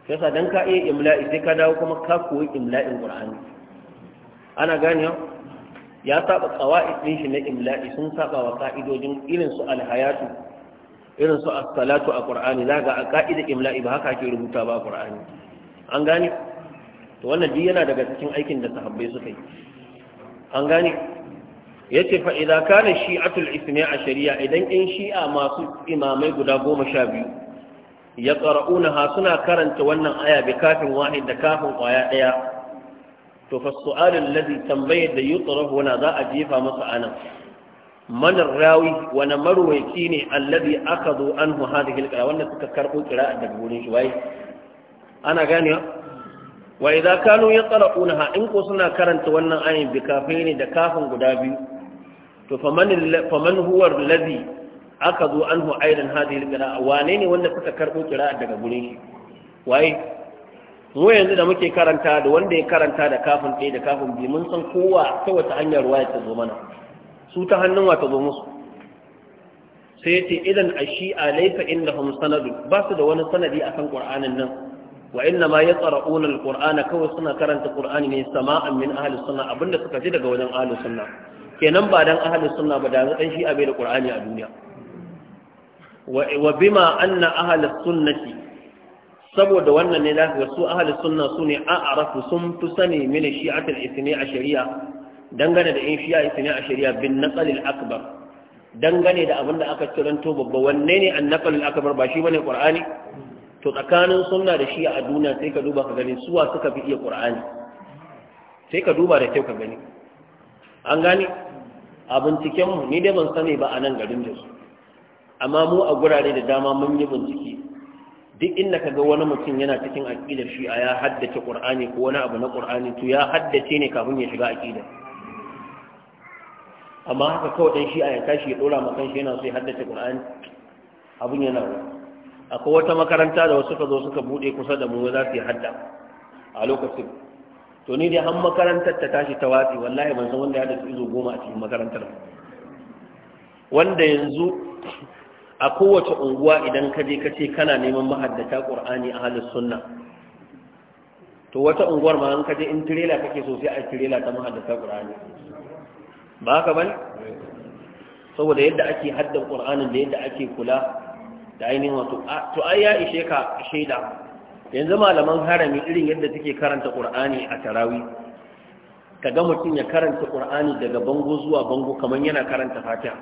shi sa dan ka iya imla'i sai ka dawo kuma ka koyi imla'in qur'ani ana gane ya saba qawaid din shi na imla'i sun saba wa ka'idojin irin su alhayatu irin su as-salatu a qur'ani zaga a ka'ida imla'i ba haka ake rubuta ba qur'ani an gane to wannan duk yana daga cikin aikin da sahabbai suka yi an gane ya ce fa'iza kane shi'atul isma'i a shari'a idan ‘yan shi'a masu imamai guda goma sha biyu ya ƙara'una ha suna karanta wannan aya bi kafin wahid da kafin ƙwaya ɗaya to fasu'alin lazi tambayar da yi wana za a jefa masa anan manar rawi wani marwaiki ne allazi aka zo an hu hadihil ƙira wanda suka karɓo ƙira a daga wurin shi waye ana gane. wa idza kanu yaqra'unaha in ko suna karanta wannan ayin bi kafaini da kafin guda biyu to faman faman huwa allazi akadu anhu aidan hadhihi alqira'a wane ne wanda suka karbo qira'a daga gurin shi waye mu yanzu da muke karanta da wanda ya karanta da kafin ɗaya da kafin biyu mun san kowa ta wata hanyar ruwa ta zo mana su ta hannun wa ta zo musu sai ce idan a shi'a laifa inda hum sanadu ba su da wani sanadi akan qur'anin nan wa inna ma yaqra'una alqur'ana kawai suna karanta qur'ani ne sama'an min ahli sunna abinda suka ji daga wajen ahli sunna kenan ba dan ahli sunna ba da dan shi abai da qur'ani a duniya wa bima anna ahli sunnati saboda wannan ne zaka su ahli sunna sune sun fi sani min shi'atul ithni a shari'a dangane da in shi'a ithni a shari'a bin naqal dangane da abinda aka ciranto babba wanne ne ba shi bane qur'ani to tsakanin sunna da shi a duniya sai ka duba ka gani suwa suka fi iya ƙur'ani. sai ka duba da kyau ka gani an gane a bincikenmu ni dai ban sani ba a nan garin da su amma mu a gurare da dama mun yi bincike duk inda ka ga wani mutum yana cikin aƙidar shi a ya haddace ƙur'ani ko wani abu na ƙur'ani to ya haddace ne kafin ya shiga aƙidar amma haka kawai ɗan shi a ya tashi ya ɗora ma kanshi yana so ya haddace ƙur'ani abin yana wani akwai wata makaranta da wasu ka zo suka bude kusa da mu za su yi hadda a lokacin to ni dai an makarantar ta tashi ta watsi wallahi ban san wanda ya dace izo goma a cikin makarantar wanda yanzu a kowace unguwa idan ka je ka ce kana neman mahaddata qur'ani a halin sunna to wata unguwar ma an ka je in trailer kake so sai a trailer ta mahaddata qur'ani ba haka bane saboda yadda ake haddan qur'anin da yadda ake kula da ainihin wato to ai ya ishe ka shaida yanzu malaman harami irin yadda suke karanta qur'ani a tarawi kaga mutum ya karanta qur'ani daga bango zuwa bango kaman yana karanta fatiha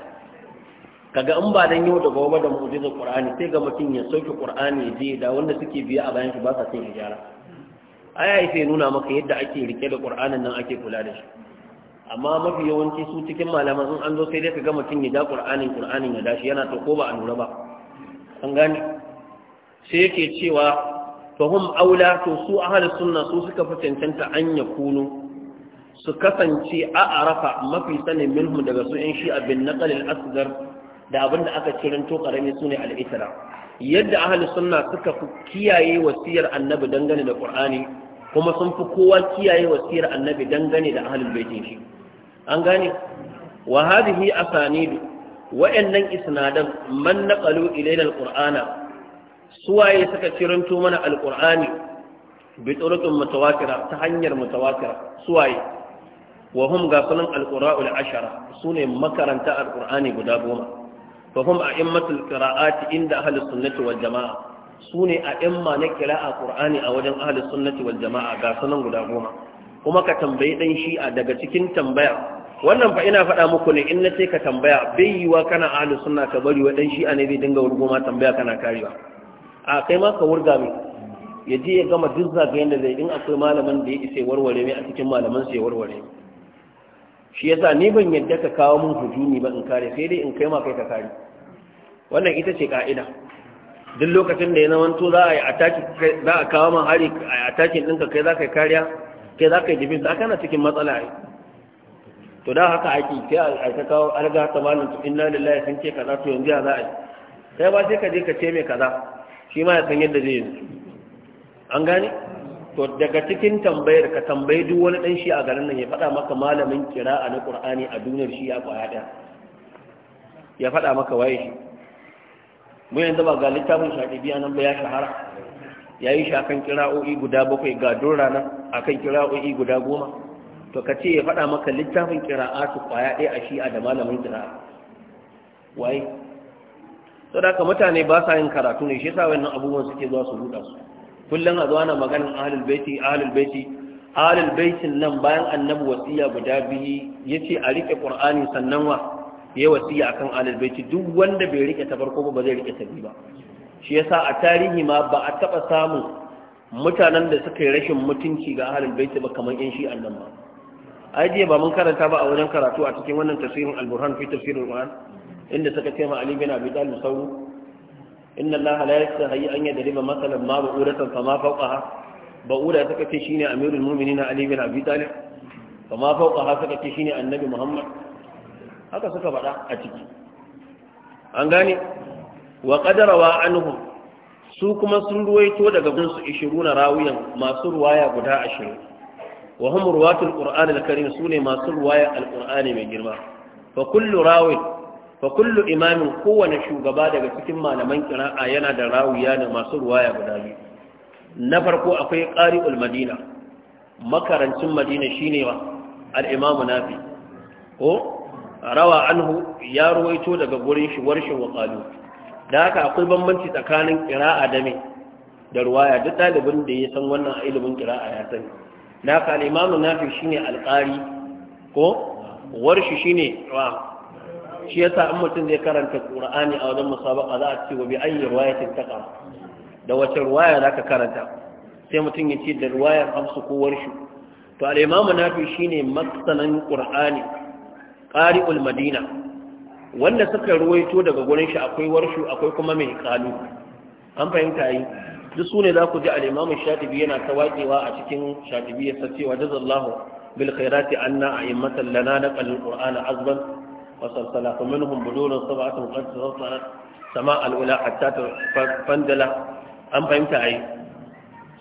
kaga in ba dan yau da gobe da mu'jizar qur'ani sai ga mutum ya sauke qur'ani je da wanda suke biya a bayan shi ba sa sai hijara aya sai nuna maka yadda ake rike da qur'anin nan ake kula da shi amma mafi yawanci su cikin malaman in an zo sai dai kaga mutum ya da qur'anin qur'anin ya dashi yana ta ko ba a lura ba an gane sai yake cewa fahim aula to su ahalus sunna su suka fi cancanta an ya kunu su kasance a arafa mafi sanin minhu daga su in shi abin naqalil asgar da abin da aka to karami sune al itra yadda ahalus sunna suka fi kiyaye wasiyar annabi dangane da qur'ani kuma sun fi kowa kiyaye wasiyar annabi dangane da ahalul baitin shi an gane wa hadhihi asanidu wa'annan isnadan man na naqalu ilayna alqur'ana suwaye suka ciranto mana alqur'ani bi turuqin mutawatira ta hanyar mutawatira suwaye wa hum gafilan alqura'ul ashara ne makaranta alqur'ani guda goma fa hum a'immatul qira'ati inda ahli sunnati wal jama'a sune ma na qira'a qur'ani a wajen ahli sunnati wal jama'a ga sunan guda goma kuma ka tambayi dan shi'a daga cikin tambaya wannan fa ina faɗa muku ne in na ce ka tambaya bai wa kana ahli suna ka bari wa dan shi'a ne zai dinga ma tambaya kana karewa a kai ma ka wurga mai ya je ya gama duk zagayen da zai in akwai malamin da ya isa warware mai a cikin malaman ya warware shi ya sa ni ban yadda ka kawo mun hujumi ba in kare sai dai in kai ma kai ka kare wannan ita ce ka'ida duk lokacin da ya to za a yi ataki za a kawo man hari a atakin ɗinka kai za ka yi kariya kai za ka yi dibin da kana na cikin matsala to da haka ake sai a ta kawo alga ta malin su inna lillahi san ce kaza to yanzu ya za a yi sai ba sai ka je ka ce mai kaza shi ma ya san yadda zai yi. an gane to daga cikin tambayar ka tambayi duk wani dan shi a garin nan ya faɗa maka malamin kira'a na qur'ani a duniyar shi ya kwaya ɗaya ya faɗa maka waye shi mu yanzu ba ga littafin shafi biya nan ba ya shahara ya yi shi kira'o'i guda bakwai ga dora nan akan kira'o'i guda goma to ka ce ya faɗa maka littafin su ƙwaya ɗaya a shi'a da malamin ƙira'a waye sau da mutane ba sa yin karatu ne shi sa wannan abubuwan suke zuwa su ruɗa su kullum a zuwa na maganin ahalul baiti ahalul baiti ahalul baitin nan bayan annabi wasiya guda biyu ya ce a riƙe ƙur'ani sannan wa ya wasiya akan ahalul baiti duk wanda bai riƙe ta farko ba zai riƙe ta biyu ba shi yasa a tarihi ma ba a taɓa samun mutanen da suka yi rashin mutunci ga ahalul baiti ba kamar yan shi'an nan ba ai jiya ba mun karanta ba a wajen karatu a cikin wannan tafsirin al-burhan fi tafsirin qur'an inda suka ce ma ali bin abi talib sauru inna allaha la hayya an yadriba masalan ma ba'udatan fama fawqaha ba'uda suka ce shine amirul mu'minin ali bin abi talib fama fawqaha suka ce shine annabi muhammad haka suka faɗa a ciki an gane wa wa anhu su kuma sun ruwaito daga gunsu 20 rawiyan masu ruwaya guda 20 wa hum ruwatul qur'ani al-karim sune masu ruwaya al-qur'ani mai girma fa kullu rawi fa kullu imamin kowane shugaba daga cikin malaman qira'a yana da rawiya da masu ruwaya guda biyu na farko akwai qari'ul madina makarancin madina shine wa al-imamu nafi ko rawa anhu ya ruwaito daga gurin shi warshin wa qalu da haka akwai bambanci tsakanin ƙira'a da mai da ruwaya duk ɗalibin da ya san wannan ilimin ƙira'a ya sani na ka al'imamu shi shine alƙari ko shi shine wa shi ya in mutum zai karanta ƙura'ani a wajen musabaka za a ce wa bi ayyi riwayatin taƙa da wace za ka karanta sai mutum ya ce da riwayar hamsu ko shi to na fi shi ne maksanan ƙura'ani ƙari madina wanda suka ruwaito daga gurin shi akwai warshu akwai kuma mai qalu an fahimta yi duk sune za ku ji al-Imam Shatibi yana ta waƙewa a cikin Shatibi ya sace wa jazallahu bil khairati anna a'immatan lana naqal al-Qur'an azban wa salsala fa minhum budulun sab'atun qad sarfana sama al-ula hatta fandala an fahimta a yi.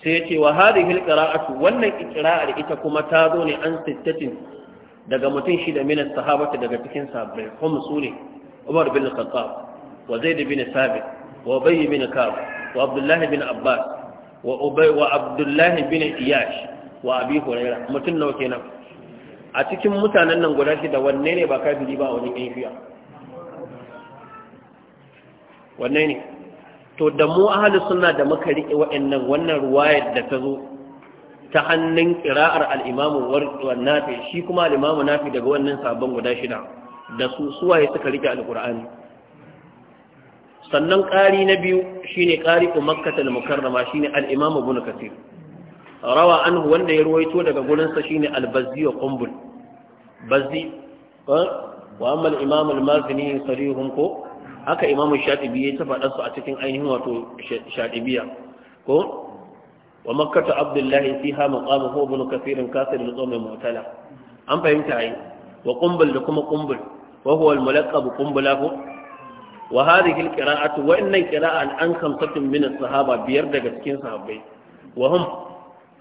sai ya ce wa hilƙara a qiraatu wannan iqra'ar ita kuma ta zo ne an sittatin daga mutum shida min as daga cikin sahabbai kuma sune Umar bin Khattab wa Zaid bin Thabit wa Ubay bin Ka'b وعبد الله بن عباس وأبي وعبد الله بن إياش وأبي هريرة متن وكينا أتكم متانا نقول هذا ونيني بكا بليبا ونيني فيها ne. to da mu ahalus sunna da muka rike wa'annan wannan ruwayar da ta zo ta hannun ƙira'ar wa nafi shi kuma al-imam nafi daga wannan sabon guda shida da su suwaye suka rike alƙur'ani sannan ƙari na biyu shine ƙari ku makkata al-mukarrama shine al-imam ibn kathir rawa anhu wanda ya ruwaito daga gurinsa sa shine al wa ƙumbul. bazzi eh? wa amma al-imam al-mazini sarihum ko haka imam shatibi ya faɗa su a cikin ainihin wato shatibiya ko wa makkata abdullahi fiha maqamuhu ibn kathir kasir al-qawm mu'tala an fahimta ai wa ƙumbul da kuma ƙumbul, wa huwa al ƙumbula ko? wa hadhihi alqira'atu wa inna qira'an an khamsatin min as-sahaba biyar daga cikin sahabbai wa hum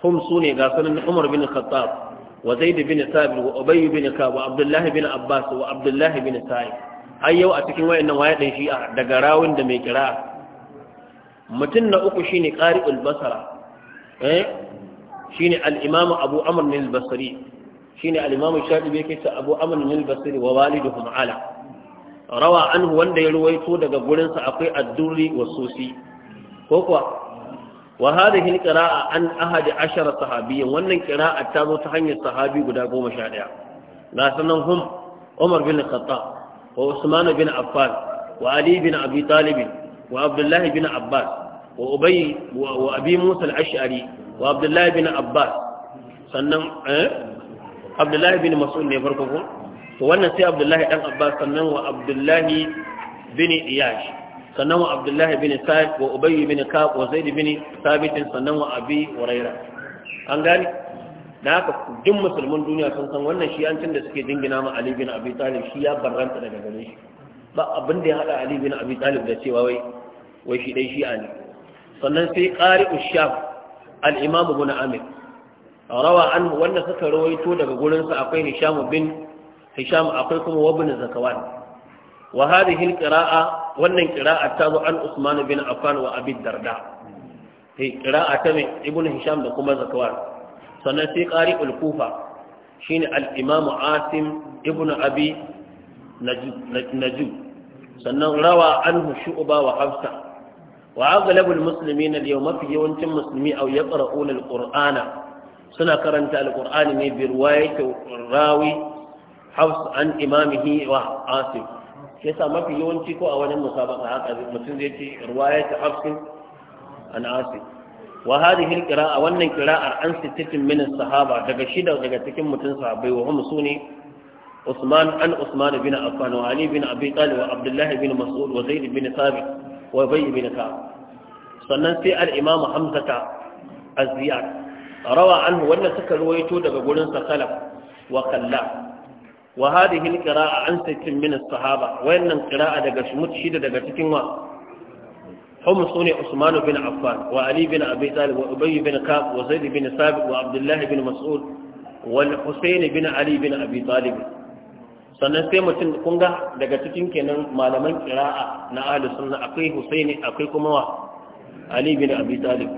hum sune ga sanan Umar bin Khattab wa Zaid bin Thabit wa Ubay bin Ka'ab wa Abdullah bin Abbas wa Abdullah bin Sa'id ai yau a cikin wayannan waya dan shi'a daga rawun da mai kira'a Mutun na uku shine qari'ul basara eh shine al-imam Abu Amr bin al-Basri shine al-imam Shatibi yake ce Abu Amr bin al-Basri wa waliduhum ala rawa anhu wanda ya ruwaito daga gurinsa akwai addurri wa susi ko kuwa wa hadhihi alqira'a an ahadi ashara sahabiyyan wannan qira'a ta zo ta hanyar sahabi guda 11 na sanan hum Umar bin Khattab wa Usman bin Affan wa Ali bin Abi Talib wa Abdullah bin Abbas wa Ubay wa Abi Musa al-Ash'ari wa Abdullah bin Abbas sannan eh Abdullah bin Mas'ud ne farko ko wannan sai abdullahi ɗan abbas sannan wa abdullahi bini iyash sannan wa abdullahi bini sa'id wa ubayy bini ka'b wa zaid bin thabit sannan wa abi huraira an gani da haka duk musulmin duniya sun san wannan shi an da suke dingina ma ali bin abi talib shi ya barranta daga gare shi ba abin da ya hada ali bin abi talib da cewa wai wai shi dai shi'a ne sannan sai qari ushab al-imam ibn amir rawa an wannan suka rawaito daga gurin sa akwai hisham bin hisham akwai kuma wabin zakawan wa hadhihi alqira'a wannan qira'a ta zo an usman bin affan wa abi darda hey eh, qira'a ta mai ibnu hisham da kuma zakawan sannan sai qari'ul kufa shine al-imam asim ibnu abi najib sannan rawa anhu shu'ba wa hafsa wa aghlabul muslimin al-yawma fi yawancin muslimi aw yaqra'una al-qur'ana suna karanta al-qur'ani ne bi riwayati rawi haus an imamihi wa Asif shi yasa mafi yawanci ko a wani musabaka haka mutum zai ce riwayat hafsin an asim wa hadhihi alqira'a wannan qira'ar an sittatin min sahaba daga shida daga cikin mutum sahabbai wa hum sune Usman an Usman bin Affan wa Ali bin Abi Talib wa Abdullah bin Mas'ud wa Zaid bin Thabit wa Ubay bin Ka'ab sannan sai al-Imam ta az-Ziyad rawa anhu wannan suka ruwaito daga gurin sa salaf wa kalla wa hadhihi alqira'a an sittin min sahaba wayannan qira'a daga shida daga cikin wa هم صوني عثمان بن عفان وعلي بن أبي طالب وأبي بن كعب وزيد بن ثابت وعبد الله بن مسعود والحسين بن علي بن أبي طالب sannan sai mutum kun ga daga cikin kenan malaman kira'a na ahlus sunna akwai Husaini akwai kuma wa Ali bin Abi Talib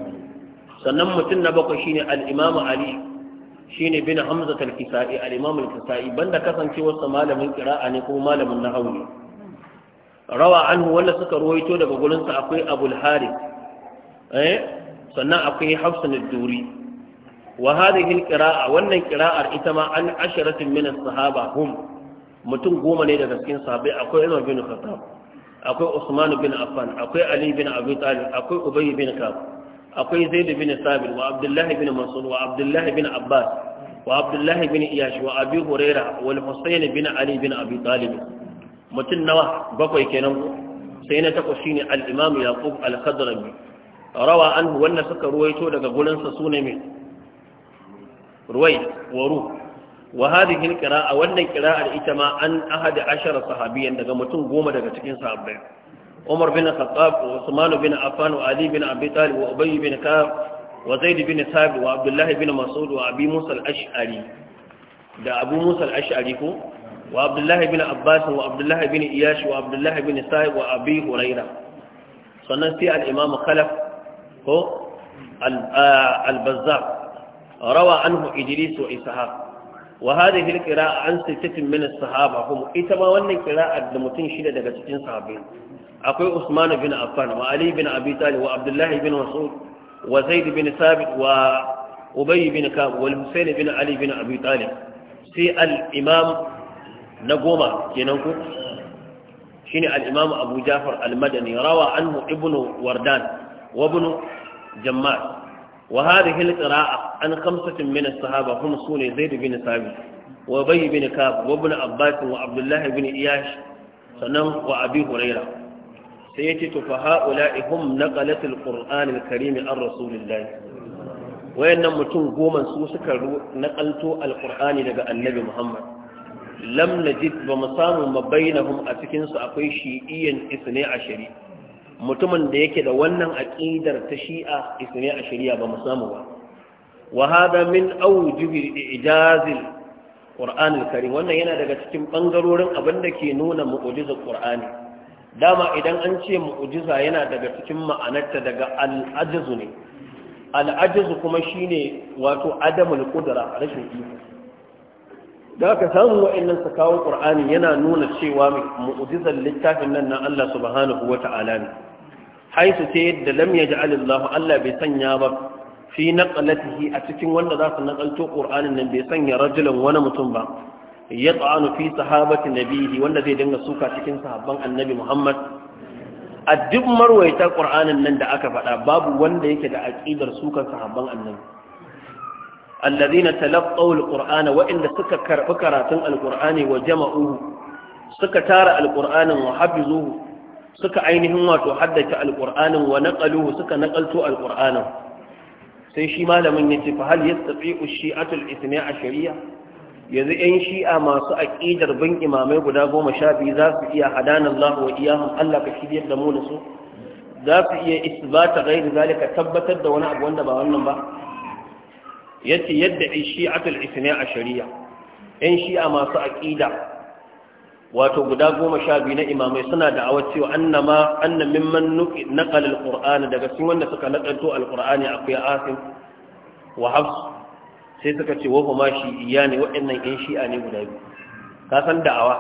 sannan mutum na bakwai shine al-Imam Ali shine bin hamza al-kisai al-imam al-kisai banda kasancewarsa malamin qira'a ne ko malamin nahwu ne rawa anhu wanda suka ruwaito daga gurinsa akwai abul harith eh sannan akwai hafsan ad-duri wa hadhihi al-qira'a wannan qira'ar ita ma an asharatin min as-sahaba hum mutum goma ne daga cikin sahabbai akwai Umar bin Khattab akwai Usman bin Affan akwai Ali bin Abi Talib akwai Ubay bin Ka'ab akwai zaid bin sabit wa abdullahi bin mas'ud wa abdullahi bin abbas wa abdullahi bin Iyashi, wa abi huraira wal husayn bin ali bin abi talib mutun nawa bakwai kenan sai na takwas shine al-imam yaqub al-khadrami rawa anhu wanda suka ruwaito daga gulansa sune mai ruwai wa ruh wa hadhihi al-qira'a wannan qira'ar ita ma an ahad ashara sahabiyan daga mutum goma daga cikin sahabbai umar bin khattab wa usman bin affan wa ali bin abi talib wa ubay bin ka'ab wa zaid bin thabit wa abdullah bin mas'ud wa musa al-ash'ari da abu musa al-ash'ari ko wa abdullah bin abbas wa bin iyash wa abdullah bin sa'ib روى عنه إدريس وإسحاق وهذه القراءة عن ستة من الصحابة هم إتما وانا قراءة دمتين صحابين akwai Usman bin Affan wa Ali bin Abi Talib wa Abdullahi bin Mas'ud wa Zaid bin Thabit wa Ubay bin Ka'b wal Husayn bin Ali bin Abi Talib sai al-Imam na goma kenan ku shine al-Imam Abu Ja'far al-Madani rawa anhu Ibnu Wardan wa Ibn Jammal wa hadhihi al-qira'ah an khamsatin min as-sahaba hum sunay Zaid bin Thabit wa Ubay bin Ka'b wa Ibn Abbas wa Abdullahi bin Iyash sannan wa Abi Hurairah sai yace to fa haula'i hum naqalatul qur'an al-karim an rasulillah wayannan mutum goma su suka naqalto Alƙur'ani daga annabi muhammad lam najid ba mu samu mabainahum a cikin su akwai shi'iyyan isne ashari mutumin da yake da wannan aqidar ta shi'a isne ashariya ba mu samu ba wa hada min awjubi ijazil Qur'an al-Karim wannan yana daga cikin bangarorin abin da ke nuna mu'jizar Qur'ani dama idan an ce mu'ujiza yana daga cikin ma'anarta daga al'ajizu ne al'ajizu kuma shine wato adamul kudura rashin iko da aka samu wa'annan su kawo yana nuna cewa mu'ujizar littafin nan na Allah subhanahu Ta'ala ne haisu ce yadda lam yaj'al Allah Allah bai sanya ba fi naqlatihi a cikin wanda za su naqalto qur'anin nan bai sanya rajulan wani mutum ba ya tsanu fi sahabatin nabihi wanda zai dinga suka cikin sahabban annabi muhammad a duk marwaita ƙur'anin nan da aka faɗa babu wanda yake da aƙidar sukan sahabban annabi Alladhina talaqqaw alqur'ana wa inda suka karbi karatun alqur'ani wa jama'uhu suka tara alqur'anin wa hafizuhu suka ainihin wato haddace alqur'anin wa naqaluhu suka naqalto alqur'anin sai shi malamin yace fa hal yastati'u shi'atul ithna shari'a yanzu 'yan shi'a masu aƙidar bin imamai guda goma sha biyu za su iya hadanan Allah wa iyahun Allah ka shirya da mu da su za su iya isbata gairi zalika tabbatar da wani abu wanda ba wannan ba yace yadda shi'atul isne a shari'a 'yan shi'a masu aƙida wato guda goma sha biyu na imamai suna da awa cewa annama anna mimman naqala daga cikin wanda suka nakalto alqur'ani akwai asim wa hafs sai suka ce wa shi iya ne waɗannan ƴan shi'a ne guda biyu ka san da'awa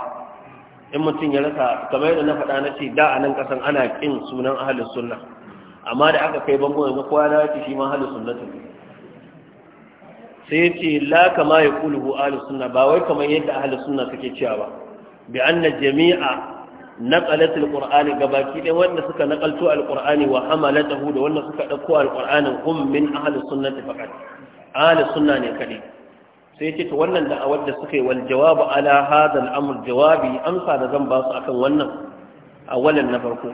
in mutum ya rasa kamar yadda na faɗa na ce da a nan ƙasan ana ƙin sunan ahalin sunna amma da aka kai bango yanzu kowa na ce shi ma ahalin sunnatu sai ya ce la kama ya kulhu ahalin sunna ba wai kamar yadda ahalin sunna suke cewa ba bi na jami'a نقلت القرآن قباكي دي وانا سكا نقلتو القرآن وحملته da wanda suka dauko القرآن هم من أهل السنة فقط ahli sunna ne kadai sai ce to wannan da'awar da suka yi wal jawabu ala hadha al-amr jawabi amsa da zan ba su akan wannan awalan na farko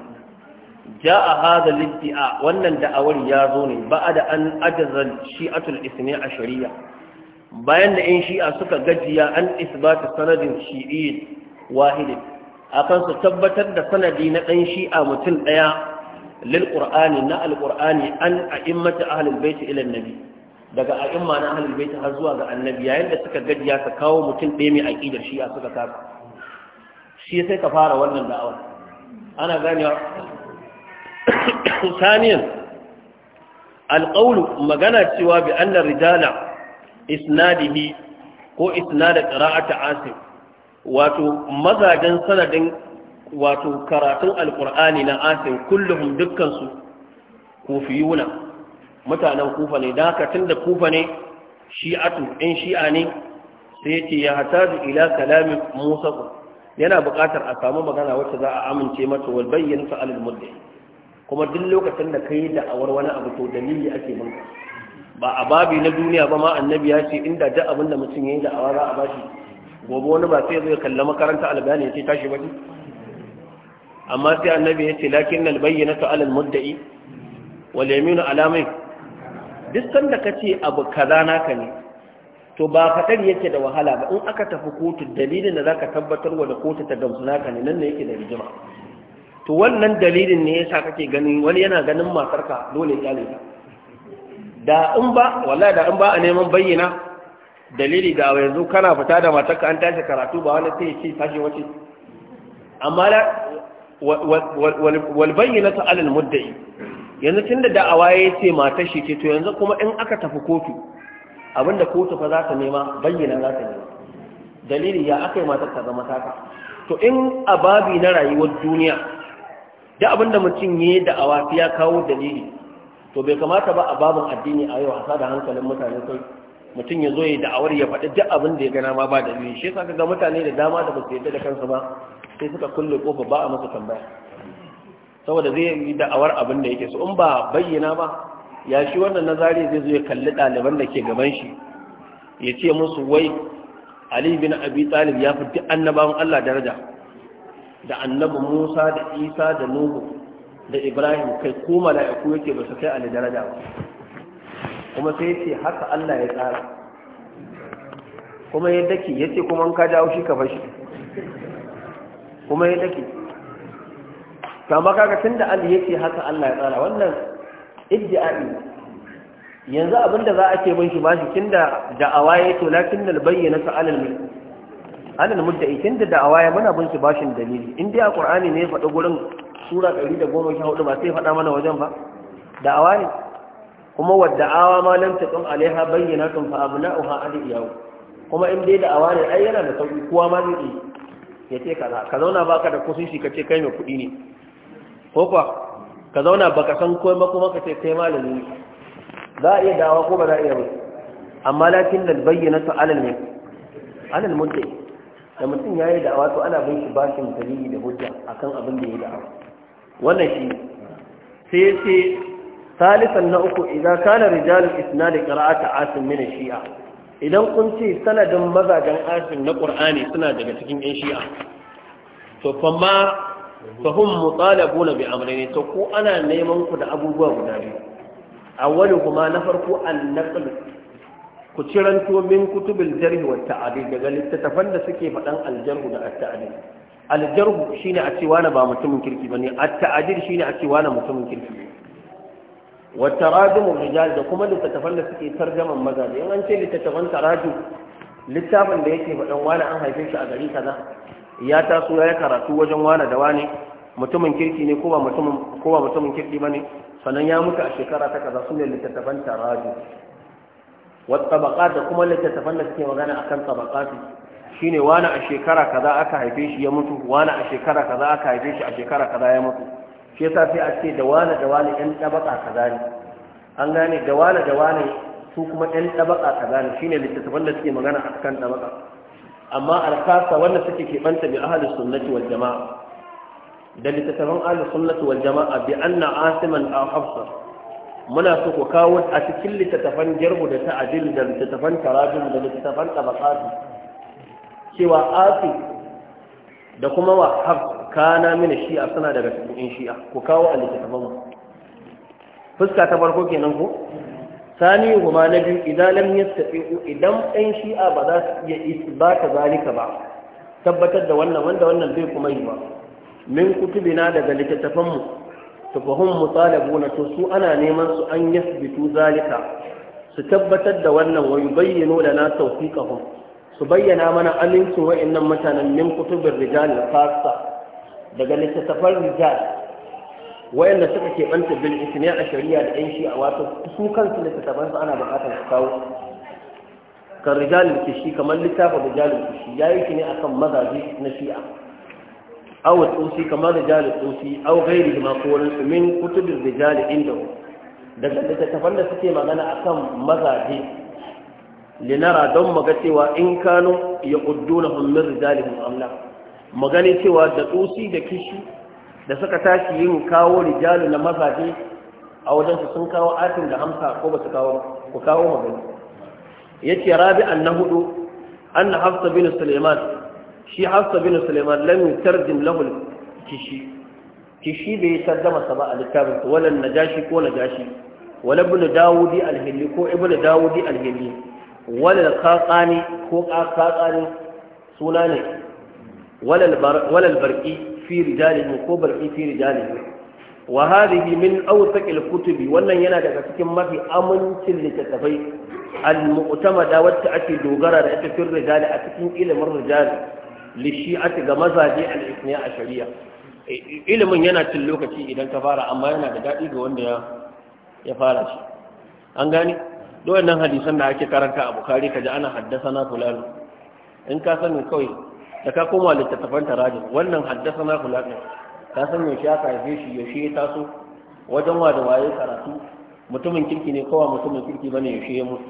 جاء هذا الادعاء wannan da'awar ya zo ne ba'da an ajazal shi'atul ismi ashariya bayan da in shi'a suka gajiya an isbata sanadin shi'i wahidin akan su tabbatar da sanadi na dan shi'a mutum daya lil qur'ani na al qur'ani an a'immatu ahlul bait ila nabi daga a'in ma na ahalibai ta har zuwa ga annabi yayin da suka gajiya ka kawo mutum ɗaya mai aƙidar shi a suka kasa shi sai ka fara wannan da'awa ana ganewa saniyan alƙaunu magana cewa bi an rijala isnadihi ko isnada ƙara'ata asir wato mazajen sanadin wato karatun alƙur'ani na asir kullum dukkansu ko fiye mutanen kufa ne don haka tun da kufa ne shi'atu in shi'a ne sai ce ya hataju ila kalamin musa ku. yana buƙatar a samu magana wacce za a amince mata wal bayyana fa alal mudda kuma duk lokacin da kai da awar wani abu to dalili ake manka ba a babi na duniya ba ma annabi ya ce inda duk abin da mutum yayi da awa za a bashi gobe wani ba sai zai kalla makaranta albani ya ce tashi ba amma sai annabi ya ce lakin albayyana ta alal mudda'i wal yaminu alamai duk sanda ka ce abu kaza naka ne to ba faɗar yake da wahala ba in aka tafi kotu dalilin da za ka tabbatar wa da kotu ta gamsu naka ne nan ne yake da rijima, to wannan dalilin ne yasa kake ganin wani yana ganin matarka dole ya ne da in ba wallahi da in ba a neman bayyana dalili da yanzu kana fita da matarka an tashi karatu ba wani sai ce tashi wace amma la wal ta alal muddai yanzu tun da da'awa ya ce matar shi ce to yanzu kuma in aka tafi kotu abinda kotu fa za ta nema bayyana za ta nema dalili ya aka yi matar ta zama taka to in a babi na rayuwar duniya da abinda mutum ya yi da'awa ya kawo dalili to bai kamata ba a babin addini a yau hasa da hankalin mutane kai mutum ya zo ya da'awar ya faɗi duk abin da ya gana ma ba dalili shi yasa ga mutane da dama da ba su yarda da kansu ba sai suka kulle kofa ba a masa tambaya saboda zai yi da'awar abin da yake so in ba bayyana ba ya shi wannan nazari zai zo ya kalli ɗaliban da ke gaban shi ya ce musu wai ali bin abi talib ya fi duk annabawan Allah daraja da annabi Musa da Isa da Nuhu da Ibrahim kai ko mala'iku yake ba su kai ali daraja ba kuma sai yace haka Allah ya tsara kuma ya dake yace kuma an ka jawo shi ka fashi kuma ya dake kama kaga tun da Allah yake haka Allah ya tsara wannan iddi'ai yanzu abinda za a ce ban shi bashi tunda da'awa ya to lakin dal bayyana ta alal mulk alal mudda'i tunda da'awa ya muna ban shi bashin dalili in dai alqur'ani ne ya faɗi gurin sura 114 ba sai faɗa mana wajen ba da'awa ne kuma wadda'awa ma lam taqum alaiha bayyinatun fa abna'uha aliyahu kuma in dai da'awa ne ai yana da sauki kowa ma zai yi ya ce kaza ka zauna baka da kusin shi kace kai mai kuɗi ne Kofa, ka zauna baka san komai kuma ka ce kai malami za a iya dawa ko ba za a iya ba amma lakin da bayyana su alal mai alal mutai da mutum ya yi da'awa to ana bin shi bashin dalili da hujja akan abin da ya da'awa wannan shi sai sai salisan na uku idan kana rijalul isnad qira'atu asim min shi'a idan kun ce sanadin mazajen asim na qur'ani suna daga cikin yan shi'a to fa ma fa hum mutalabuna bi amrayn to ko ana neman ku da abubuwa guda biyu A wani kuma na farko an-naql ku ciranto min kutubin jarh wa ta'dil daga littattafan da suke faɗan aljarhu da at-ta'dil al-jarh shine a cewa na ba mutumin kirki bane at-ta'dil shine a cewa na mutumin kirki wa tarajum rijal da kuma littattafan da suke tarjaman mazaje in an ce littattafan tarajum littafin da yake faɗan wani an haife shi a gari kaza ya taso ya karatu wajen wane da wane mutumin kirki ne ko ba mutumin ko ba mutumin kirki bane sannan ya mutu a shekara ta kaza sunan littattafan taraju wa tabaqat da kuma littattafan da suke magana akan tabaqat shine wani a shekara kaza aka haife shi ya mutu wani a shekara kaza aka haife shi a shekara kaza ya mutu shi yasa sai a ce da wani da wani ɗan tabaka kaza ne an gane da wani da wani su kuma ɗan tabaka kaza ne shine littattafan da suke magana akan tabaka amma alkasa wanda suke keɓanta bi ahalus sunnati wal jama'a da littattafan ahalus sunnati wal jama'a bi anna asiman a hafsa muna so ku kawo a cikin littattafan jarhu da ta'adil da littattafan tarajim da littattafan tabaqati cewa asi da kuma wa hafsa kana mini shi'a suna daga cikin shi'a ku kawo a littattafan fuska ta farko kenan ko sani huma na biyu idan lam yastati'u idan ɗan shi'a ba za su iya isbata zalika ba tabbatar da wannan wanda wannan bai kuma yi ba min kutubina daga littattafan mu tufahum mutalabuna to su ana neman su an yasbitu zalika su tabbatar da wannan wa yubayyinu lana tawfiqahum su bayyana mana amincin wa'annan mutanen min kutubir rijal khassa daga littattafan rijal wayanda suka keɓanta bil isne a shari'a da yan a wato su kansu da tattaban su ana buƙatar su kawo kan rijalin kishi kamar littafin rijalin kishi ya yi shi ne akan mazaje na shi'a aw tsosi kamar rijalin tsosi aw gairi ma ko wani su kutubin rijalin inda daga littattafan da suke magana akan mazaje linara don magacewa cewa in kano ya na min rijalin mu'amala magani cewa da tsosi da kishi da suka tashi yin kawo rijalu na mazaje a wajensu sun kawo atin da hamsa ko ba su kawo ku kawo magana ya ce rabi'an na hudu an na hafsa bin suleiman shi hafsa bin suleiman lam yutarjim lahu kishi kishi bai tarjama masa ba a littafin su wala jashi ko na jashi? wala ibn dawudi alhilli ko ibn dawudi alhilli wala qaqani ko qaqani suna ne wala albarqi fi rijalihim ko barqi fi rijalihim wa min awthaq al wannan yana daga cikin mafi amincin littattafai al-mu'tamada wacce ake dogara da ita fil rijali a cikin ilimin rijali li shi'ati ga mazaje al-ithniya a shari'a e, ilimin yana cin lokaci idan ka fara amma yana da daɗi ga wanda ya fara shi an gani nan hadisan da ake karanta a bukari ka ana haddasa na fulani in ka sani kawai da ka koma littattafan tarajin wannan haddasa na kulaƙin ka san yaushe aka haife shi yaushe ya taso wajen wa da waye karatu mutumin kirki ne kowa mutumin kirki bane yaushe ya mutu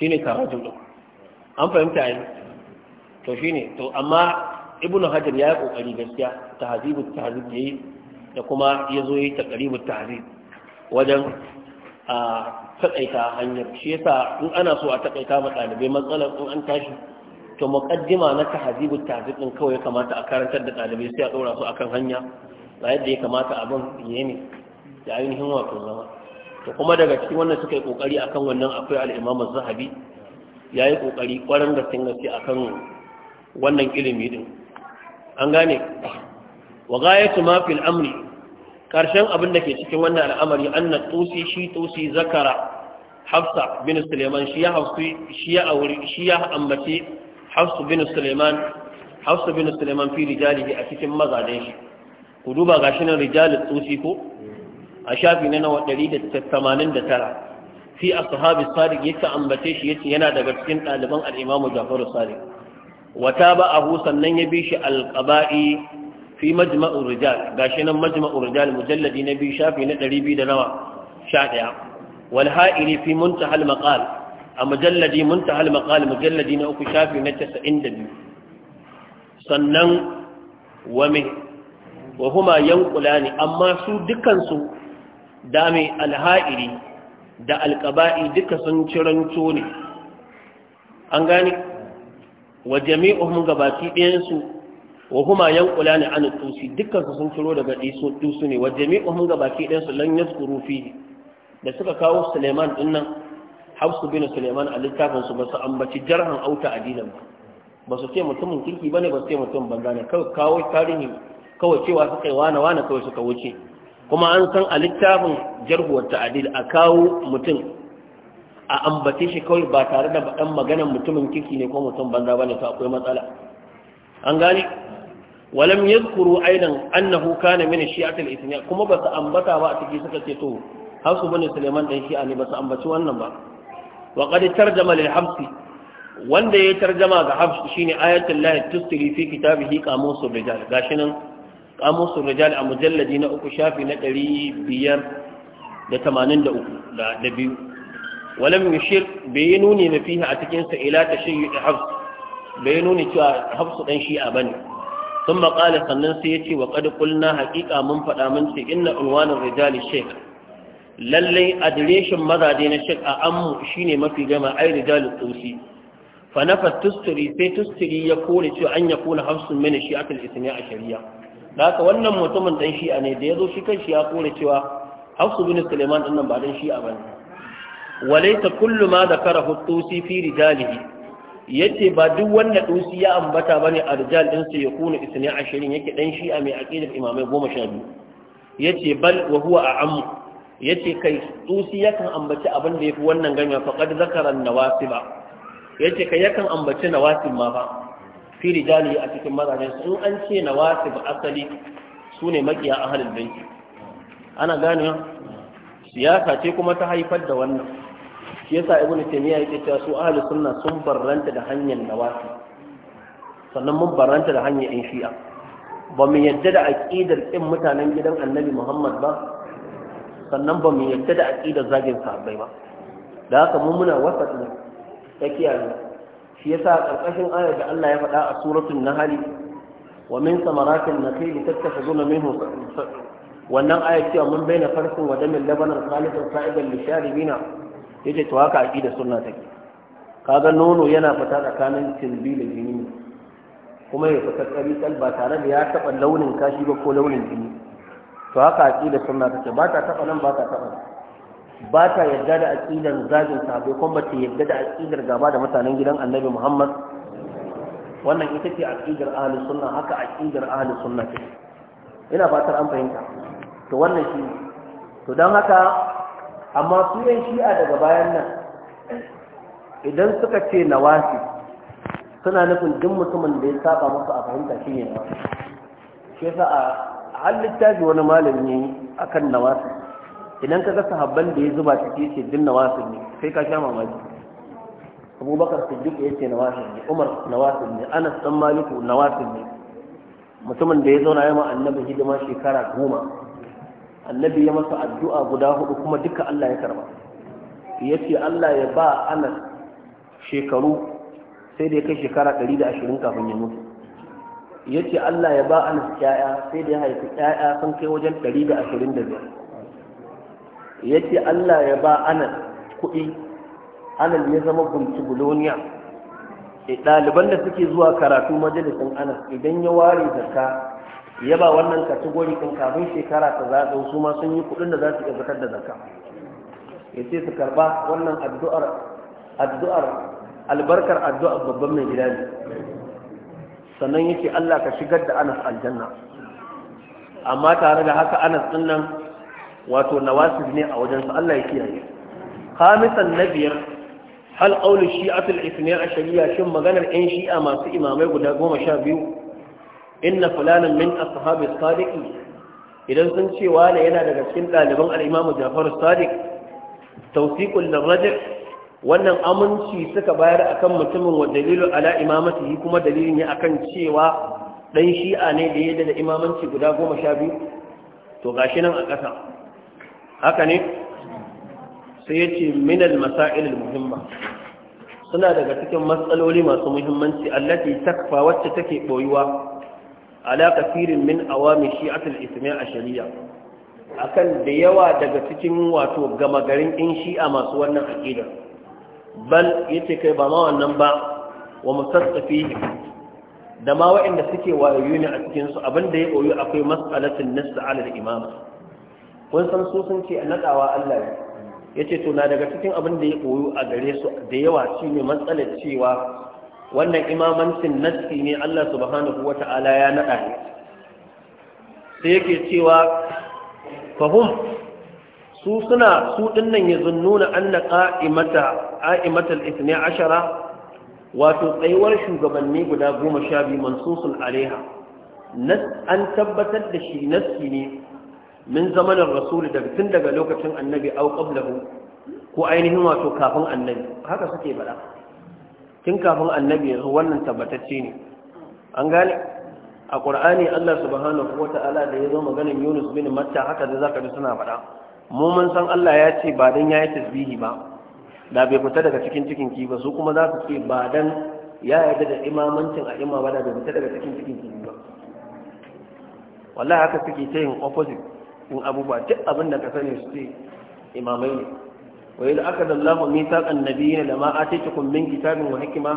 ne tarajin din an fahimta yi to shi ne. to amma ibnu hajar ya yi kokari gaskiya tahzibu ta yi da kuma ya yayi taqribu tahzib wajen a takaita hanyar shi yasa in ana so a takaita ma ɗalibai matsalar in an tashi to muqaddima na tahzibu tahzib din kawai kamata a karantar da ɗalibai sai a ɗora su akan hanya ba yadda ya kamata abin yayi ne da ainihin wato zama to kuma daga cikin wannan suka yi kokari akan wannan akwai al-Imam Az-Zahabi yayi kokari kwarin da sun gaske akan wannan ilimi din an gane wa ghayatu ma fil amri karshen abin da ke cikin wannan al'amari anna tusi shi tusi zakara hafsa bin suleiman shi ya hafsi shi ya aure shi ya ambace hafsu bin suleiman hafsu bin suleiman fi rijalihi a cikin mazajen shi ku duba gashi nan rijalul tsusi ko a shafi na nawa 189 fi a ashabi sadiq yake ambace shi yace yana daga cikin ɗaliban al-imamu jafaru sadiq wata ba a ba'ahu sannan ya bi shi al fi majma'ur rijal gashi nan majma'ur rijal mujalladi na biyu shafi na 200 da nawa 11 wal ha'ili fi muntahal maqal a mujalladi munta al-maqal mujalladi na uku shafi na 92 sannan wa me wa huma yanqulani amma su dukan su da me al da al duka sun ciranto ne an gane wa jami'uhum gabaki ɗayan su wa huma yanqulani an tusi dukkan su sun ciro daga disu dusu ne wa jami'uhum ga baki ɗayan su lan yazkuru fi da suka kawo Suleiman din nan hafsu bin suleiman a littafin su ba su ambaci jarhan auta adilan ba ba su ce mutumin kirki bane ba su ce mutum banza ne kawai tarihi kawai cewa suka yi wana wana kawai suka wuce kuma an san a littafin jarhuwar wa a kawo mutum a ambace shi kawai ba tare da baɗan maganar mutumin kirki ne ko mutum banza bane to akwai matsala an gane walam yadhkuru aidan annahu kana min shi'atil ithniya kuma ba su ambata ba a cikin suka ce to hausu bane suleiman dan shi'a ne ba su ambaci wannan ba wa qad tarjama lil hamsi wanda ya tarjama ga hafs shine ayatul lahi tustiri fi kitabihi qamusul rijal gashi nan qamusul rijal a mujalladi na uku shafi na 583 da da biyu walam yushir bayinuni na fihi a cikin sa ila tashayyu hafs bayinuni cewa hafs dan shi'a bane ثم قال sannan sai yace wa qad qulna haqiqa mun fada mun ce inna unwanur rijal shaykh lallai adireshin mazaje na shek a ammu shine mafi gama ai rijalu tsosi fa nafa tusturi sai tusturi ya kone cewa an ya kona hafsun mini shi akal isniya a shari'a da haka wannan mutumin dan shi'a ne da ya zo shi kanshi ya kone cewa hafsu bin suleiman din nan ba dan a bane walaita kullu ma zakarahu tsosi fi rijalihi yace ba duk wanda tsosi ya ambata bane a rijal din sa ya kona isniya a shari'a yake dan shi'a mai aqidar imamai goma sha biyu yace bal wa huwa ammu. yace kai tsusi yakan ambaci abin da yafi wannan ganyen faqad zakara nawasiba yace kai yakan ambaci nawasib ma fa fi rijali a cikin mazajen sun an ce nawasib asali sune makiya ahlul bait ana gane siyasa ce kuma ta haifar da wannan shi yasa ibnu taymiya yake cewa su ahlus sunna sun barranta da hanyar nawasib sannan mun barranta da hanyar in shi'a ba mu yadda da aqidar din mutanen gidan annabi muhammad ba sannan ba mu yadda da aqidar zagin sahabbai ba da haka mun muna wasat ne tsakiya ne shi yasa karkashin ayar da Allah ya faɗa a suratul nahl wa min samaratin nakhil tattakhuduna minhu wannan ayar cewa mun baina farsin wa damin labanan khalidan sa'idan lisharibina yace to haka aqidar sunna take kaga nono yana fita tsakanin tilbi da jini kuma ya fita kari ba tare da ya taɓa launin kashi ba ko launin jini to haka aqida sunna take ba ta taba nan ba ta taba ba ta yadda da aqidar zagin sahabbai kuma ba ta yadda da aqidar gaba da mutanen gidan Annabi Muhammad wannan ita ce aqidar ahli sunna haka aqidar ahli sunna ce ina fatar an fahimta to wannan shi to dan haka amma su yan shi'a daga bayan nan idan suka ce nawasi suna nufin duk mutumin da ya saba musu a fahimta shi ne nawasi shi yasa a har littafi wani malami a kan nawasu idan ka zasa habban da ya zuba ciki ce din nawasu ne sai ka sha mamaki abubakar siddiq ya ce nawasu ne umar nawasu ne anas dan maliku nawasu ne mutumin da ya zauna ya ma annabi hidima shekara goma annabi ya masa addu'a guda hudu kuma duka Allah ya karba ya ce Allah ya ba anas shekaru sai da ya kai shekara ashirin kafin ya mutu ya ce Allah ya ba Anas ƴaƴa sai da ya haifi ƴaƴa sun kai wajen ɗari da ashirin da ya ce Allah ya ba Anas kuɗi Anas ya zama bunci buloniya eh, ɗaliban da suke zuwa karatu majalisin Anas idan ya ware zakka ya ba wannan kategori ɗin kafin shekara ta zaɗo su ma sun yi kuɗin da za su iya fitar da zakka ya ce su karɓa wannan addu'ar addu'ar albarkar addu'ar babban mai gida ne sannan yake Allah ka shigar da Anas aljanna amma tare da haka Anas din nan wato nawasib ne a wajen sa Allah ya kiyaye khamisan nabiyar hal qawlu shi'atul ithnay ashariya shin maganar ɗan shi'a masu imamai guda goma sha biyu inna fulanan min ashabi sadiqi idan sun ce wani yana daga cikin ɗaliban al-imamu Ja'far Sadiq tawsiqul lirajih wannan aminci suka bayar akan mutumin wa dalilu ala imamatihi kuma dalilin ya akan cewa dan shi'a ne da yadda da imamanci guda goma sha biyu to gashi nan a ƙasa haka ne sai ya ce minal masa'il muhimma suna daga cikin matsaloli masu muhimmanci allati takfa wacce take boyuwa ala kafirin min awami shi'atul a shari'a akan da yawa daga cikin wato gama garin in shi'a masu wannan aqidar bal yace kai ba ma wannan ba wa mutasaffihi da ma waɗanda suke wayoyi ne a cikin su abinda ya koyo akwai mas'alatin nasu ala al imama. kun san su sun ce annadawa Allah yace to na daga cikin abinda ya koyo a gare su da yawa shine matsalar cewa wannan imamancin nassi ne Allah subhanahu wata'ala ya nada sai yake cewa fahum su suna su dinnan ya zunnuna anna qa'imata qa'imatal ashara wato tsayuwar shugabanni guda goma sha biyu mansusun alaiha an tabbatar da shi nassi ne min zamanin rasul daga tun daga lokacin annabi au qablahu ko ainihin wato kafin annabi haka suke faɗa tun kafin annabi yanzu wannan tabbatacce ne an gane a ƙur'ani Allah subhanahu wata'ala da ya zo maganin Yunus bin Matta haka da zaka ji suna faɗa mu mun san Allah ya ce ba dan yayi tasbihi ba da bai fita daga cikin cikin ki ba su kuma za su ce ba dan ya yarda da imamancin a imma ba da bai fita daga cikin cikin ki ba wallahi haka suke ta yin opposite in abubuwa duk abin da ka sani su ce imamai ne wa yi aka da Allah mai saƙan nabi da ma a ce min kitabin wa hikima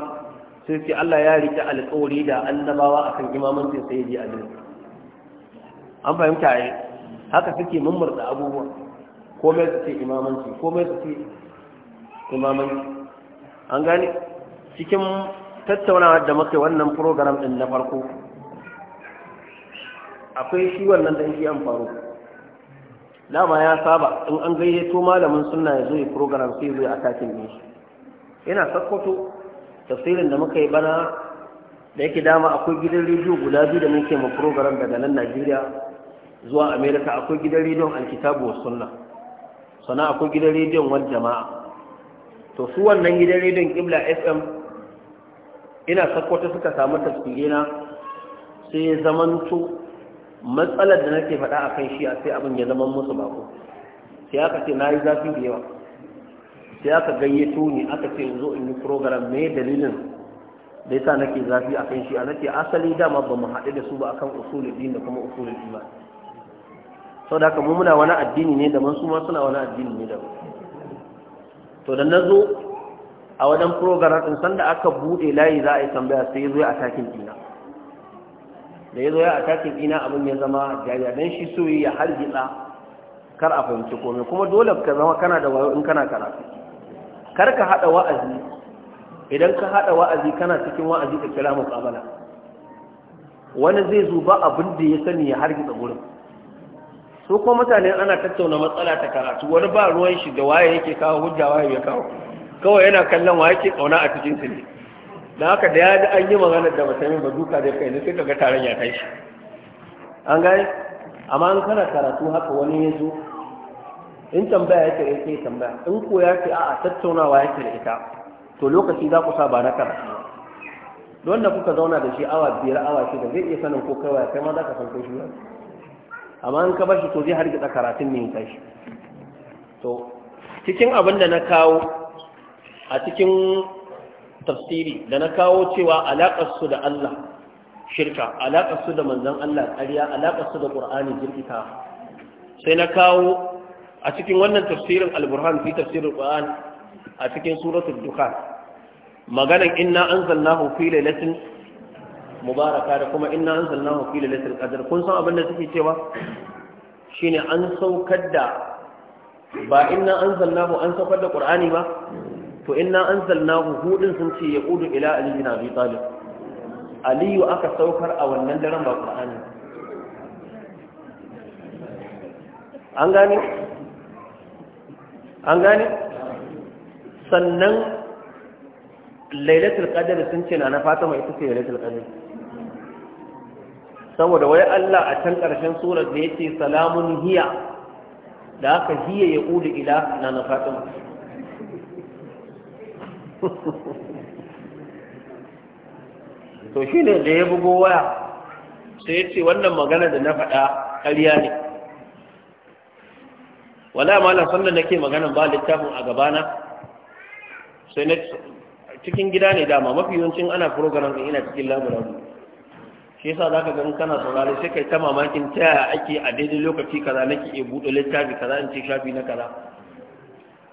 sai ce Allah ya rike alƙawari da annabawa akan imamancin sai ya ji a an fahimta ai haka suke mummurta abubuwa komai su ce imamanci komai su ce imamanci an gane cikin tattaunawa da maka wannan program din na farko akwai shi wannan da yake amfaro dama ya saba in an gayyato malamin sunna ya zo ya program sai zo a takin din shi sakkoto, sakkwato tafsirin da muka yi bana da yake dama akwai gidan rediyo guda biyu da muke mu program daga nan Najeriya zuwa America akwai gidan rediyon alkitabu was sunna sana akwai gidan rediyon wani jama'a to su wannan gidan rediyon kimla fm ina sakwata suka samu tasirina sai zamanto matsalar da nake faɗa a kan shi a sai abin ya zama musu bako sai aka ce na yi zafi da yawa sai aka gayyato ni aka ce zo in yi program mai dalilin da ya sa nake zafi a kan shi a nake asali dama ba mu haɗu da su ba akan usulun din da kuma usulun imani sau da mu muna wani addini ne da masu ma suna wani addini ne daban to da na zo a wajen program ɗin sanda aka bude layi za a yi tambaya sai ya zo ya atakin ɗina da ya zo ya atakin dina abin ya zama jariya don shi soyi ya hargitsa kar a fahimci komai kuma dole ka zama kana da wayo in kana karatu kar ka haɗa wa'azi idan ka haɗa wa'azi kana cikin wa'azi ka kira mu kabala wani zai zo ba abin da ya sani ya hargitsa gurin su ko mutane ana tattauna matsala ta karatu wani ba ruwan shi da waye yake kawo hujja waye ya kawo kawai yana kallon waye ke kauna a cikin su ne dan haka da ya ji an yi magana da mutumin ba duka da kai ne sai kaga taron ya kai shi an gane amma an kana karatu haka wani ya zo in tambaya yake yake tambaya in ko ya ce a'a tattaunawa yake da ita to lokaci za ku sa ba na karatu ba don da kuka zauna da shi awa biyar awa shida zai iya sanin ko kai waya kai ma za ka san ko shi wani amma an ka bashi to zai hargitsa karatun ne ya tashi to cikin abin da na kawo a cikin tafsiri da na kawo cewa alaƙar su da Allah shirka alaƙar su da manzon Allah ƙarya alaƙar su da Qur'ani jirkita sai na kawo a cikin wannan tafsirin al-Burhan fi tafsirin Qur'an a cikin suratul Dukhan maganan inna anzalnahu fi lailatin mubaraka da kuma inna anzalnahu fi lailatul ƙadar. kun san abin da suke cewa shine an saukar da ba inna anzalnahu an saukar da Ƙur'ani ba to inna anzalnahu hudin sun ce ya ƙudu ila Aliyu na abi talib aliyu aka saukar a wannan daren ba qur'ani an gane an gane sannan lailatul qadr sun ce na na fatima ita ce lailatul qadr saboda wai Allah a can ƙarshen surar da ce salamun hiya da aka hiya ya ƙudu ila na na fatima to shi ne da ya bugo waya sai ya ce wannan magana da na faɗa ƙarya ne wala malam sanda nake magana ba littafin a gabana sai na cikin gida ne dama mafi yawancin ana program ɗin ina cikin labarin shi yasa za ka gan kana saurari sai kai ta mamakin ta yaya ake a daidai lokaci kaza nake iya buɗe littafi kaza in ce shafi na kaza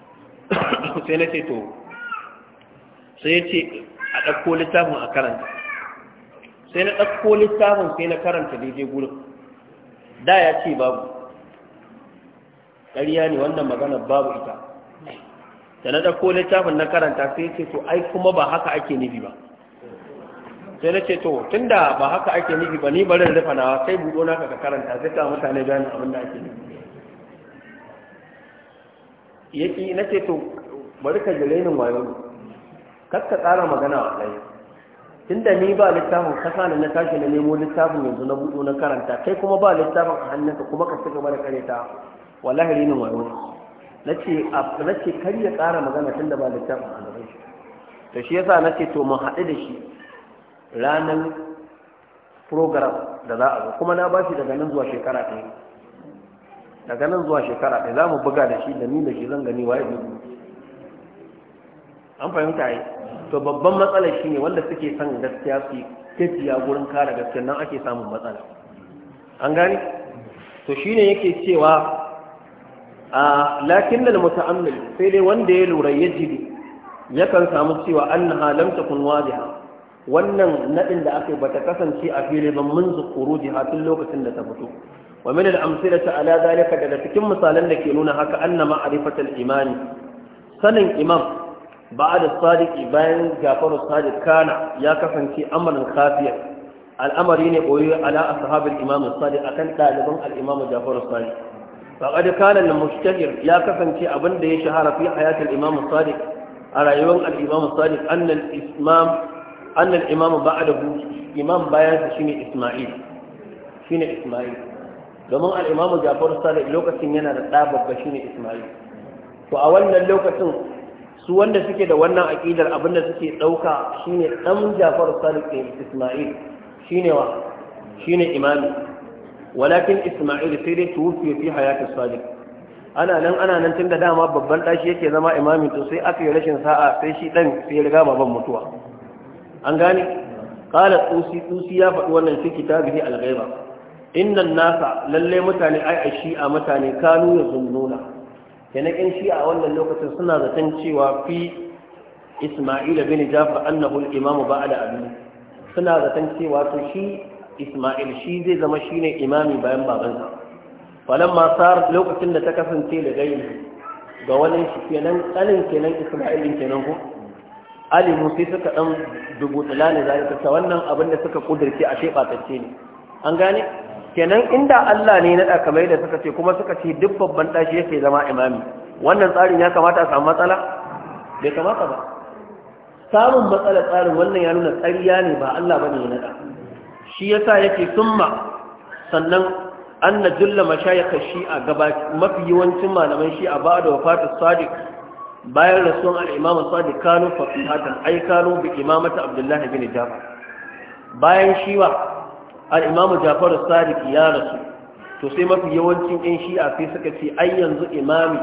sai na ce to sai ya ce a ɗauko littafin a karanta sai na ɗauko littafin sai na karanta daidai gurin da ya ce babu ƙarya ne wannan magana babu ita da na ɗauko littafin na karanta sai ce to ai kuma ba haka ake nufi ba sai na ce to tunda ba haka ake nufi ba ni barin rufa nawa sai buɗo na ka karanta sai ka mutane gane abin da ake nufi yaki na ce to bari ka ji rainin wayo kar ka tsara magana a tsaye tunda ni ba littafin kasa na tashi na nemo littafin yanzu na buɗo na karanta kai kuma ba littafin a hannunka kuma ka cika gaba da kareta wallahi rainin wayo na ce kar ya tsara magana tunda ba littafin a gaban shi to shi yasa na ce to mun haɗu da shi ranar program da za a zo kuma na bashi daga nan zuwa shekara ɗaya daga nan zuwa shekara ɗaya za mu buga da shi da ni da shi zan gani wa yi an fahimta yi to babban matsalar ne wanda suke son gaskiya su tafiya gurin kare gaskiya nan ake samun matsala an gane to shi ne yake cewa a lakin da muta'ammil sai dai wanda ya lura ya jiri yakan samu cewa annaha lam takun wadiha wannan naɗin da aka yi bata kasance a fili ba mun zukuru jihatun lokacin da ta fito wa min al-amsilati ala zalika daga cikin misalan da ke nuna haka anna ma'rifatul Iman, sanin imam ba'da sadiqi bayan jafaru sadiq kana ya kasance amarin khafiya al'amari ne koyi ala ashabil imam sadiq akan daliban al-imam jafaru sadiq faqad kana al-mushtahir ya kasance abin da ya shahara fi hayatul imam sadiq a rayuwar al-imam sadiq anna al-ismam annal imamu ba'adahu imam bayan sa shine isma'il shine isma'il domin al-imamu Ja'far Sadiq lokacin yana da ɗa babba shine isma'il to a wannan lokacin su wanda suke da wannan aqidar abinda suke dauka shine ɗan Ja'far Sadiq ne isma'il shine wa shine imami walakin isma'il sai dai tuwfi fi hayati Sadiq ana nan ana nan tun da dama babban ɗashi yake zama imamin to sai aka yi rashin sa'a sai shi ɗan sai ya riga baban mutuwa an gane Kala tusi tusi ya faɗi wannan cikin kitabihi al-ghaiba innan nasa lalle mutane ai a shi'a mutane kanu ya zunnuna kenan in shi'a a wannan lokacin suna zaton cewa fi isma'ila bin jafar annahu al-imam ba'da abi suna zaton cewa to shi isma'il shi zai zama shine imami bayan babansa falamma sar lokacin da ta kasance da gairi ga wani shi kenan tsanin kenan isma'il kenan ko alimu sai suka dan dubutula ne za ta wannan abin da suka kudirce a shebatacce ne an gane kenan inda Allah ne na kamar da suka ce kuma suka ce duk babban dashi yake zama imami wannan tsarin ya kamata a samu matsala bai kamata ba samun matsala tsarin wannan ya nuna tsariya ne ba Allah bane ya naɗa. shi ya sa yake summa sannan anna julla mashayikh shi'a gaba mafi yawancin malaman shi'a ba da wafatus sadiq bayan rasuwan al'imam Sadi kano fasihatan ai kano bi imamata abdullahi bin jafar bayan shiwa al'imamu jafar Sadi ya rasu to sai mafi yawancin yan shi'a sai suka ce ai yanzu imami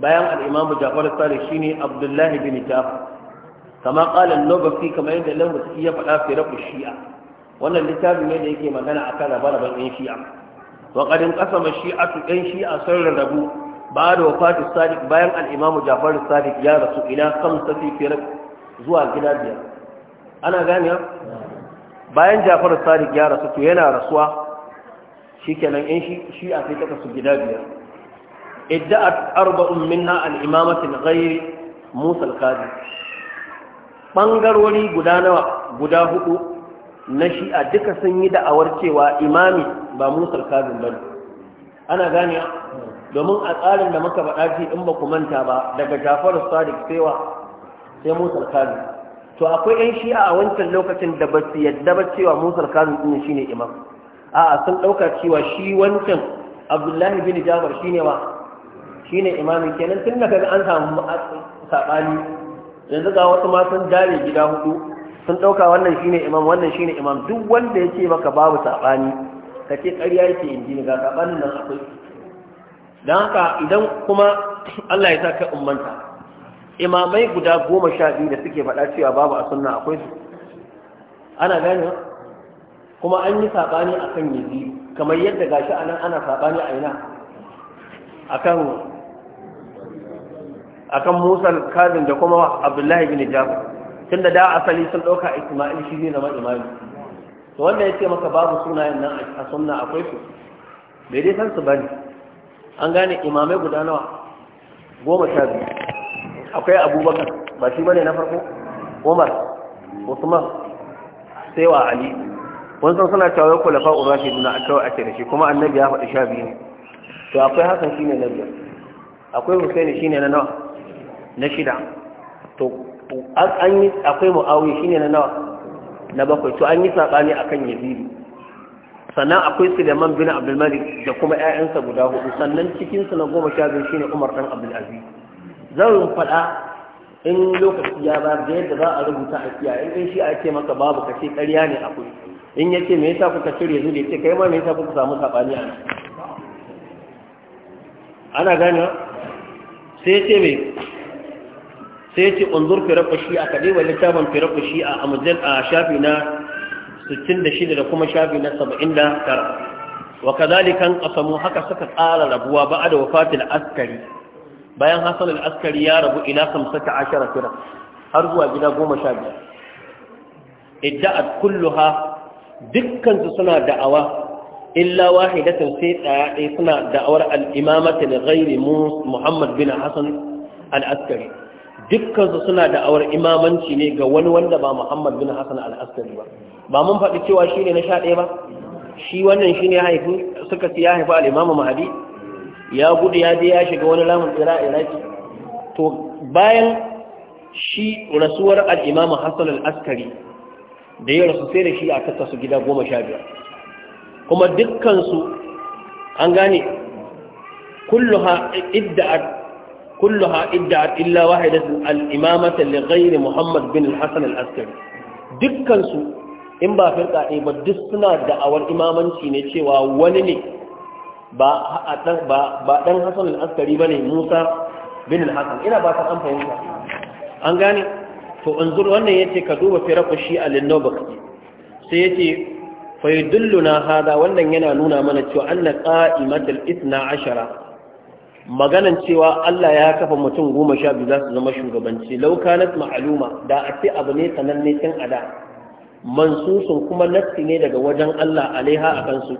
bayan al'imam jafar shi shine abdullahi bin jafar kama ƙalan lobafi kama yadda lambaski iya faɗa fi rabu shi'a wannan littafi ne da yake magana akan rabe-raben yan shi'a wa ƙasa ma shi'atu yan shi'a sun rarrabu بعد وفاة الصادق بيان الإمام جعفر الصادق يا رسول إلى خمسة zuwa gida biyar? Ana أنا غانيا bayan jafar sadiq ya rasu to yana rasuwa shikenan in shi shi a sai taka su gida biyar Idda a arba'un minna al-imamati ghayr musa al-qadi bangarori guda nawa guda hudu na shi a duka sun yi da'awar cewa imami ba musa al ba? bane ana gane domin a tsarin da muka faɗa shi in ba ku manta ba daga jafar sadiq cewa sai al kazi to akwai yan shi'a a wancan lokacin da ba su yadda ba cewa musar kazi din shine imam a'a sun ɗauka cewa shi wancan abdullahi bin jafar shine wa shine imamin kenan tun daga an samu sabani yanzu ga wasu ma sun dare gida hudu sun ɗauka wannan shine imam wannan shine imam duk wanda ya ce maka babu sabani ka ce ƙarya yake in ga sabanin nan akwai don haka idan kuma Allah ya sa ka ummanta imamai guda goma sha biyu da suke faɗa cewa babu a sunna akwai su ana gane kuma an yi saɓani a kan yanzu kamar yadda ga shi anan ana saɓani a ina a kan musa kazin da kuma abdullahi bin jabu tun da da asali sun ɗauka ismail shi zai zama imami to wanda ya ce maka babu sunayen nan a sunna akwai su bai dai san su bane an gane imamai guda nawa goma sha biyu akwai abubakar ba shi bane na farko umar usman sai wa ali wanzan suna cewa ko lafa urashi duna a kawai ake da shi kuma annabi ya faɗi sha biyu ne to akwai hasan shine na biyar akwai husaini shine na nawa na shida to an yi akwai mu'awiya shine na nawa na bakwai to an yi sabani akan yazidi sannan akwai Suleiman bin malik da kuma ƴaƴansa guda hudu sannan cikin su na goma sha biyu shine Umar dan aziz zan faɗa in lokaci ya ba da yadda za a rubuta a kiyaye in shi a ce maka babu kace ƙarya ne akwai in yace me yasa kuka cire yanzu da yace kai ma me yasa kuka samu sabani a nan ana gane sai yace me sai yace unzur fi rabbi shi'a kadai wa littafin fi rabbi shi'a a mujal a shafi na 66 da kuma shafi na 79 wa kadhalika qasamu haka suka tsara rabuwa ba da wafatil askari bayan hasan al-askari ya rabu ila 15 fira har zuwa gida 15 idda'at kulluha dukkan su suna da'awa illa wahidatan sai ɗaya suna da'awar al'imamata da ghairi muhammad bin hassan al'askari dukkansu suna da'awar imamanci ne ga wani wanda ba muhammad bin hassan al'askari ba ba mun faɗi cewa shi ne na sha ɗaya ba shi wannan shi ne haifi suka ce ya haifi al'imamu mahadi ya gudu ya je ya shiga wani lamun tsira a iraki to bayan shi rasuwar al'imamu hassan al'askari da ya rasu sai da shi a tattasu gida goma sha biyar kuma dukkansu an gane kulluha idda'at كلها ادعت إلا واحدة الإمامة لغير محمد بن الحسن الأسكري دكان سوء in ba firka ɗaya ba duk suna da'awar imamanci ne cewa wani ne ba ɗan hasan al'askari ba ne musa bin al ina ba ta an fahimta an gane to unzur wannan yace ka duba firqu shi'a lin-nubakh sai yace fa na hada wannan yana nuna mana cewa anna isna ashara. maganan cewa Allah ya kafa mutum goma biyu za su zama shugabanci law kanat ma'luma da a ce abu ne sananne tun ada mansusun kuma nassi ne daga wajen Allah alaiha a kansu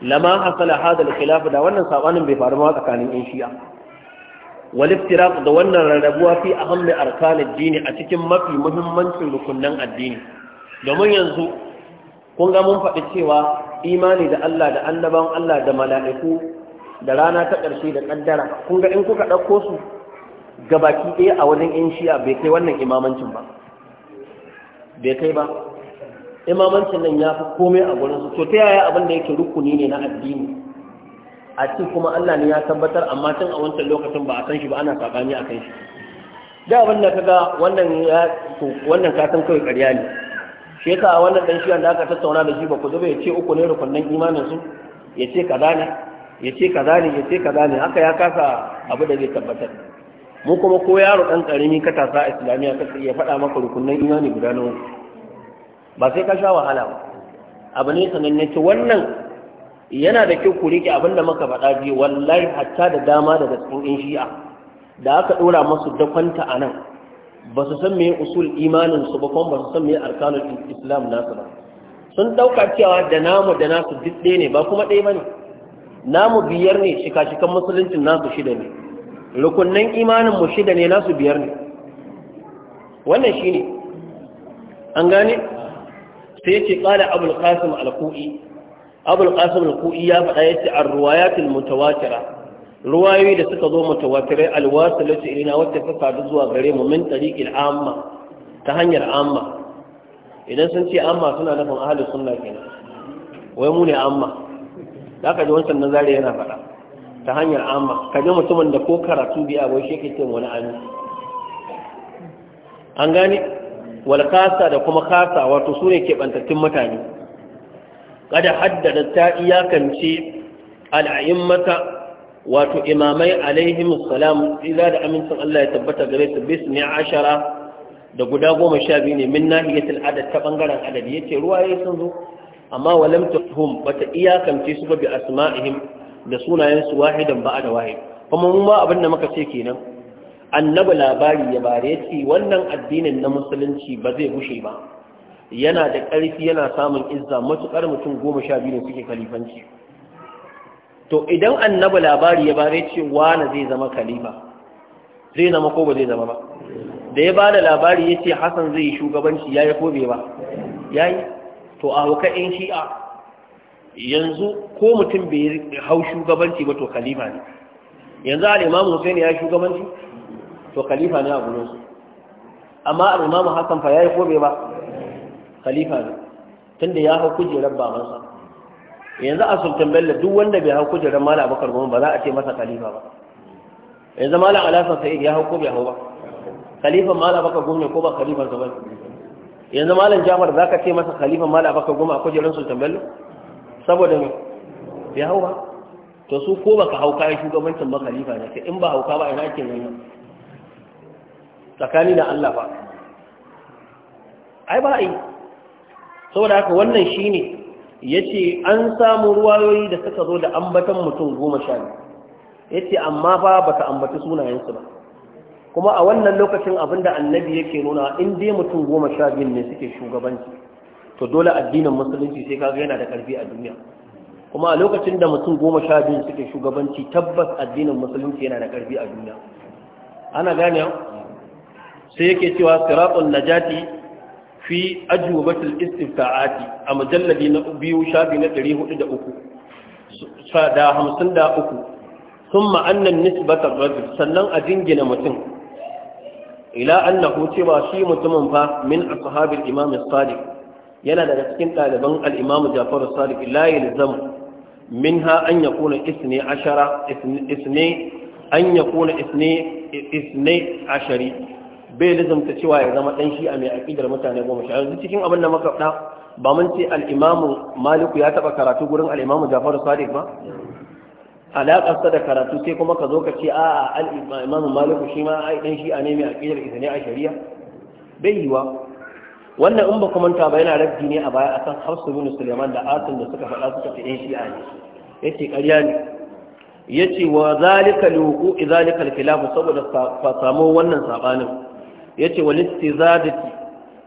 lama hasala hada al da wannan sabanin bai faru ma tsakanin yan shi'a wal iftiraq da wannan rarrabuwa fi ahammi arkan ad dini a cikin mafi muhimmancin rukunnan addini domin yanzu kun ga mun faɗi cewa imani da Allah da annaban Allah da mala'iku da rana ta ƙarshe da ƙaddara kun ga in kuka ɗauko su gabaki ɗaya a wajen yan shi'a bai kai wannan imamancin ba bai kai ba imamancin nan ya fi komai a gurin su to ta yaya abin da yake rukuni ne na addini a ci kuma Allah ne ya tabbatar amma tun a wancan lokacin ba a san shi ba ana sabani a kan shi da abin da kaga wannan ya wannan ka kai ƙarya ne shi yasa wannan dan shi da aka tattauna da shi ba ku zuba ya ce uku ne rukunnan imanin ya ce kaza ne ya ce kaza ne ya ce kaza ne haka ya kasa abu da zai tabbatar mu kuma ko yaro dan karimi katasa a islamiya ka ya faɗa maka rukunnan imani guda nawa ba sai ka sha wahala ba abu ne sananne ce wannan yana da kyau ku riƙe abin da muka faɗa biyu wallahi hatta da dama daga cikin in shi'a da aka ɗora masu dakwanta a nan ba su san meye usul imanin su ba kuma ba su san meye arkanul islam nasu ba sun ɗauka cewa da namu da nasu duk ɗaya ne ba kuma ɗaya ba ne namu biyar ne shika-shikan musuluncin nasu shida ne rukunnan imanin mu shida ne nasu biyar ne wannan shi ne an gane sai ce qala abul qasim al-ku'i abul qasim al-ku'i ya faɗa ya ar-riwayatul mutawatira ruwayoyi da suka zo mutawatirai al-wasilatu ilina wacce ta faɗi zuwa gare mu min tariqil amma ta hanyar amma idan sun ce amma suna nufin ahlus sunna kenan wai mu ne amma da ka ji wancan nazari yana faɗa ta hanyar amma ka ji mutumin da ko karatu biya bai shi ke cin wani ami an gane Walƙasa da kuma kasa wato su ne keɓantattun mutane kada haddada ta iyakance mata, wato imamai alaihim salam tsira da amincin Allah ya tabbata gare su ne ashara da guda goma sha biyu ne min nahiyatul adad ta bangaren adadi yace ruwaye sun zo amma walam tuhum bata iyakance su ba bi asma'ihim da sunayen su wahidan a da wahid kuma mun ba abin da muka ce kenan annabi labari ya bare ce wannan addinin na musulunci ba zai gushe ba yana da ƙarfi yana samun izza matuƙar mutum goma sha biyu suke kalifanci to idan annabi labari ya bare ce wane zai zama kalifa zai zama ko ba zai zama ba da ya bada labari ya ce hassan zai yi shugabanci ya yi ko bai ba ya yi to a hauka in shi'a yanzu ko mutum bai hau shugabanci ba to kalifa ne yanzu al'imamu ne ya shugabanci to khalifa ne a gurin amma al hakan fa ya yi bai ba khalifa ne tunda ya hau kujerar babansa yanzu a sultan bello duk wanda bai hau kujerar mala abakar goma ba za a ce masa khalifa ba yanzu mala alasan sa'id ya hau ko bai hau ba khalifan mala abakar goma ko ba khalifan sa ba yanzu malam jafar za ka ce masa khalifan mala abakar goma a kujerar sultan bello saboda me bai hau ba to su ko baka hau kayan shugabancin ba khalifa ne in ba hauka ba ina ke nan tsakani da Allah ba ai ba ai saboda haka wannan shine yace an samu ruwayoyi da suka zo da ambatan mutum goma sha biyu yace amma ba baka ambaci sunayensu ba kuma a wannan lokacin abinda annabi yake nuna in dai mutum goma sha biyu ne suke shugabanci to dole addinin musulunci sai kaga yana da karfi a duniya kuma a lokacin da mutum goma sha biyu suke shugabanci tabbas addinin musulunci yana da karfi a duniya ana gane sai yake cewa siratun najati fi ajubatul istifta'ati a mujalladi na biyu shafi na 403 da 53 thumma anna nisbatar rajul sannan a jingina mutum ila annahu cewa shi mutumin fa min ashabil imam as-sadiq yana daga cikin ɗaliban al-imam Ja'far as-Sadiq la yalzamu minha an yakuna isni ashara isni an yakuna isni isni ashari bai lazumta cewa ya zama dan shi'a mai aƙidar mutane goma sha yanzu cikin abin da muka faɗa ba mun ce al-Imam ya taba karatu gurin al-Imam Ja'far Sadiq ba alaƙar sa da karatu sai kuma ka zo ka ce a a al-Imam Malik shi ma ai dan ne mai aqidar izini a shari'a bai wa? wannan in ba ku manta ba yana rabbi ne a baya akan Hafsu bin Sulaiman da Asim da suka faɗa suka ce dan a ne yace ƙarya ne yace wa zalika liwuqu zalika al-khilaf saboda samu wannan sabanin yace wal istizadati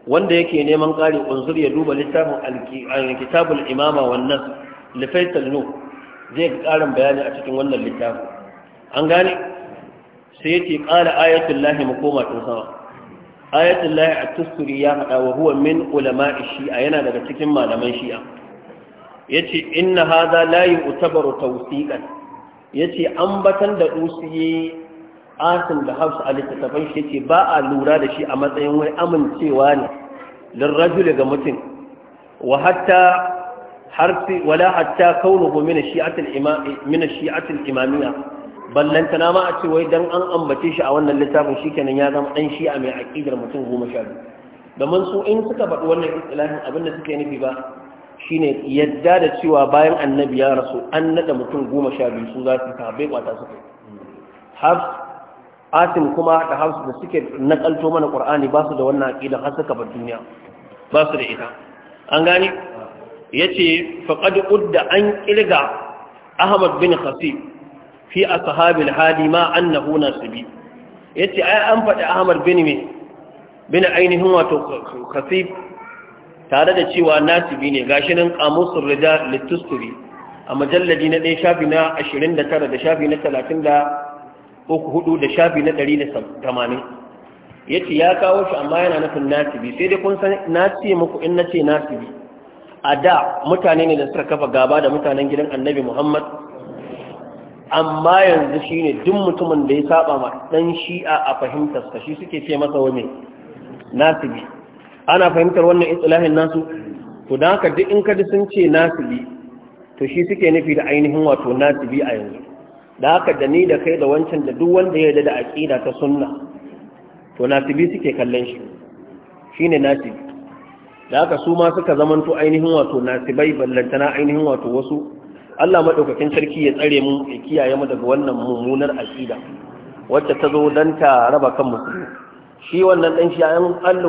wanda yake neman ƙari unzur ya duba littafin kitabul imama wannan lifaitul nu zai ga ƙarin bayani a cikin wannan littafin an gane sai yace ƙara ayatul lahi mu koma tun sama ayatul lahi at-tusturi ya haɗa wa huwa min ulama'i shi'a yana daga cikin malaman shi'a yace inna layi la yu'tabaru tawsiqan yace ambatan da usiye asin da hafsu a littattafan shi ce ba a lura da shi a matsayin wai amincewa ne lirrajul ga mutum wala hatta kaunuhu min shi'atil imam min ballanta ma a ce wai dan an ambace shi a wannan littafin shikenan ya zama dan shi'a mai aƙidar mutum goma sha biyu domin su in suka faɗi wannan istilahin abin da suke nufi ba shine yadda da cewa bayan annabi ya rasu an naɗa mutum goma sha biyu su za su ta bai kwata su kai asim kuma da hausu da suke nakalto mana qur'ani ba su da wannan aqida har suka bar duniya ba su da ita an gane yace faqad udda an kilga ahmad bin khasib fi ashabil hadi ma annahu nasibi yace ai an faɗi ahmad bin me bin ainihin wato khasib tare da cewa nasibi ne gashi nan qamusul rijal litusturi a majalladi na ɗaya shafi na 29 da shafi na uku hudu da shafi na ɗari da tamanin ya ce ya kawo shi amma yana nufin nasibi sai dai kun san nasi muku in na ce nasibi a da mutane ne da suka kafa gaba da mutanen gidan annabi muhammad amma yanzu shi ne duk mutumin da ya saba ma ɗan shi'a a fahimtarsa shi suke ce masa wani nasibi ana fahimtar wannan itsilahin nasu to don haka duk in ka sun ce nasibi to shi suke nufi da ainihin wato nasibi a yanzu da haka da ni da kai da wancan da duk wanda ya yarda da aqida ta sunna to nasibi suke kallon shi shine nasibi da haka su ma suka zamanto ainihin wato nasibai ballantana ainihin wato wasu Allah madaukakin sarki ya tsare mu ya kiyaye mu daga wannan mummunar aqida wacce ta zo dan ta raba kan musulmi shi wannan dan shi an